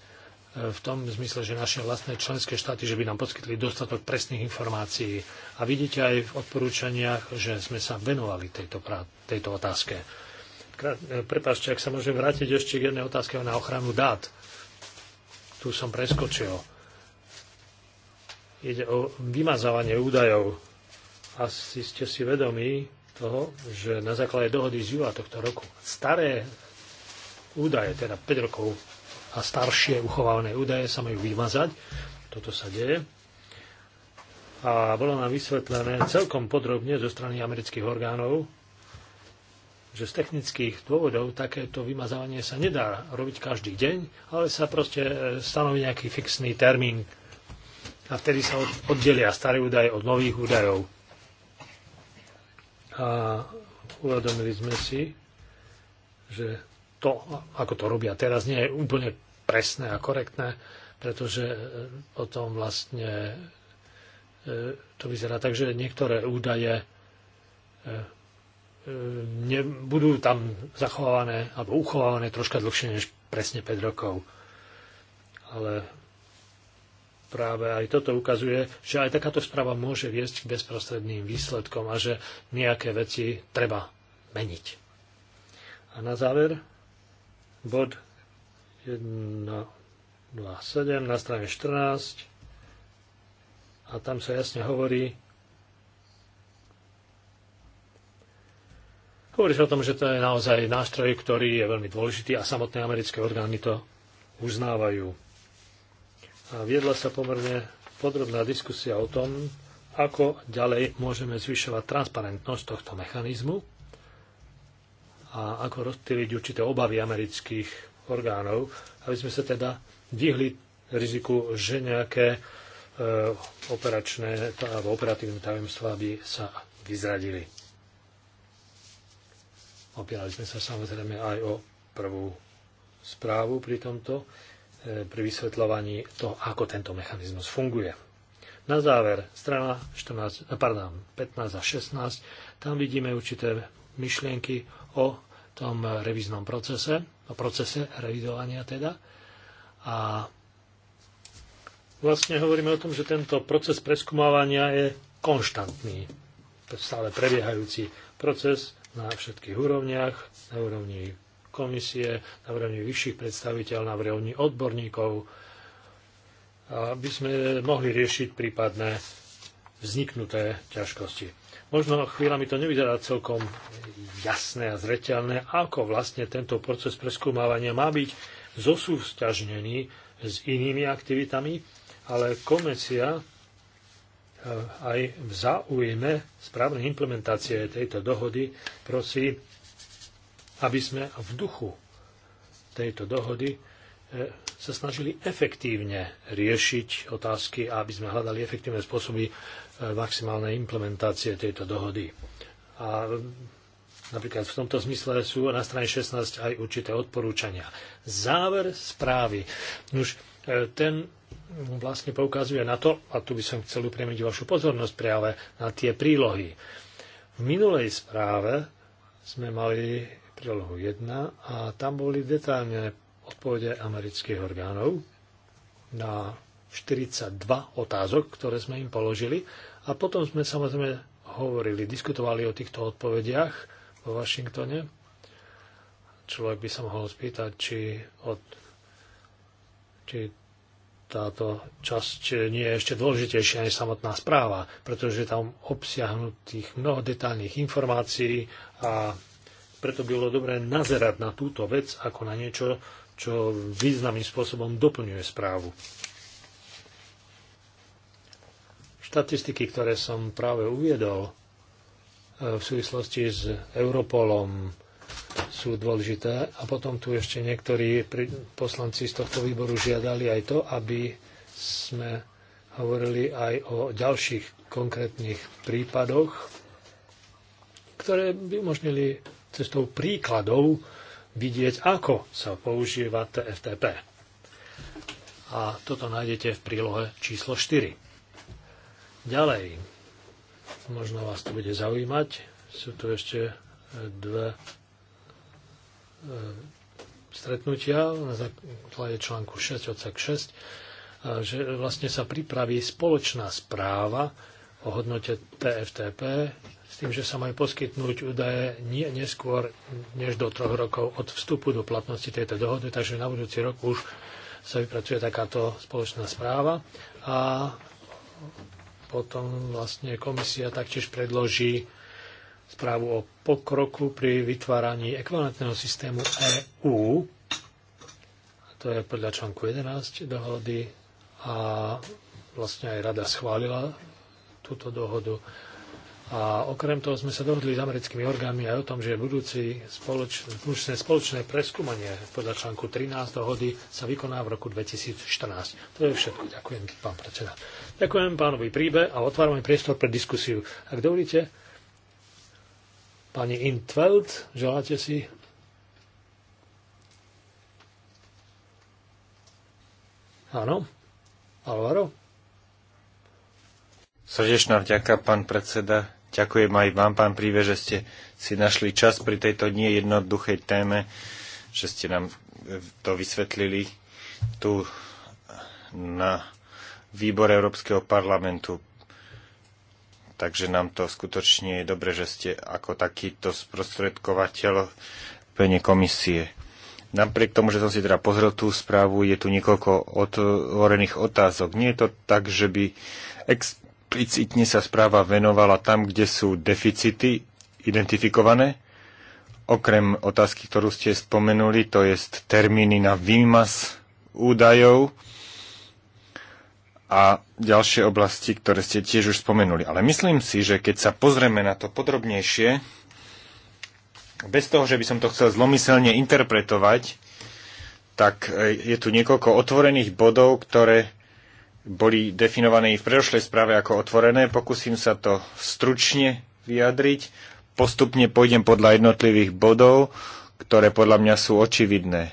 v tom zmysle, že naše vlastné členské štáty, že by nám poskytli dostatok presných informácií. A vidíte aj v odporúčaniach, že sme sa venovali tejto, tejto otázke. E, Prepašte, ak sa môžem vrátiť ešte k jednej otázke na ochranu dát. Tu som preskočil. Ide o vymazávanie údajov. Asi ste si vedomí toho, že na základe dohody z júla tohto roku staré údaje, teda 5 rokov a staršie uchovávané údaje sa majú vymazať. Toto sa deje. A bolo nám vysvetlené celkom podrobne zo strany amerických orgánov, že z technických dôvodov takéto vymazávanie sa nedá robiť každý deň, ale sa proste e, stanoví nejaký fixný termín a vtedy sa oddelia staré údaje od nových údajov. A uvedomili sme si, že to, ako to robia teraz, nie je úplne presné a korektné, pretože potom e, vlastne e, to vyzerá tak, že niektoré údaje e, budú tam zachované alebo uchovávané troška dlhšie než presne 5 rokov. Ale práve aj toto ukazuje, že aj takáto správa môže viesť k bezprostredným výsledkom a že nejaké veci treba meniť. A na záver Bod 1.2.7 na strane 14 a tam sa jasne hovorí, Hovorí sa o tom, že to je naozaj nástroj, ktorý je veľmi dôležitý a samotné americké orgány to uznávajú. A viedla sa pomerne podrobná diskusia o tom, ako ďalej môžeme zvyšovať transparentnosť tohto mechanizmu a ako rozptýliť určité obavy amerických orgánov, aby sme sa teda vyhli riziku, že nejaké e, operačné alebo operatívne tajomstvá by sa vyzradili. Opierali sme sa samozrejme aj o prvú správu pri tomto, e, pri vysvetľovaní toho, ako tento mechanizmus funguje. Na záver, strana 14, pardon, 15 a 16, tam vidíme určité myšlienky o tom revíznom procese, o procese revidovania teda. A vlastne hovoríme o tom, že tento proces preskúmavania je konštantný, stále prebiehajúci proces na všetkých úrovniach, na úrovni komisie, na úrovni vyšších predstaviteľ, na úrovni odborníkov, aby sme mohli riešiť prípadné vzniknuté ťažkosti. Možno chvíľami to nevyzerá celkom jasné a zreteľné, ako vlastne tento proces preskúmávania má byť zosústažnený s inými aktivitami, ale komisia eh, aj v záujme správnej implementácie tejto dohody prosí, aby sme v duchu tejto dohody eh, sa snažili efektívne riešiť otázky a aby sme hľadali efektívne spôsoby maximálnej implementácie tejto dohody. A napríklad v tomto zmysle sú na strane 16 aj určité odporúčania. Záver správy. Už e, ten vlastne poukazuje na to, a tu by som chcel upriamiť vašu pozornosť práve na tie prílohy. V minulej správe sme mali prílohu 1 a tam boli detálne odpovede amerických orgánov na 42 otázok, ktoré sme im položili a potom sme samozrejme hovorili, diskutovali o týchto odpovediach vo Washingtone. Človek by sa mohol spýtať, či, od, či táto časť nie je ešte dôležitejšia než samotná správa, pretože je tam obsiahnutých mnoho detálnych informácií a preto bylo dobré nazerať na túto vec ako na niečo, čo významným spôsobom doplňuje správu. Štatistiky, ktoré som práve uviedol e, v súvislosti s Europolom, sú dôležité. A potom tu ešte niektorí poslanci z tohto výboru žiadali aj to, aby sme hovorili aj o ďalších konkrétnych prípadoch, ktoré by umožnili cestou príkladov vidieť, ako sa používa TFTP. A toto nájdete v prílohe číslo 4. Ďalej, možno vás to bude zaujímať, sú tu ešte e, dve e, stretnutia na základe článku 6 odsek 6, e, že vlastne sa pripraví spoločná správa o hodnote TFTP s tým, že sa majú poskytnúť údaje nie neskôr než do troch rokov od vstupu do platnosti tejto dohody, takže na budúci rok už sa vypracuje takáto spoločná správa a potom vlastne komisia taktiež predloží správu o pokroku pri vytváraní ekvivalentného systému EÚ, to je podľa článku 11 dohody a vlastne aj rada schválila túto dohodu a okrem toho sme sa dohodli s americkými orgánmi aj o tom, že budúci spoločné, spoločné preskúmanie podľa článku 13 dohody sa vykoná v roku 2014. To je všetko. Ďakujem, pán predseda. Ďakujem pánovi Príbe a otvárame priestor pre diskusiu. Ak dovolíte, pani Intveld, želáte si Áno. Alvaro? Srdečná vďaka, pán predseda. Ďakujem aj vám, pán Príve, že ste si našli čas pri tejto nejednoduchej téme, že ste nám to vysvetlili tu na výbore Európskeho parlamentu. Takže nám to skutočne je dobre, že ste ako takýto sprostredkovateľ plne komisie. Napriek tomu, že som si teda pozrel tú správu, je tu niekoľko otvorených otázok. Nie je to tak, že by ex- explicitne sa správa venovala tam, kde sú deficity identifikované, okrem otázky, ktorú ste spomenuli, to je termíny na výmaz údajov a ďalšie oblasti, ktoré ste tiež už spomenuli. Ale myslím si, že keď sa pozrieme na to podrobnejšie, bez toho, že by som to chcel zlomyselne interpretovať, tak e, je tu niekoľko otvorených bodov, ktoré boli definované v predošlej správe ako otvorené. Pokúsim sa to stručne vyjadriť. Postupne pôjdem podľa jednotlivých bodov, ktoré podľa mňa sú očividné.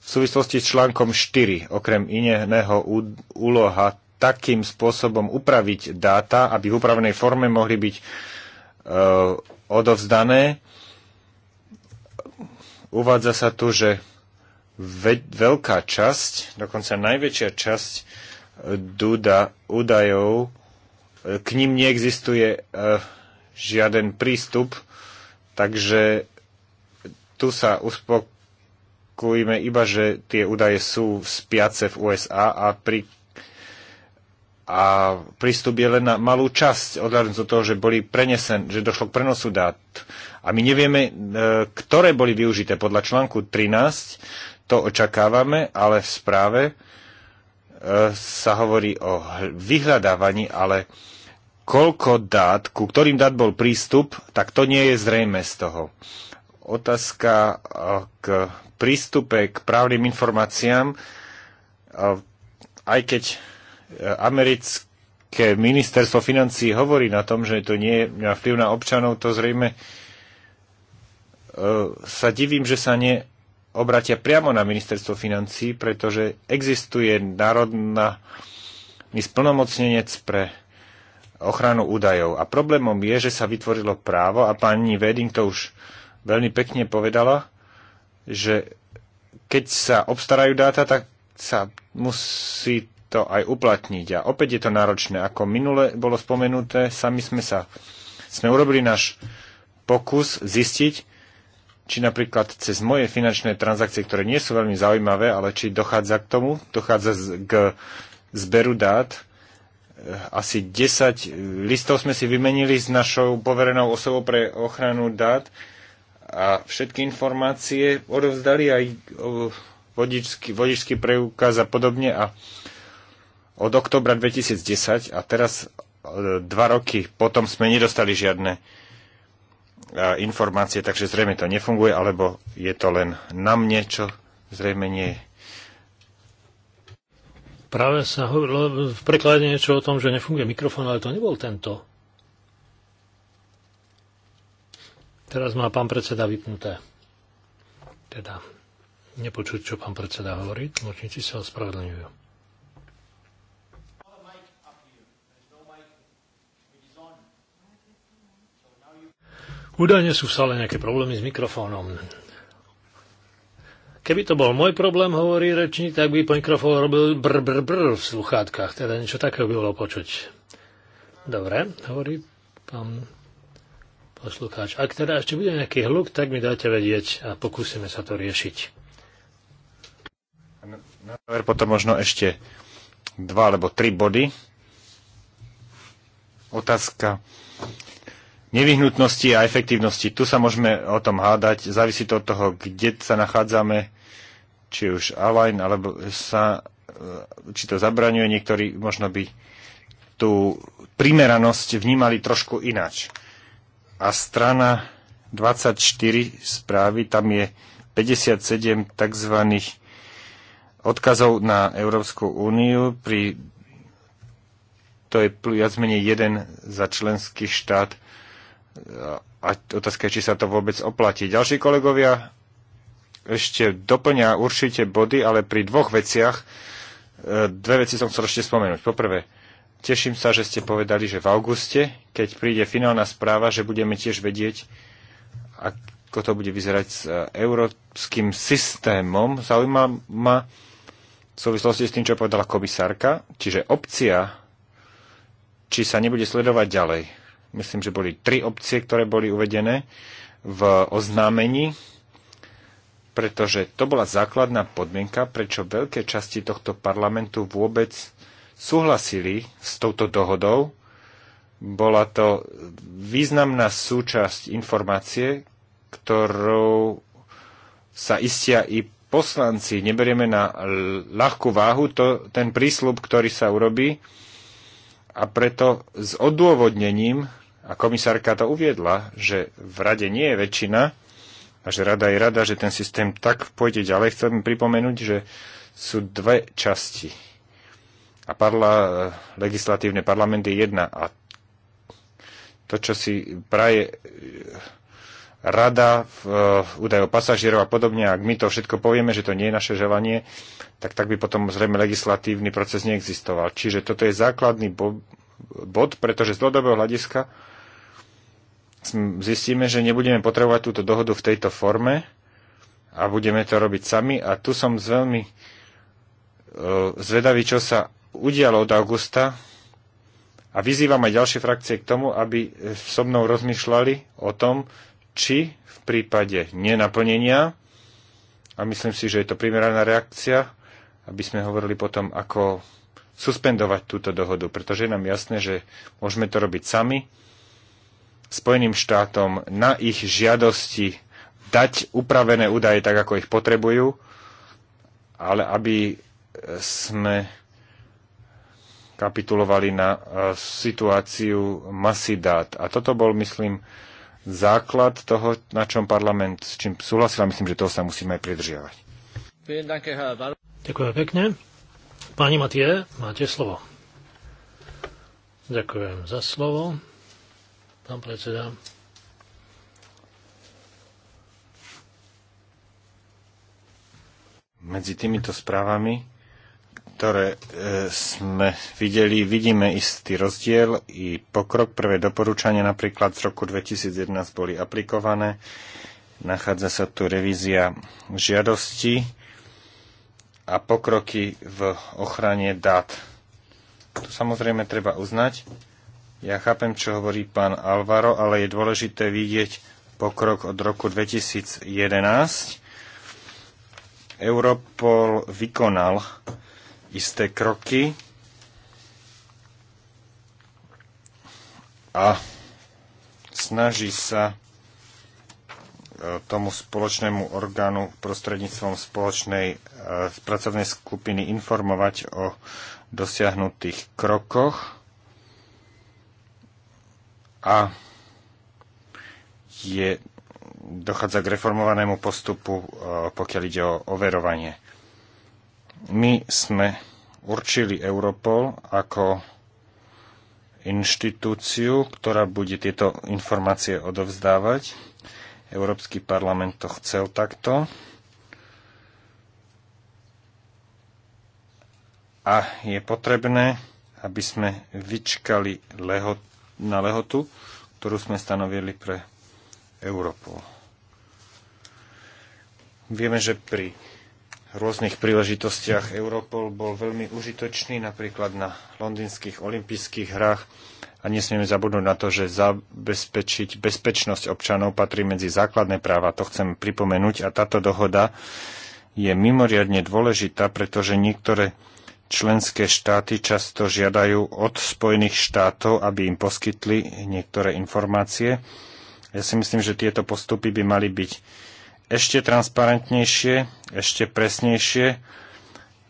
V súvislosti s článkom 4, okrem iného úloha takým spôsobom upraviť dáta, aby v upravenej forme mohli byť e, odovzdané. Uvádza sa tu, že ve- veľká časť, dokonca najväčšia časť duda, údajov, e, k ním neexistuje e, žiaden prístup, takže tu sa uspokojíme iba, že tie údaje sú spiace v USA a pri a prístup je len na malú časť odhľadnúť od toho, že boli prenesen, že došlo k prenosu dát. A my nevieme, e, ktoré boli využité podľa článku 13, to očakávame, ale v správe sa hovorí o vyhľadávaní, ale koľko dát, ku ktorým dát bol prístup, tak to nie je zrejme z toho. Otázka eh, k prístupe k právnym informáciám, eh, aj keď eh, americké ministerstvo financí hovorí na tom, že to nie je vplyv na občanov, to zrejme sa divím, že sa ne, obratia priamo na ministerstvo financí, pretože existuje národná splnomocnenec pre ochranu údajov. A problémom je, že sa vytvorilo právo, a pani Veding to už veľmi pekne povedala, že keď sa obstarajú dáta, tak sa musí to aj uplatniť. A opäť je to náročné. Ako minule bolo spomenuté, sami sme sa sme urobili náš pokus zistiť, či napríklad cez moje finančné transakcie, ktoré nie sú veľmi zaujímavé, ale či dochádza k tomu, dochádza k zberu dát. Eh, asi 10 eh, listov sme si vymenili s našou poverenou osobou pre ochranu dát a všetky informácie odovzdali aj eh, vodičský, vodičský preukaz a podobne a od oktobra 2010 a teraz dva roky potom sme nedostali žiadne informácie, takže zrejme to nefunguje, alebo je to len na mne, čo zrejme nie je. Práve sa hovorilo v preklade niečo o tom, že nefunguje mikrofón, ale to nebol tento. Teraz má pán predseda vypnuté. Teda nepočuť, čo pán predseda hovorí. Tlmočníci sa ospravedlňujú. Údajne sú v sále nejaké problémy s mikrofónom. Keby to bol môj problém, hovorí rečník, tak by mikrofón robil br, br, br v sluchátkach. Teda niečo takého by bolo počuť. Dobre, hovorí pán poslucháč. Ak teda ešte bude nejaký hluk, tak mi dáte vedieť a pokúsime sa to riešiť. Na záver potom možno ešte dva alebo tri body. Otázka nevyhnutnosti a efektívnosti. Tu sa môžeme o tom hádať, závisí to od toho, kde sa nachádzame, či už align, alebo sa, e, či to zabraňuje, niektorí možno by tú primeranosť vnímali trošku inač. A strana 24 správy, tam je 57 tzv. odkazov na Európsku úniu pri to je viac menej jeden za členský štát a otázka je, či sa to vôbec oplatí. Ďalší kolegovia ešte doplňa určite body, ale pri dvoch veciach e, dve veci som chcel ešte spomenúť. Poprvé, teším sa, že ste povedali, že v auguste, keď príde finálna správa, že budeme tiež vedieť, ako to bude vyzerať s e, európskym systémom. Zaujíma ma v súvislosti s tým, čo povedala komisárka, čiže opcia, či sa nebude sledovať ďalej Myslím, že boli tri opcie, ktoré boli uvedené v oznámení, pretože to bola základná podmienka, prečo veľké časti tohto parlamentu vôbec súhlasili s touto dohodou. Bola to významná súčasť informácie, ktorou sa istia i poslanci. Neberieme na ľahkú váhu to, ten prísľub, ktorý sa urobí a preto s odôvodnením a komisárka to uviedla, že v rade nie je väčšina a že rada je rada, že ten systém tak pôjde ďalej. Chcem pripomenúť, že sú dve časti. A parla, legislatívne parlament je jedna. A to, čo si praje eh, rada, eh, údaj o pasažierov a podobne, ak my to všetko povieme, že to nie je naše želanie, tak tak by potom zrejme legislatívny proces neexistoval. Čiže toto je základný bod, pretože z dlhodobého hľadiska zistíme, že nebudeme potrebovať túto dohodu v tejto forme a budeme to robiť sami. A tu som veľmi e, zvedavý, čo sa udialo od augusta a vyzývam aj ďalšie frakcie k tomu, aby so mnou rozmýšľali o tom, či v prípade nenaplnenia, a myslím si, že je to primeraná reakcia, aby sme hovorili potom, ako suspendovať túto dohodu, pretože je nám jasné, že môžeme to robiť sami, Spojeným štátom na ich žiadosti dať upravené údaje tak, ako ich potrebujú, ale aby e, sme kapitulovali na e, situáciu masy dát. A toto bol, myslím, základ toho, na čom parlament s čím súhlasil a myslím, že toho sa musíme aj pridržiavať. Ďakujem pekne. Pani Matie, máte slovo. Ďakujem za slovo pán predseda. Medzi týmito správami, ktoré e, sme videli, vidíme istý rozdiel i pokrok. Prvé doporúčania napríklad z roku 2011 boli aplikované. Nachádza sa tu revízia žiadosti a pokroky v ochrane dát. To samozrejme treba uznať ja chápem, čo hovorí pán Alvaro, ale je dôležité vidieť pokrok od roku 2011. Europol vykonal isté kroky a snaží sa e, tomu spoločnému orgánu prostredníctvom spoločnej e, pracovnej skupiny informovať o dosiahnutých krokoch a je, dochádza k reformovanému postupu, e, pokiaľ ide o overovanie. My sme určili Europol ako inštitúciu, ktorá bude tieto informácie odovzdávať. Európsky parlament to chcel takto. A je potrebné, aby sme vyčkali lehotu na lehotu, ktorú sme stanovili pre Európu. Vieme, že pri rôznych príležitostiach Europol bol veľmi užitočný, napríklad na londýnskych olympijských hrách a nesmieme zabudnúť na to, že zabezpečiť bezpečnosť občanov patrí medzi základné práva. To chcem pripomenúť a táto dohoda je mimoriadne dôležitá, pretože niektoré členské štáty často žiadajú od Spojených štátov, aby im poskytli niektoré informácie. Ja si myslím, že tieto postupy by mali byť ešte transparentnejšie, ešte presnejšie.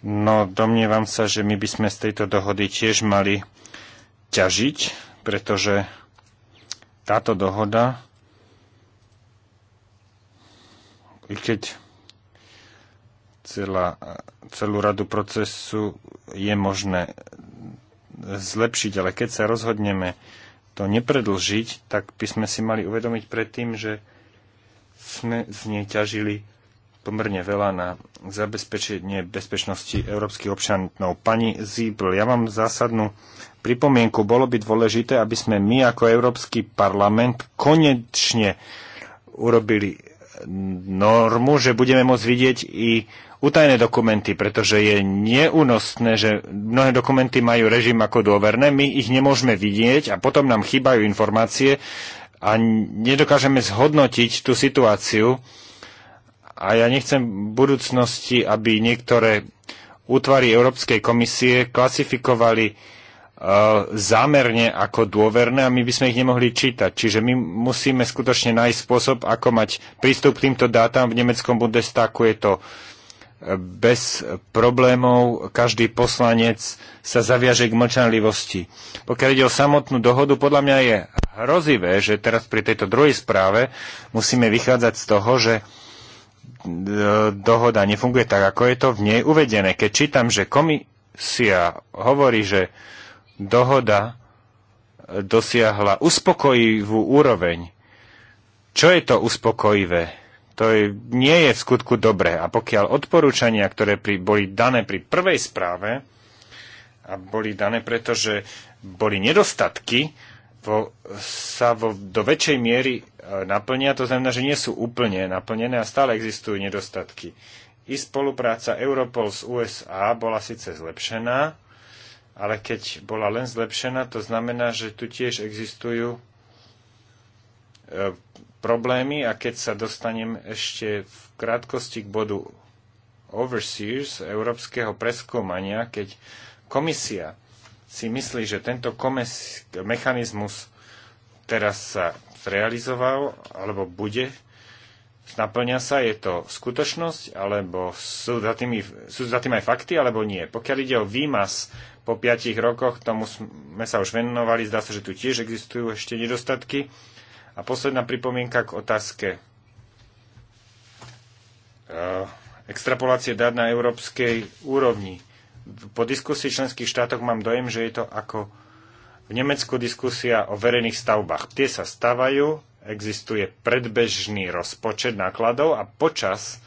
No domnievam sa, že my by sme z tejto dohody tiež mali ťažiť, pretože táto dohoda, i keď celá, celú radu procesu je možné zlepšiť, ale keď sa rozhodneme to nepredlžiť, tak by sme si mali uvedomiť predtým, že sme z nej ťažili pomerne veľa na zabezpečenie bezpečnosti európskych občanov. Pani Zíbl, ja mám zásadnú pripomienku. Bolo by dôležité, aby sme my ako Európsky parlament konečne urobili normu, že budeme môcť vidieť i utajené dokumenty, pretože je neúnosné, že mnohé dokumenty majú režim ako dôverné, my ich nemôžeme vidieť a potom nám chýbajú informácie a nedokážeme zhodnotiť tú situáciu. A ja nechcem v budúcnosti, aby niektoré útvary Európskej komisie klasifikovali e, zámerne ako dôverné a my by sme ich nemohli čítať. Čiže my musíme skutočne nájsť spôsob, ako mať prístup k týmto dátam. V nemeckom Bundestagu je to bez problémov každý poslanec sa zaviaže k mlčanlivosti. Pokiaľ ide o samotnú dohodu, podľa mňa je hrozivé, že teraz pri tejto druhej správe musíme vychádzať z toho, že e, dohoda nefunguje tak, ako je to v nej uvedené. Keď čítam, že komisia hovorí, že dohoda dosiahla uspokojivú úroveň, čo je to uspokojivé? To nie je v skutku dobré. A pokiaľ odporúčania, ktoré pri, boli dané pri prvej správe, a boli dané, pretože boli nedostatky, vo, sa vo, do väčšej miery e, naplnia, to znamená, že nie sú úplne naplnené a stále existujú nedostatky. I spolupráca Europol s USA bola síce zlepšená, ale keď bola len zlepšená, to znamená, že tu tiež existujú e, problémy a keď sa dostanem ešte v krátkosti k bodu overseers európskeho preskúmania, keď komisia si myslí, že tento mechanizmus teraz sa zrealizoval alebo bude, naplňa sa, je to skutočnosť, alebo sú za, tými, sú za tým aj fakty, alebo nie. Pokiaľ ide o výmaz po piatich rokoch, tomu sme sa už venovali, zdá sa, že tu tiež existujú ešte nedostatky. A posledná pripomienka k otázke eh, extrapolácie dát na európskej úrovni. Po diskusii členských štátoch mám dojem, že je to ako v Nemecku diskusia o verejných stavbách. Tie sa stavajú, existuje predbežný rozpočet nákladov a počas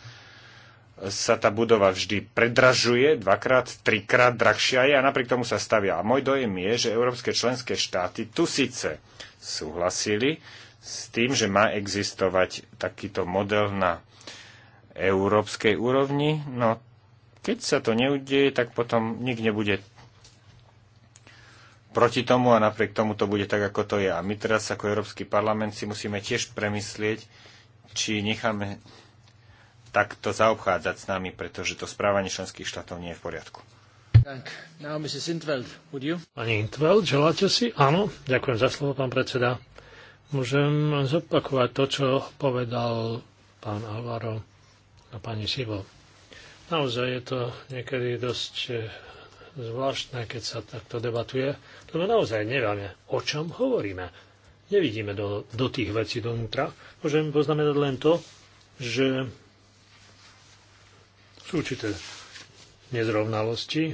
sa tá budova vždy predražuje, dvakrát, trikrát drahšia je a napriek tomu sa stavia. A môj dojem je, že európske členské štáty tu síce súhlasili s tým, že má existovať takýto model na európskej úrovni. No, keď sa to neudeje, tak potom nik nebude proti tomu a napriek tomu to bude tak, ako to je. A my teraz ako Európsky parlament si musíme tiež premyslieť, či necháme takto zaobchádzať s nami, pretože to správanie členských štátov nie je v poriadku. Pani Intveld, želáte si? Áno, ďakujem za slovo, pán predseda. Môžem zopakovať to, čo povedal pán Alvaro a pani Sivo. Naozaj je to niekedy dosť eh, zvláštne, keď sa takto debatuje, lebo naozaj nevieme, o čom hovoríme. Nevidíme do, do tých vecí donútra. Môžem poznamenať len to, že sú určité nezrovnalosti v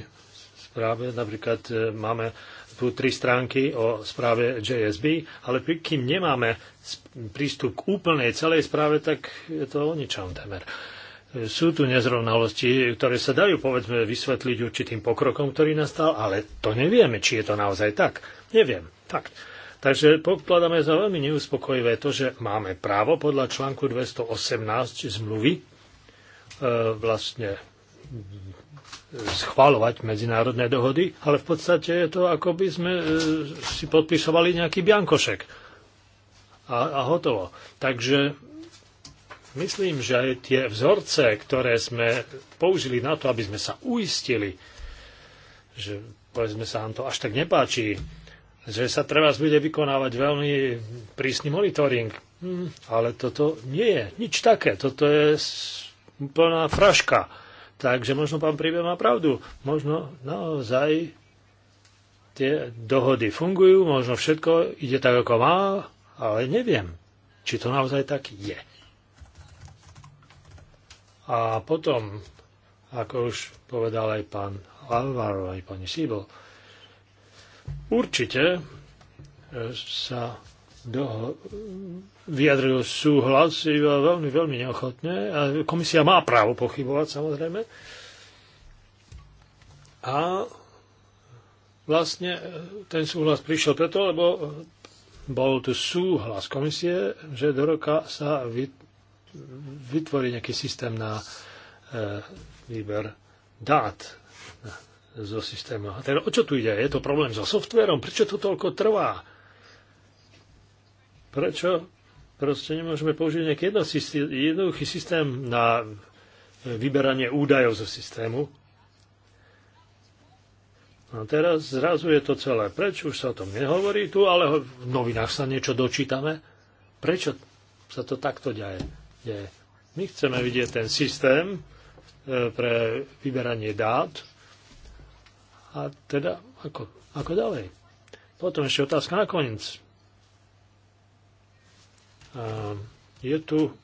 správe. Napríklad eh, máme tu tri stránky o správe JSB, ale kým nemáme prístup k úplnej celej správe, tak je to o ničom temer. Sú tu nezrovnalosti, ktoré sa dajú povedzme vysvetliť určitým pokrokom, ktorý nastal, ale to nevieme, či je to naozaj tak. Neviem. Tak. Takže pokladáme za veľmi neuspokojivé to, že máme právo podľa článku 218 zmluvy e, vlastne schváľovať medzinárodné dohody, ale v podstate je to, ako by sme e, si podpisovali nejaký biankošek. A, a hotovo. Takže myslím, že aj tie vzorce, ktoré sme použili na to, aby sme sa uistili, že povedzme sa nám to až tak nepáči, že sa treba bude vykonávať veľmi prísny monitoring. Hm, ale toto nie je nič také. Toto je úplná fraška. Takže možno pán príbeh má pravdu. Možno naozaj tie dohody fungujú, možno všetko ide tak, ako má, ale neviem, či to naozaj tak je. A potom, ako už povedal aj pán Alvaro, aj pani Siebel, určite e, sa doho- vyjadril súhlas iba veľmi, veľmi neochotne. A komisia má právo pochybovať, samozrejme. A vlastne e, ten súhlas prišiel preto, lebo bol tu súhlas komisie, že do roka sa vytvorí nejaký systém na e, výber dát zo systému. A teda o čo tu ide? Je to problém so softverom? Prečo to toľko trvá? Prečo proste nemôžeme použiť nejaký jednoduchý systém na vyberanie údajov zo systému? A teraz zrazu je to celé Prečo už sa o tom nehovorí tu, ale v novinách sa niečo dočítame. Prečo sa to takto deje? deje? My chceme vidieť ten systém e, pre vyberanie dát a teda ako, ako ďalej. Potom ešte otázka na koniec. Je tu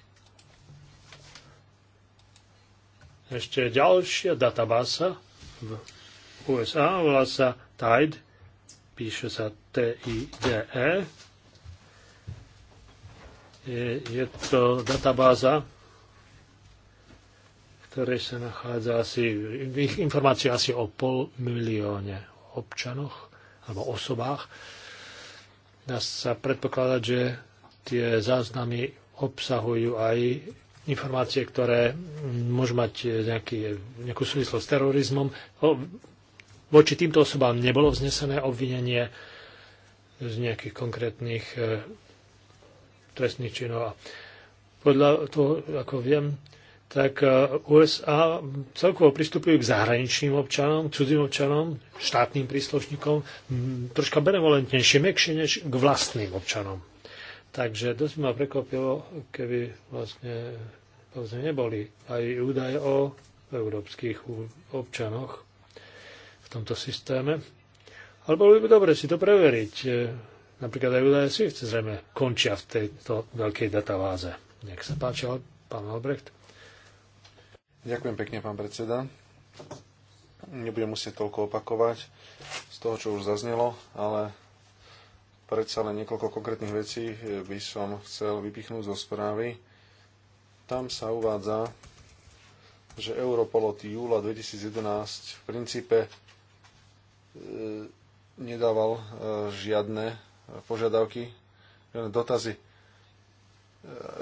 ešte ďalšia databáza v USA, volá sa TIDE, píše sa T-I-D-E. Je, je to databáza, ktorej sa nachádza asi, informácia asi o pol milióne občanoch alebo osobách. Dá sa predpokladať, že tie záznamy obsahujú aj informácie, ktoré môžu mať nejaký, nejakú súvislosť s terorizmom. Voči týmto osobám nebolo vznesené obvinenie z nejakých konkrétnych e, trestných činov. Podľa toho, ako viem, tak e, USA celkovo pristupujú k zahraničným občanom, k cudzím občanom, štátnym príslušníkom troška benevolentnejšie, mekšie než k vlastným občanom. Takže dosť ma prekvapilo, keby vlastne vlastne neboli aj údaje o európskych občanoch v tomto systéme. Ale bolo by dobre si to preveriť. E, napríklad aj údaje si zrejme končia v tejto veľkej databáze. Nech sa páči, pán Albrecht. Ďakujem pekne, pán predseda. Nebudem musieť toľko opakovať z toho, čo už zaznelo, ale predsa len niekoľko konkrétnych vecí by som chcel vypichnúť zo správy. Tam sa uvádza, že Europol od júla 2011 v princípe e, nedával e, žiadne požiadavky, žiadne dotazy. E,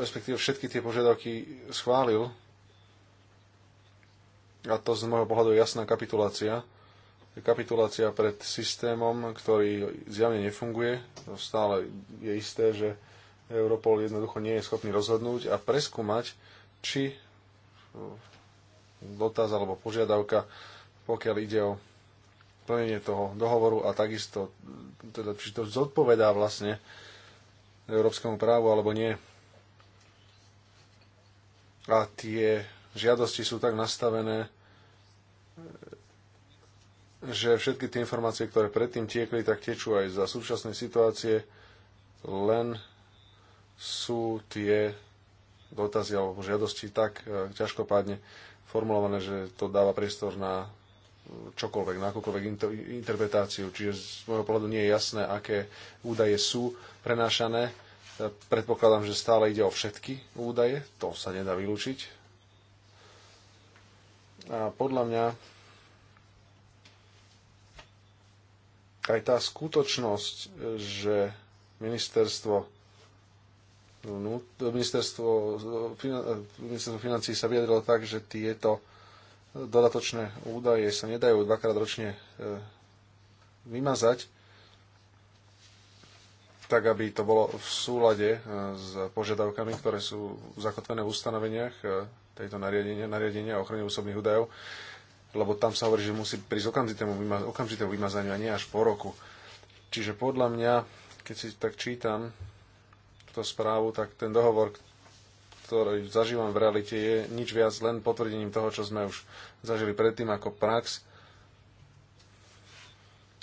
respektíve všetky tie požiadavky schválil. A to z môjho pohľadu je jasná kapitulácia kapitulácia pred systémom, ktorý zjavne nefunguje. Stále je isté, že Europol jednoducho nie je schopný rozhodnúť a preskúmať, či dotaz alebo požiadavka, pokiaľ ide o plnenie toho dohovoru a takisto, teda, či to zodpovedá vlastne európskemu právu alebo nie. A tie žiadosti sú tak nastavené, že všetky tie informácie, ktoré predtým tiekli, tak tečú aj za súčasnej situácie, len sú tie dotazy alebo žiadosti tak e, ťažkopádne formulované, že to dáva priestor na čokoľvek, na akúkoľvek interpretáciu. Čiže z môjho pohľadu nie je jasné, aké údaje sú prenášané. E, predpokladám, že stále ide o všetky údaje, to sa nedá vylúčiť. A podľa mňa aj tá skutočnosť, že ministerstvo ministerstvo, ministerstvo financí sa vyjadrilo tak, že tieto dodatočné údaje sa nedajú dvakrát ročne e, vymazať, tak aby to bolo v súlade e, s požiadavkami, ktoré sú zakotvené v ustanoveniach e, tejto nariadenia, nariadenia o ochrane osobných údajov lebo tam sa hovorí, že musí prísť okamžitému, okamžitému vymazaniu a nie až po roku. Čiže podľa mňa, keď si tak čítam túto správu, tak ten dohovor, ktorý zažívam v realite, je nič viac len potvrdením toho, čo sme už zažili predtým ako prax.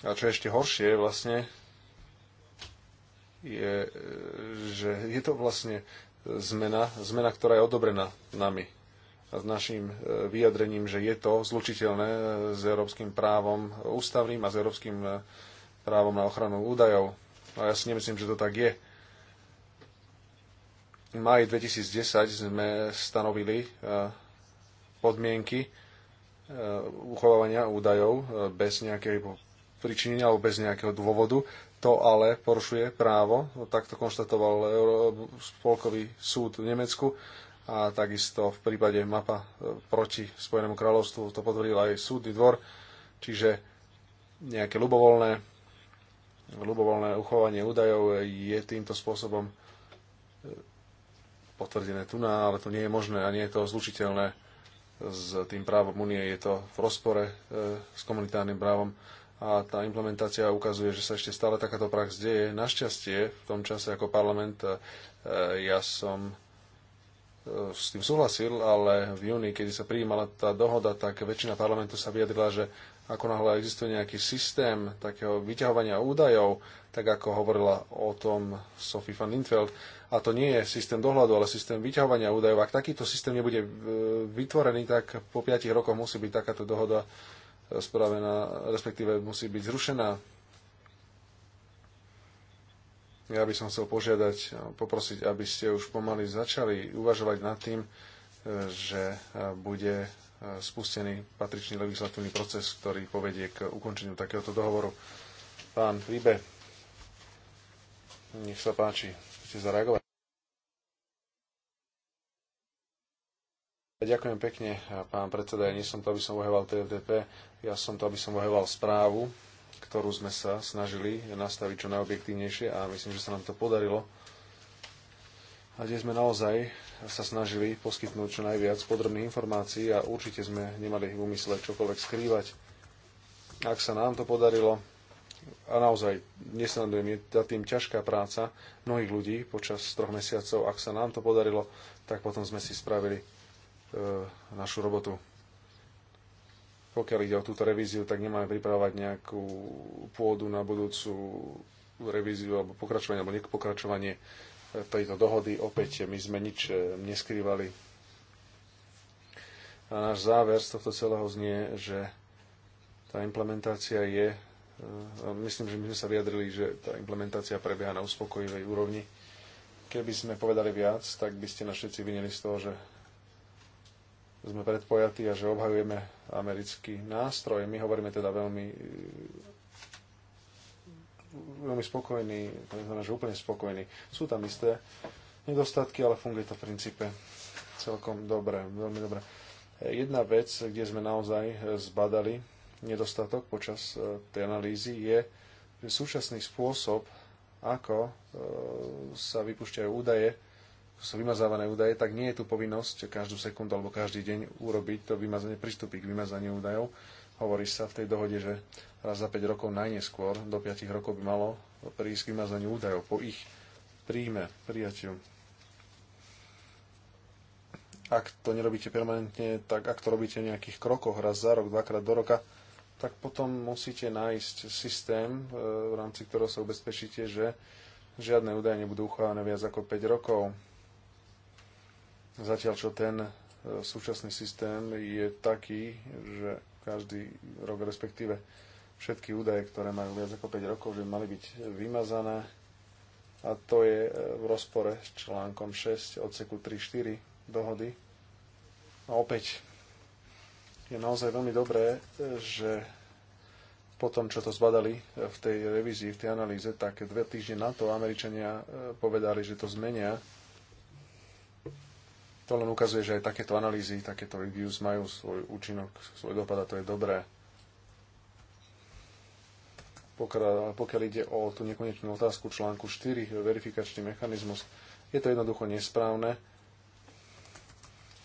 A čo je ešte horšie vlastne, je, e, že je to vlastne zmena, zmena, ktorá je odobrená nami, s našim e, vyjadrením, že je to zlučiteľné e, s európskym právom ústavným a s európskym e, právom na ochranu údajov. A ja si nemyslím, že to tak je. V maji 2010 sme stanovili podmienky uchovávania údajov bez nejakého príčinenia alebo bez nejakého dôvodu. To ale porušuje právo, takto konštatoval Spolkový súd v Nemecku a takisto v prípade mapa e, proti Spojenému kráľovstvu to potvrdil aj súdny dvor, čiže nejaké ľubovoľné, ľubovoľné uchovanie údajov je týmto spôsobom e, potvrdené tu, ale to nie je možné a nie je to zlučiteľné s tým právom Unie. Je to v rozpore e, s komunitárnym právom a tá implementácia ukazuje, že sa ešte stále takáto prax deje. Našťastie v tom čase ako parlament ja som E, s tým súhlasil, ale v júni, kedy sa prijímala tá dohoda, tak väčšina parlamentu sa vyjadrila, že ako náhle existuje nejaký systém takého vyťahovania údajov, tak ako hovorila o tom Sophie van Lindfeld, a to nie je systém dohľadu, ale systém vyťahovania údajov. Ak takýto systém nebude e, vytvorený, tak po piatich rokoch musí byť takáto dohoda e, spravená, respektíve musí byť zrušená. Ja by som chcel požiadať, poprosiť, aby ste už pomaly začali uvažovať nad tým, e, že e, bude e, spustený patričný legislatívny proces, ktorý povedie k ukončeniu takéhoto dohovoru. Pán Príbe, nech sa páči, chcete zareagovať. Ďakujem pekne, pán predseda. Ja nie som to, aby som voheval TFDP, ja som to, aby som voheval správu ktorú sme sa snažili nastaviť čo najobjektívnejšie a myslím, že sa nám to podarilo. A kde sme naozaj sa snažili poskytnúť čo najviac podrobných informácií a určite sme nemali v úmysle čokoľvek skrývať. Ak sa nám to podarilo, a naozaj nesledujem, je za tým ťažká práca mnohých ľudí počas troch mesiacov. Ak sa nám to podarilo, tak potom sme si spravili e, našu robotu pokiaľ ide o túto revíziu, tak nemáme pripravovať nejakú pôdu na budúcu revíziu alebo pokračovanie alebo nepokračovanie eh, tejto dohody. Opäť my sme nič eh, neskrývali. A náš záver z tohto celého znie, že tá implementácia je, eh, myslím, že my sme sa vyjadrili, že tá implementácia prebieha na uspokojivej úrovni. Keby sme povedali viac, tak by ste na všetci vinili z toho, že sme predpojatí a že obhajujeme americký nástroj. My hovoríme teda veľmi veľmi spokojní, to neznamená, že úplne spokojní. Sú tam isté nedostatky, ale funguje to v princípe celkom dobre, veľmi dobre. Jedna vec, kde sme naozaj zbadali nedostatok počas e, tej analýzy, je, že súčasný spôsob, ako e, sa vypúšťajú údaje, sú vymazávané údaje, tak nie je tu povinnosť každú sekundu alebo každý deň urobiť to vymazanie, pristúpiť k vymazaniu údajov. Hovorí sa v tej dohode, že raz za 5 rokov najneskôr, do 5 rokov by malo prísť k vymazaniu údajov po ich príjme, prijatiu. Ak to nerobíte permanentne, tak ak to robíte v nejakých krokoch raz za rok, dvakrát do roka, tak potom musíte nájsť systém, e, v rámci ktorého sa ubezpečíte, že žiadne údaje nebudú uchované viac ako 5 rokov Zatiaľ, čo ten e, súčasný systém je taký, že každý rok, respektíve všetky údaje, ktoré majú viac ako 5 rokov, že mali byť vymazané. A to je e, v rozpore s článkom 6 odseku 3.4 dohody. A opäť je naozaj veľmi dobré, e, že po tom, čo to zbadali v tej revízii, v tej analýze, tak dve týždne na to Američania povedali, že to zmenia to len ukazuje, že aj takéto analýzy, takéto reviews majú svoj účinok, svoj dopad a to je dobré. Pokiaľ, pokiaľ ide o tú nekonečnú otázku článku 4, verifikačný mechanizmus, je to jednoducho nesprávne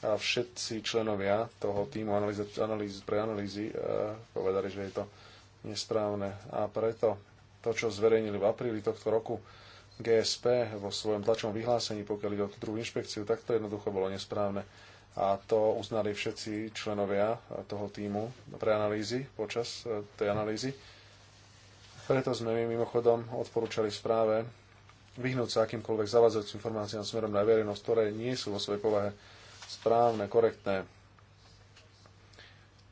a všetci členovia toho týmu analýz, analýz, pre analýzy e, povedali, že je to nesprávne. A preto to, čo zverejnili v apríli tohto roku, GSP vo svojom tlačovom vyhlásení, pokiaľ ide o tú druhú inšpekciu, tak to jednoducho bolo nesprávne. A to uznali všetci členovia toho týmu pre analýzy, počas e, tej analýzy. Preto sme my mimochodom odporúčali v správe vyhnúť sa akýmkoľvek zavadzajúcim informáciám smerom na verejnosť, ktoré nie sú vo svojej povahe správne, korektné.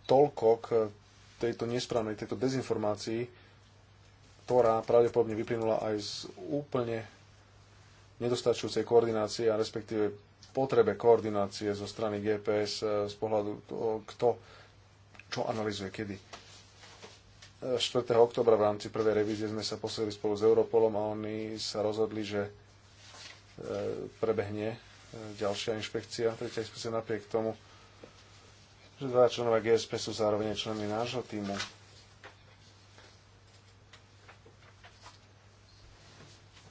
Toľko k tejto nesprávnej, tejto dezinformácii, ktorá pravdepodobne vyplynula aj z úplne nedostačujúcej koordinácie a respektíve potrebe koordinácie zo strany GPS eh, z pohľadu toho, kto čo analizuje kedy. 4. Eh, oktobra v rámci prvej revízie sme sa posledili spolu s Europolom a oni sa rozhodli, že eh, prebehne ďalšia inšpekcia, tretia inšpekcia napriek tomu, že dva členovia GSP sú zároveň členmi nášho týmu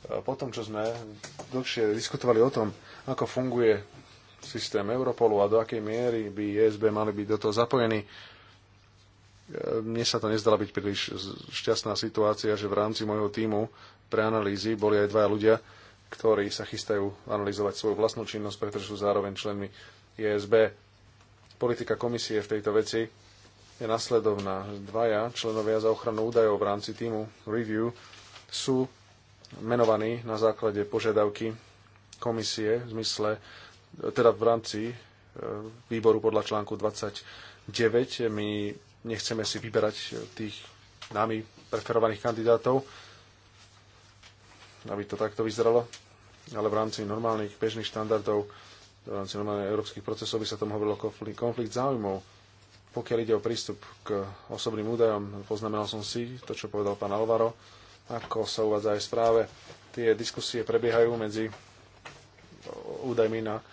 E, po tom, čo sme dlhšie diskutovali o tom, ako funguje systém Europolu a do akej miery by ISB mali byť do toho zapojení, e, mne sa to nezdala byť príliš šťastná situácia, že v rámci môjho týmu pre analýzy boli aj dva ľudia, ktorí sa chystajú analyzovať svoju vlastnú činnosť, pretože sú zároveň členmi ISB. Politika komisie v tejto veci je nasledovná. Dvaja členovia za ochranu údajov v rámci týmu Review sú menovaní na základe požiadavky komisie v zmysle, teda v rámci e, výboru podľa článku 29. My nechceme si vyberať e, tých nami preferovaných kandidátov, aby to takto vyzeralo, ale v rámci normálnych bežných štandardov, v rámci normálnych európskych procesov by sa tomu hovorilo konflikt, konflikt záujmov. Pokiaľ ide o prístup k osobným údajom, poznamenal som si to, čo povedal pán Alvaro, ako sa uvádza aj v správe, tie diskusie prebiehajú medzi údajmi na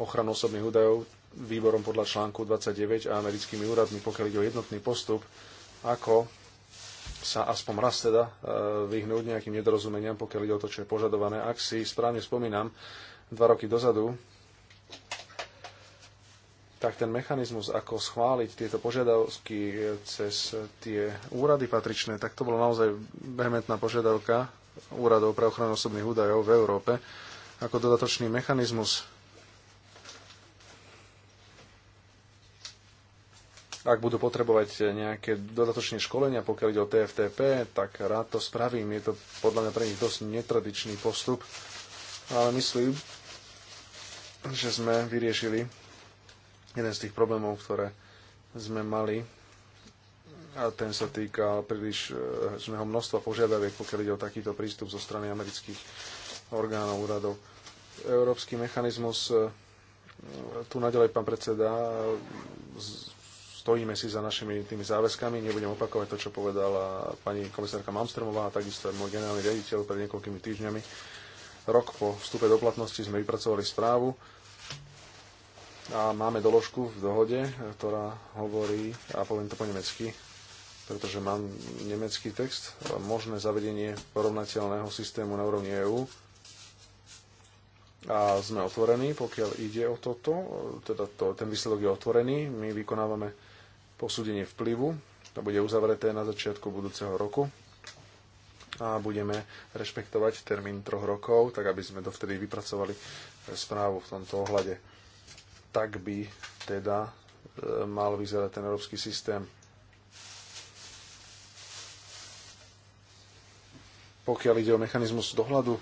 ochranu osobných údajov, výborom podľa článku 29 a americkými úradmi, pokiaľ ide o jednotný postup, ako sa aspoň raz teda e, vyhnúť nejakým nedorozumeniam, pokiaľ ide o to, čo je požadované. Ak si správne spomínam, dva roky dozadu tak ten mechanizmus, ako schváliť tieto požiadavky cez tie úrady patričné, tak to bolo naozaj vehementná požiadavka úradov pre ochranu osobných údajov v Európe ako dodatočný mechanizmus. Ak budú potrebovať nejaké dodatočné školenia, pokiaľ ide o TFTP, tak rád to spravím. Je to podľa mňa pre nich dosť netradičný postup, ale myslím, že sme vyriešili jeden z tých problémov, ktoré sme mali, a ten sa týka príliš zného e, množstva požiadaviek, pokiaľ ide o takýto prístup zo strany amerických orgánov, úradov. Európsky mechanizmus, e, tu naďalej pán predseda, stojíme si za našimi tými záväzkami, nebudem opakovať to, čo povedala pani komisárka Mamstromová, a takisto aj môj generálny riaditeľ pred niekoľkými týždňami. Rok po vstupe do platnosti sme vypracovali správu, a máme doložku v dohode, ktorá hovorí, a poviem to po nemecky, pretože mám nemecký text, možné zavedenie porovnateľného systému na úrovni EÚ. A sme otvorení, pokiaľ ide o toto, teda to, ten výsledok je otvorený, my vykonávame posúdenie vplyvu, to bude uzavreté na začiatku budúceho roku a budeme rešpektovať termín troch rokov, tak aby sme dovtedy vypracovali správu v tomto ohľade tak by teda e, mal vyzerať ten európsky systém. Pokiaľ ide o mechanizmus dohľadu,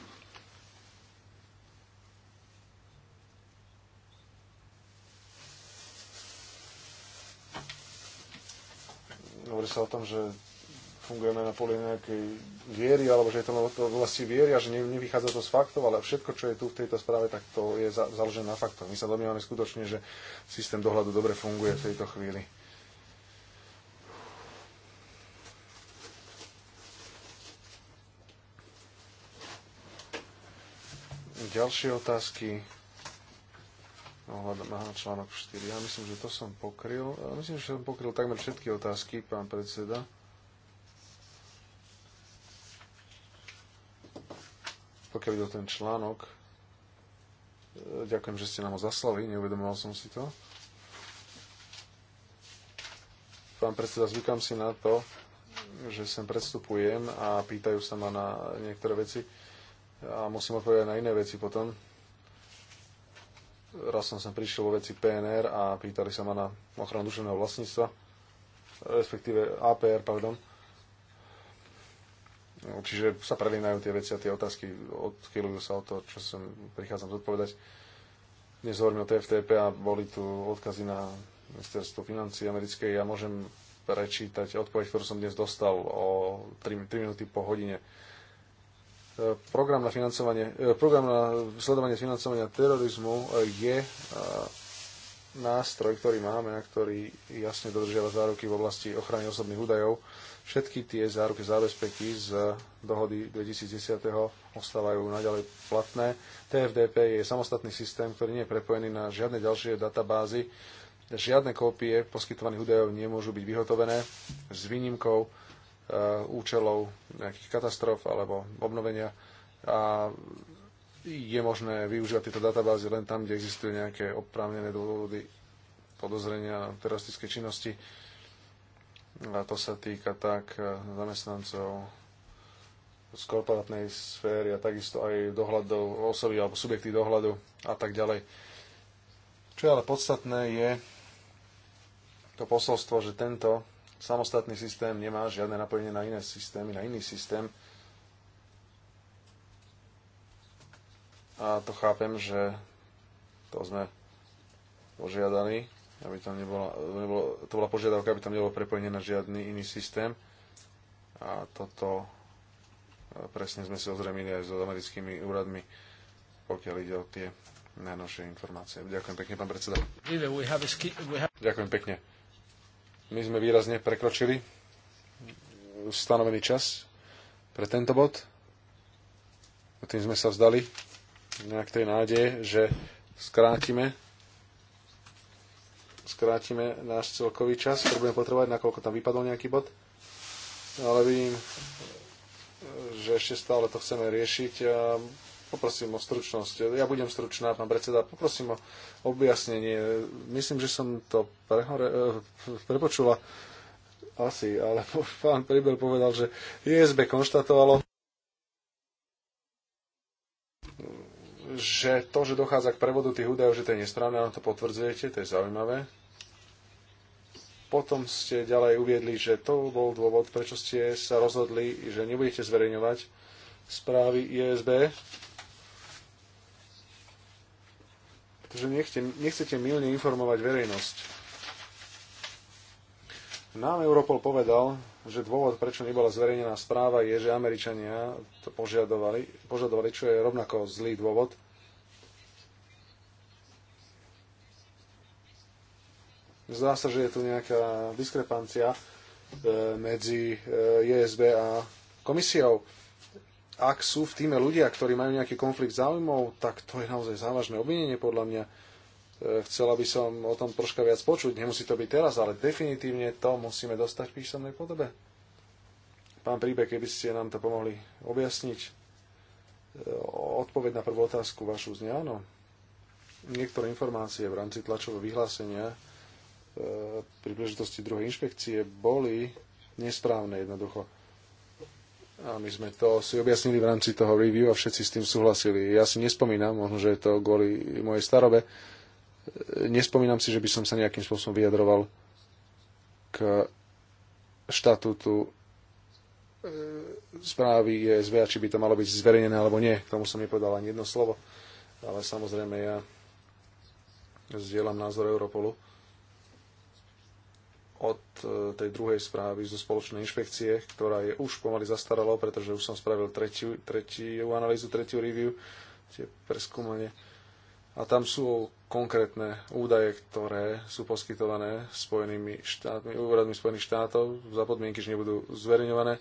hovorí sa o tom, že fungujeme na poli nejakej viery, alebo že je to v oblasti viery a že nevychádza to z faktov, ale všetko, čo je tu v tejto správe, tak to je založené na faktoch. My sa domnievame skutočne, že systém dohľadu dobre funguje v tejto chvíli. Ďalšie otázky ohľadom na článok 4. Ja myslím, že to som pokryl. Ja myslím, že som pokryl takmer všetky otázky, pán predseda. pokiaľ ide o ten článok, e, ďakujem, že ste nám ho zaslali, neuvedomoval som si to. Pán predseda, zvykám si na to, že sem predstupujem a pýtajú sa ma na niektoré veci a musím odpovedať na iné veci potom. Raz som sem prišiel vo veci PNR a pýtali sa ma na ochranu duševného vlastníctva, respektíve APR, pardon No, čiže sa prelínajú tie veci a tie otázky, odchýľujú sa o to, čo som prichádzam zodpovedať. Dnes hovorím o TFTP a boli tu odkazy na ministerstvo financí americké. Ja môžem prečítať odpoveď, ktorú som dnes dostal o 3, 3 minúty po hodine. E, program na, financovanie, e, program na sledovanie financovania terorizmu e, je nástroj, ktorý máme a ktorý jasne dodržiava záruky v oblasti ochrany osobných údajov Všetky tie záruky zábezpeky z dohody 2010. ostávajú naďalej platné. TFDP je samostatný systém, ktorý nie je prepojený na žiadne ďalšie databázy. Žiadne kópie poskytovaných údajov nemôžu byť vyhotovené s výnimkou e, účelov nejakých katastrof alebo obnovenia a je možné využívať tieto databázy len tam, kde existujú nejaké oprávnené dôvody podozrenia teroristickej činnosti. A to sa týka tak eh, zamestnancov z korporátnej sféry a takisto aj dohľadov osoby alebo subjekty dohľadu a tak ďalej. Čo je ale podstatné je to posolstvo, že tento samostatný systém nemá žiadne napojenie na iné systémy, na iný systém. A to chápem, že to sme požiadali aby tam nebola, nebolo, to bola požiadavka, aby tam nebolo prepojenie na žiadny iný systém. A toto e, presne sme si ozremili aj s americkými úradmi, pokiaľ ide o tie najnovšie informácie. Ďakujem pekne, pán predseda. Ďakujem pekne. My sme výrazne prekročili stanovený čas pre tento bod. Tým sme sa vzdali nejak tej nádeje, že skrátime skrátime náš celkový čas, ktorý budeme potrebovať, nakoľko tam vypadol nejaký bod. Ale vidím, že ešte stále to chceme riešiť. Poprosím o stručnosť. Ja budem stručná, pán predseda. Poprosím o objasnenie. Myslím, že som to prehore, eh, prepočula asi, ale pán Pribel povedal, že ISB konštatovalo, že to, že dochádza k prevodu tých údajov, že to je nestranné, to potvrdzujete, to je zaujímavé. Potom ste ďalej uviedli, že to bol dôvod, prečo ste sa rozhodli, že nebudete zverejňovať správy ISB. Pretože nechcete, nechcete milne informovať verejnosť. Nám Europol povedal, že dôvod, prečo nebola zverejnená správa, je, že Američania to požiadovali, požadovali, čo je rovnako zlý dôvod. Zdá sa, že je tu nejaká diskrepancia e, medzi JSB e, a komisiou. Ak sú v týme ľudia, ktorí majú nejaký konflikt záujmov, tak to je naozaj závažné obvinenie podľa mňa. E, chcela by som o tom troška viac počuť. Nemusí to byť teraz, ale definitívne to musíme dostať v písomnej podobe. Pán Príbe, keby ste nám to pomohli objasniť. Odpoveď na prvú otázku vašu zňa, áno. Niektoré informácie v rámci tlačového vyhlásenia E, pri príležitosti druhej inšpekcie boli nesprávne jednoducho. A my sme to si objasnili v rámci toho review a všetci s tým súhlasili. Ja si nespomínam, možno, že je to kvôli mojej starobe, e, nespomínam si, že by som sa nejakým spôsobom vyjadroval k štatútu e, správy ESV a či by to malo byť zverejnené alebo nie. K tomu som nepovedal ani jedno slovo. Ale samozrejme ja zdieľam názor Europolu od e, tej druhej správy zo spoločnej inšpekcie, ktorá je už pomaly zastaralo, pretože už som spravil tretiu, tretiu analýzu, tretiu review, tie preskúmanie. A tam sú konkrétne údaje, ktoré sú poskytované Spojenými štátmi, úradmi Spojených štátov za podmienky, že nebudú zverejňované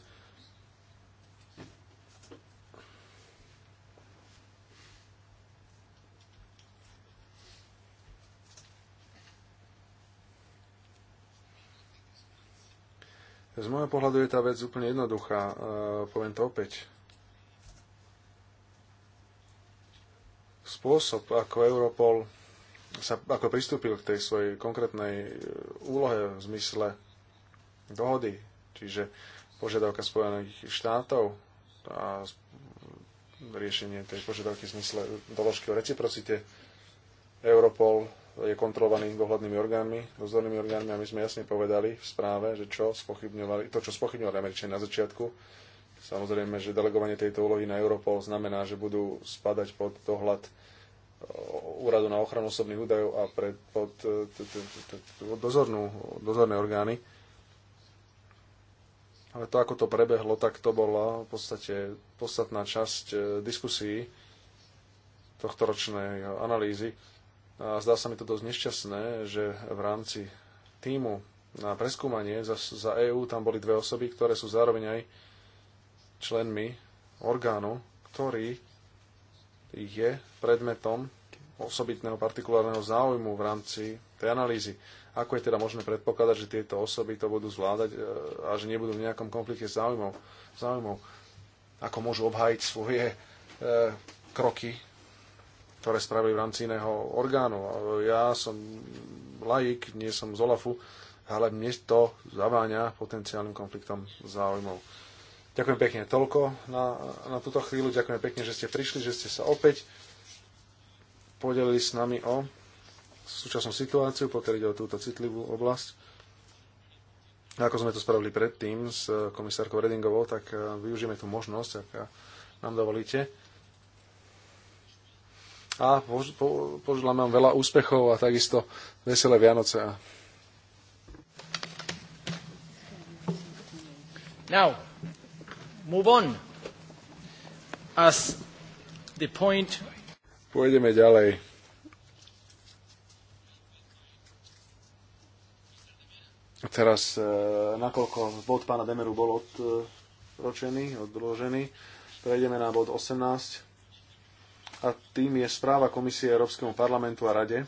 Z môjho pohľadu je tá vec úplne jednoduchá. E, poviem to opäť. Spôsob, ako Europol sa, ako pristúpil k tej svojej konkrétnej e, úlohe v zmysle dohody, čiže požiadavka Spojených štátov a riešenie tej požiadavky v zmysle doložky o reciprocite. Europol je kontrolovaný dohľadnými orgánmi, dozornými orgánmi a my sme jasne povedali v správe, že čo spochybňovali, to, čo spochybňovali Američania na začiatku, samozrejme, že delegovanie tejto úlohy na Europol znamená, že budú spadať pod dohľad eh, úradu na ochranu osobných údajov a pred, pod eh, dozornú, dozorné orgány. Ale to, ako to prebehlo, tak to bola v podstate podstatná časť eh, diskusí tohto ročnej analýzy a zdá sa mi to dosť nešťastné, že v rámci týmu na preskúmanie za, za EÚ tam boli dve osoby, ktoré sú zároveň aj členmi orgánu, ktorý je predmetom osobitného partikulárneho záujmu v rámci tej analýzy. Ako je teda možné predpokladať, že tieto osoby to budú zvládať e, a že nebudú v nejakom konflikte záujmov? záujmov? Ako môžu obhájiť svoje e, kroky ktoré spravili v rámci iného orgánu. Ja som laik, nie som z OLAFu, ale mne to zaváňa potenciálnym konfliktom záujmov. Ďakujem pekne toľko na, na túto chvíľu. Ďakujem pekne, že ste prišli, že ste sa opäť podelili s nami o súčasnú situáciu, pokiaľ ide o túto citlivú oblasť. Ako sme to spravili predtým s komisárkou Redingovou, tak eh, využijeme tú možnosť, ak nám dovolíte a poželám vám veľa úspechov a takisto veselé Vianoce. Now, move on. As the point... Pôjdeme ďalej. Teraz, e, nakoľko bod pána Demeru bol odročený, odložený, prejdeme na bod 18 a tým je správa Komisie Európskemu parlamentu a Rade,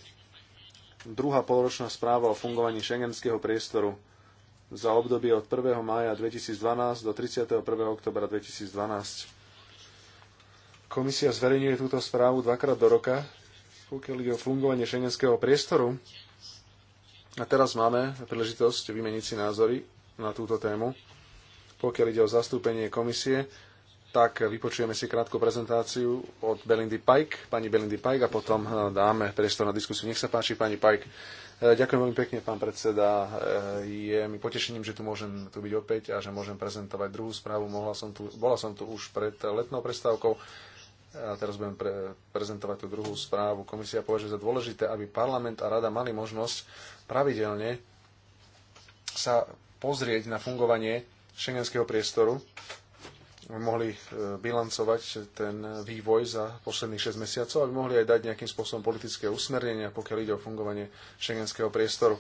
druhá polročná správa o fungovaní šengenského priestoru za obdobie od 1. mája 2012 do 31. oktobra 2012. Komisia zverejňuje túto správu dvakrát do roka, pokiaľ ide o fungovanie šengenského priestoru. A teraz máme príležitosť vymeniť si názory na túto tému, pokiaľ ide o zastúpenie komisie tak eh, vypočujeme si krátku prezentáciu od Belindy Pike, pani Belindy Pike a potom eh, dáme priestor na diskusiu. Nech sa páči, pani Pike. Eh, ďakujem veľmi pekne, pán predseda. Je mi potešením, že tu môžem tu byť opäť a že môžem prezentovať druhú správu. Mohla som tu, bola som tu už pred letnou prestávkou a teraz budem pre, prezentovať tú druhú správu. Komisia považuje za dôležité, aby parlament a rada mali možnosť pravidelne sa pozrieť na fungovanie šengenského priestoru mohli e, bilancovať ten vývoj za posledných 6 mesiacov, aby mohli aj dať nejakým spôsobom politické usmernenia, pokiaľ ide o fungovanie šengenského priestoru.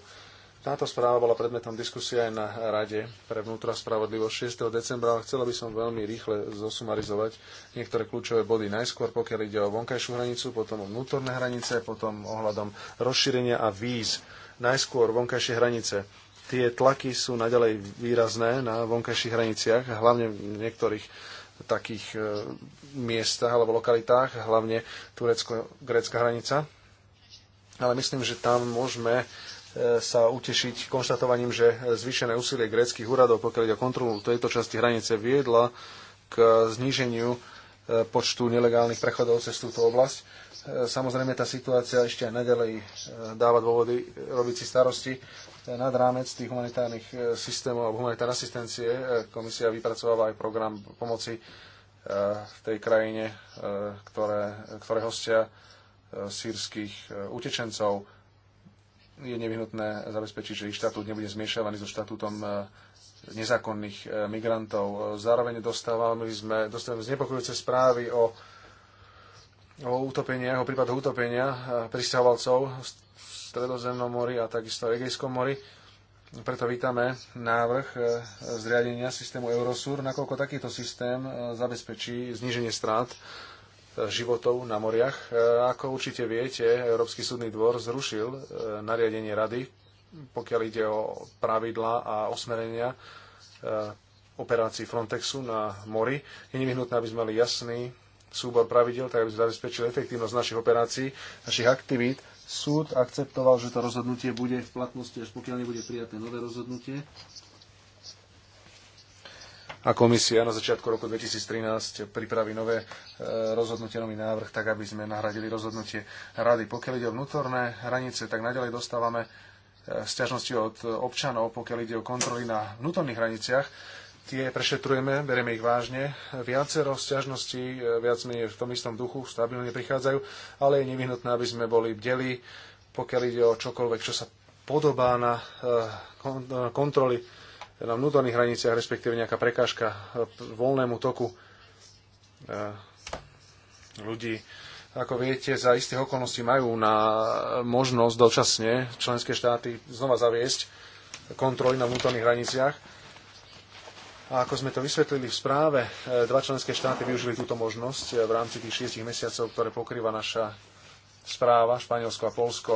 Táto správa bola predmetom diskusie aj na Rade pre vnútra spravodlivosť 6. decembra, ale chcela by som veľmi rýchle zosumarizovať niektoré kľúčové body. Najskôr, pokiaľ ide o vonkajšiu hranicu, potom o vnútorné hranice, potom ohľadom rozšírenia a víz. Najskôr vonkajšie hranice tie tlaky sú naďalej výrazné na vonkajších hraniciach, hlavne v niektorých takých e, miestach alebo lokalitách, hlavne turecko-grécka hranica. Ale myslím, že tam môžeme e, sa utešiť konštatovaním, že zvýšené úsilie gréckých úradov, pokiaľ ide o kontrolu tejto časti hranice, viedla k zníženiu e, počtu nelegálnych prechodov cez túto oblasť E, samozrejme, tá situácia ešte aj naďalej e, dáva dôvody robiť si starosti. Nad rámec tých humanitárnych e, systémov a humanitárnej asistencie komisia vypracovala aj program pomoci v tej krajine, ktoré, ktoré hostia sírskych utečencov. Je nevyhnutné zabezpečiť, že ich štatút nebude zmiešavaný so štatútom nezákonných migrantov. Zároveň dostávame, sme, dostávame znepokojujúce správy o o utopenie, o prípadoch utopenia e, pristahovalcov v Stredozemnom mori a takisto v Egejskom mori. Preto vítame návrh e, zriadenia systému Eurosur, nakoľko takýto systém e, zabezpečí zníženie strát životov na moriach. Ako určite viete, Európsky súdny dvor zrušil nariadenie rady, pokiaľ ide o pravidla a osmerenia operácií Frontexu na mori. Je nevyhnutné, aby sme mali jasný súbor pravidel, tak aby sme zabezpečili efektívnosť našich operácií, našich aktivít. Súd akceptoval, že to rozhodnutie bude v platnosti, až pokiaľ nebude prijaté nové rozhodnutie. A komisia na začiatku roku 2013 pripraví nové e, rozhodnutie, nový návrh, tak aby sme nahradili rozhodnutie rady. Pokiaľ ide o vnútorné hranice, tak naďalej dostávame e, sťažnosti od občanov, pokiaľ ide o kontroly na vnútorných hraniciach tie prešetrujeme, bereme ich vážne. Viacero sťažností, e, viac menej v tom istom duchu, stabilne prichádzajú, ale je nevyhnutné, aby sme boli bdeli, pokiaľ ide o čokoľvek, čo sa podobá na e, e, kontroly na vnútorných hraniciach, respektíve nejaká prekážka voľnému toku ľudí. Ako viete, za istých okolností majú na možnosť dočasne členské štáty znova zaviesť kontroly na vnútorných hraniciach a ako sme to vysvetlili v správe, e, dva členské štáty využili túto možnosť e, v rámci tých šiestich mesiacov, ktoré pokrýva naša správa, Španielsko a Polsko.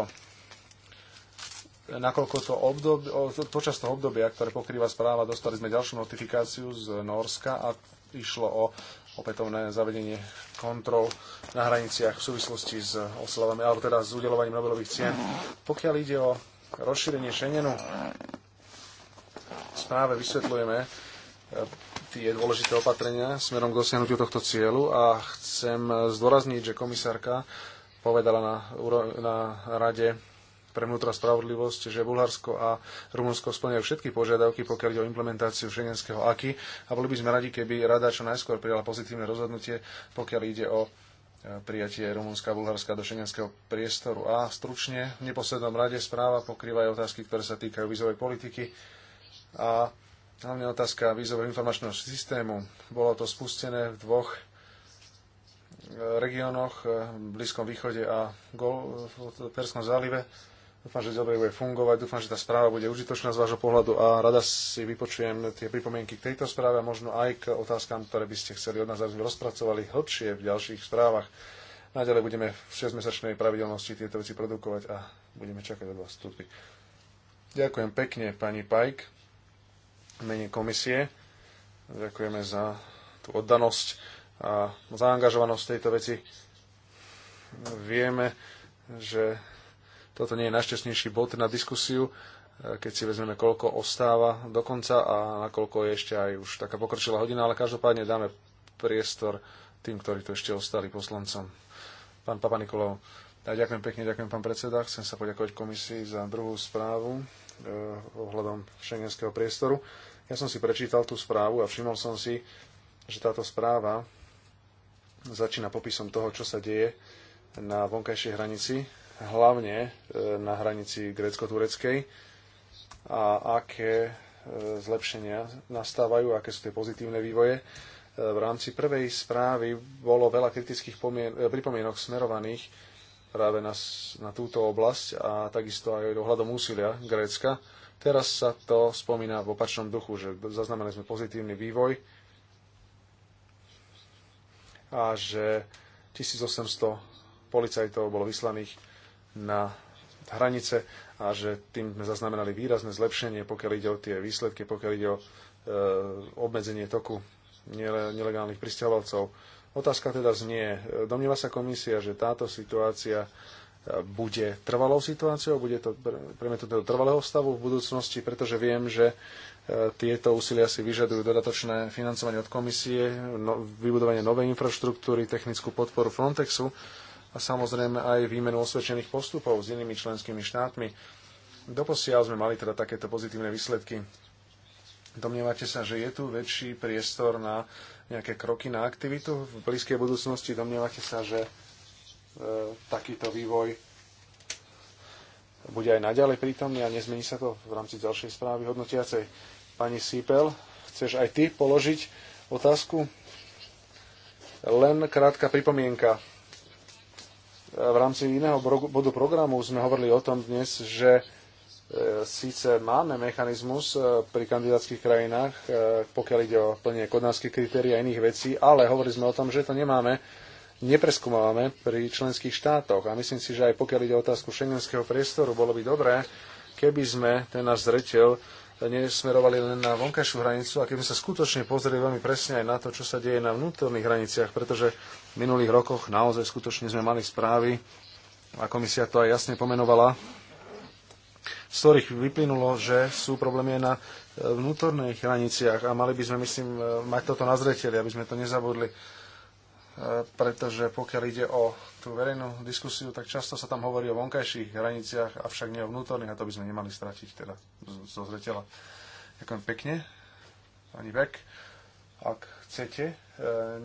Nakoľko to obdobie, počas toho obdobia, ktoré pokrýva správa, dostali sme ďalšiu notifikáciu z Norska a išlo o opätovné zavedenie kontrol na hraniciach v súvislosti s oslavami, alebo teda s udelovaním Nobelových cien. Pokiaľ ide o rozšírenie Schengenu, správe vysvetľujeme, E, tie dôležité opatrenia smerom k dosiahnutiu tohto cieľu a chcem zdôrazniť, že komisárka povedala na, na rade pre vnútra spravodlivosť, že Bulharsko a Rumunsko splňajú všetky požiadavky, pokiaľ ide o implementáciu šengenského aky a boli by sme radi, keby rada čo najskôr prijala pozitívne rozhodnutie, pokiaľ ide o e, prijatie Rumunska a Bulharska do šengenského priestoru. A stručne, v neposlednom rade správa pokrýva aj otázky, ktoré sa týkajú vizovej politiky a Hlavne otázka vízového informačného systému. Bolo to spustené v dvoch e, regiónoch, e, v Blízkom východe a v Perskom zálive. Dúfam, že dobre bude fungovať, dúfam, že tá správa bude užitočná z vášho pohľadu a rada si vypočujem tie pripomienky k tejto správe a možno aj k otázkam, ktoré by ste chceli od nás, aby rozpracovali hĺbšie v ďalších správach. Naďalej budeme v 6-mesačnej pravidelnosti tieto veci produkovať a budeme čakať od vás vstupy. Ďakujem pekne, pani Pajk mene komisie. Ďakujeme za tú oddanosť a zaangažovanosť tejto veci. Vieme, že toto nie je najšťastnejší bod na diskusiu, keď si vezmeme, koľko ostáva dokonca a nakoľko je ešte aj už taká pokročilá hodina, ale každopádne dáme priestor tým, ktorí tu ešte ostali poslancom. Pán Papa Nikolov, ďakujem pekne, ďakujem pán predseda. Chcem sa poďakovať komisii za druhú správu. E, ohľadom šengenského priestoru. Ja som si prečítal tú správu a všimol som si, že táto správa začína popisom toho, čo sa deje na vonkajšej hranici, hlavne e, na hranici grécko-tureckej a aké e, zlepšenia nastávajú, aké sú tie pozitívne vývoje. V rámci prvej správy bolo veľa kritických pripomienok smerovaných práve na, na túto oblasť a takisto aj ohľadom úsilia Grécka. Teraz sa to spomína v opačnom duchu, že zaznamenali sme pozitívny vývoj a že 1800 policajtov bolo vyslaných na hranice a že tým sme zaznamenali výrazné zlepšenie, pokiaľ ide o tie výsledky, pokiaľ ide o e, obmedzenie toku nelegálnych pristahovalcov Otázka teda znie, domnieva sa komisia, že táto situácia e, bude trvalou situáciou, bude to pre toho trvalého stavu v budúcnosti, pretože viem, že e, tieto úsilia si vyžadujú dodatočné financovanie od komisie, no, vybudovanie novej infraštruktúry, technickú podporu Frontexu a samozrejme aj výmenu osvedčených postupov s inými členskými štátmi. Doposiaľ sme mali teda takéto pozitívne výsledky Domnievate sa, že je tu väčší priestor na nejaké kroky na aktivitu v blízkej budúcnosti? Domnievate sa, že e, takýto vývoj bude aj naďalej prítomný a nezmení sa to v rámci ďalšej správy hodnotiacej. Pani Sípel, chceš aj ty položiť otázku? Len krátka pripomienka. E, v rámci iného bodu programu sme hovorili o tom dnes, že E, síce máme mechanizmus e, pri kandidátskych krajinách, e, pokiaľ ide o plnenie kodnánskych kritérií a iných vecí, ale hovorili sme o tom, že to nemáme, nepreskúmávame pri členských štátoch. A myslím si, že aj pokiaľ ide o otázku šengenského priestoru, bolo by dobré, keby sme ten náš zreteľ nesmerovali len na vonkajšiu hranicu a keby sme sa skutočne pozreli veľmi presne aj na to, čo sa deje na vnútorných hraniciach, pretože v minulých rokoch naozaj skutočne sme mali správy a komisia to aj jasne pomenovala, z ktorých vyplynulo, že sú problémy aj na e, vnútorných hraniciach a mali by sme, myslím, e, mať toto na zreteli, aby sme to nezabudli. E, pretože pokiaľ ide o tú verejnú diskusiu, tak často sa tam hovorí o vonkajších hraniciach, avšak nie o vnútorných a to by sme nemali stratiť teda zo zreteľa. Ďakujem pekne. Pani Beck, ak chcete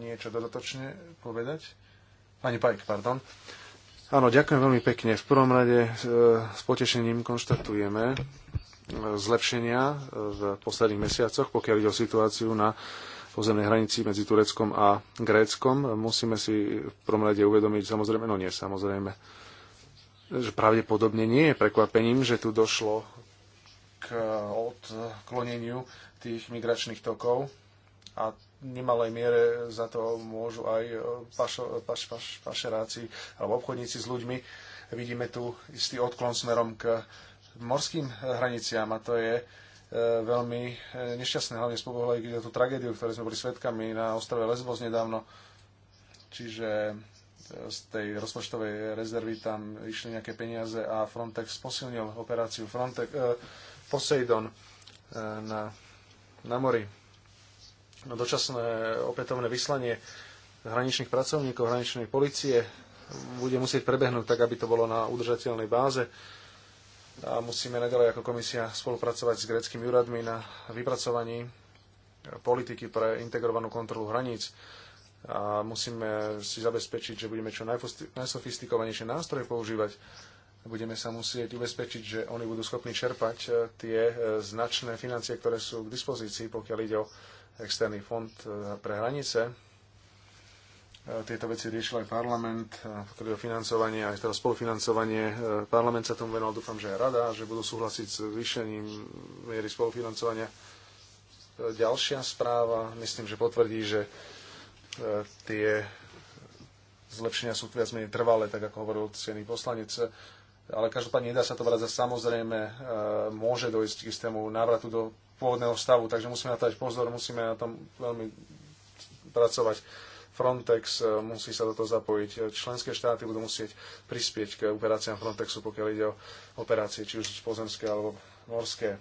niečo dodatočne povedať. Pani Pajk, pardon. Áno, ďakujem veľmi pekne. V prvom rade e, s potešením konštatujeme e, zlepšenia e, v posledných mesiacoch, pokiaľ ide o situáciu na pozemnej hranici medzi Tureckom a Gréckom. Musíme si v prvom rade uvedomiť, samozrejme, no nie, samozrejme, že pravdepodobne nie je prekvapením, že tu došlo k odkloneniu tých migračných tokov a nemalej miere za to môžu aj e, pašo, paš, paš, pašeráci alebo obchodníci s ľuďmi. Vidíme tu istý odklon smerom k morským hraniciám a to je e, veľmi e, nešťastné, hlavne z pohľadu tú tragédiu, ktoré sme boli svedkami na ostrove Lesbos nedávno. Čiže z tej rozpočtovej rezervy tam išli nejaké peniaze a Frontex posilnil operáciu Frontex, eh, Poseidon eh, na, na mori No, dočasné opätovné vyslanie hraničných pracovníkov, hraničnej policie bude musieť prebehnúť tak, aby to bolo na udržateľnej báze. A musíme naďalej ako komisia spolupracovať s greckými úradmi na vypracovaní politiky pre integrovanú kontrolu hraníc a musíme si zabezpečiť, že budeme čo najsofistikovanejšie nástroje používať. Budeme sa musieť ubezpečiť, že oni budú schopní čerpať e, tie e, značné financie, ktoré sú k dispozícii, pokiaľ ide o externý fond e, pre hranice. E, tieto veci riešil aj parlament, e, pokiaľ o financovanie, aj teda spolufinancovanie. Parlament sa tomu venoval, dúfam, že aj rada, že budú súhlasiť s zvýšením miery spolufinancovania. Ďalšia správa, myslím, že potvrdí, že tie zlepšenia sú viac menej trvalé, tak ako hovoril cený poslanec ale každopádne nedá sa to brať za samozrejme, môže dojsť k istému návratu do pôvodného stavu, takže musíme na to dať pozor, musíme na tom veľmi pracovať. Frontex e, musí sa do toho zapojiť. Členské štáty budú musieť prispieť k operáciám Frontexu, pokiaľ ide o operácie, či už pozemské alebo morské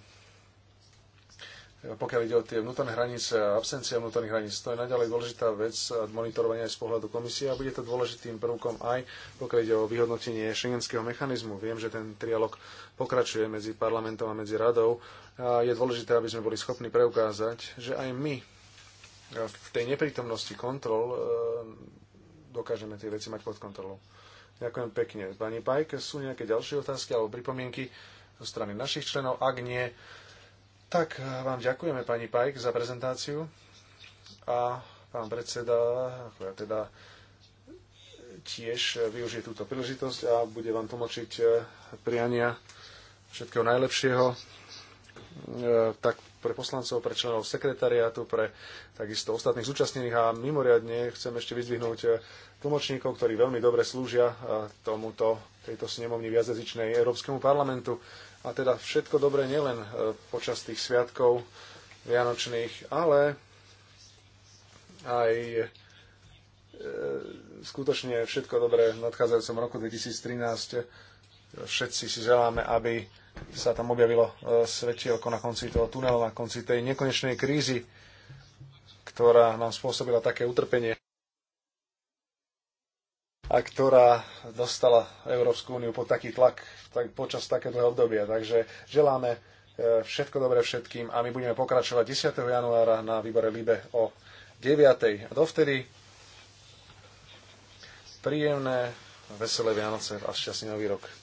pokiaľ ide o tie vnútorné hranice a absencia vnútorných hraníc, to je naďalej dôležitá vec a monitorovanie aj z pohľadu komisie a bude to dôležitým prvkom aj pokiaľ ide o vyhodnotenie šengenského mechanizmu. Viem, že ten trialog pokračuje medzi parlamentom a medzi radou a je dôležité, aby sme boli schopní preukázať, že aj my v tej neprítomnosti kontrol e, dokážeme tie veci mať pod kontrolou. Ďakujem pekne. Pani Pajke, sú nejaké ďalšie otázky alebo pripomienky zo strany našich členov? Ak nie, tak vám ďakujeme, pani Pajk, za prezentáciu. A pán predseda, ako ja teda tiež využije túto príležitosť a bude vám tlmočiť eh, priania všetkého najlepšieho eh, tak pre poslancov, pre členov sekretariátu, pre takisto ostatných zúčastnených a mimoriadne chcem ešte vyzdvihnúť eh, tlmočníkov, ktorí veľmi dobre slúžia tomuto, tejto snemovni viacjazyčnej Európskemu parlamentu. A teda všetko dobré nielen e, počas tých sviatkov vianočných, ale aj e, skutočne všetko dobré v nadchádzajúcom roku 2013. Všetci si želáme, aby sa tam objavilo e, svetielko na konci toho tunela, na konci tej nekonečnej krízy, ktorá nám spôsobila také utrpenie a ktorá dostala Európsku úniu pod taký tlak tak, počas takéto obdobia. Takže želáme e, všetko dobré všetkým a my budeme pokračovať 10. januára na výbore LIBE o 9. A dovtedy príjemné, veselé Vianoce a šťastný nový rok.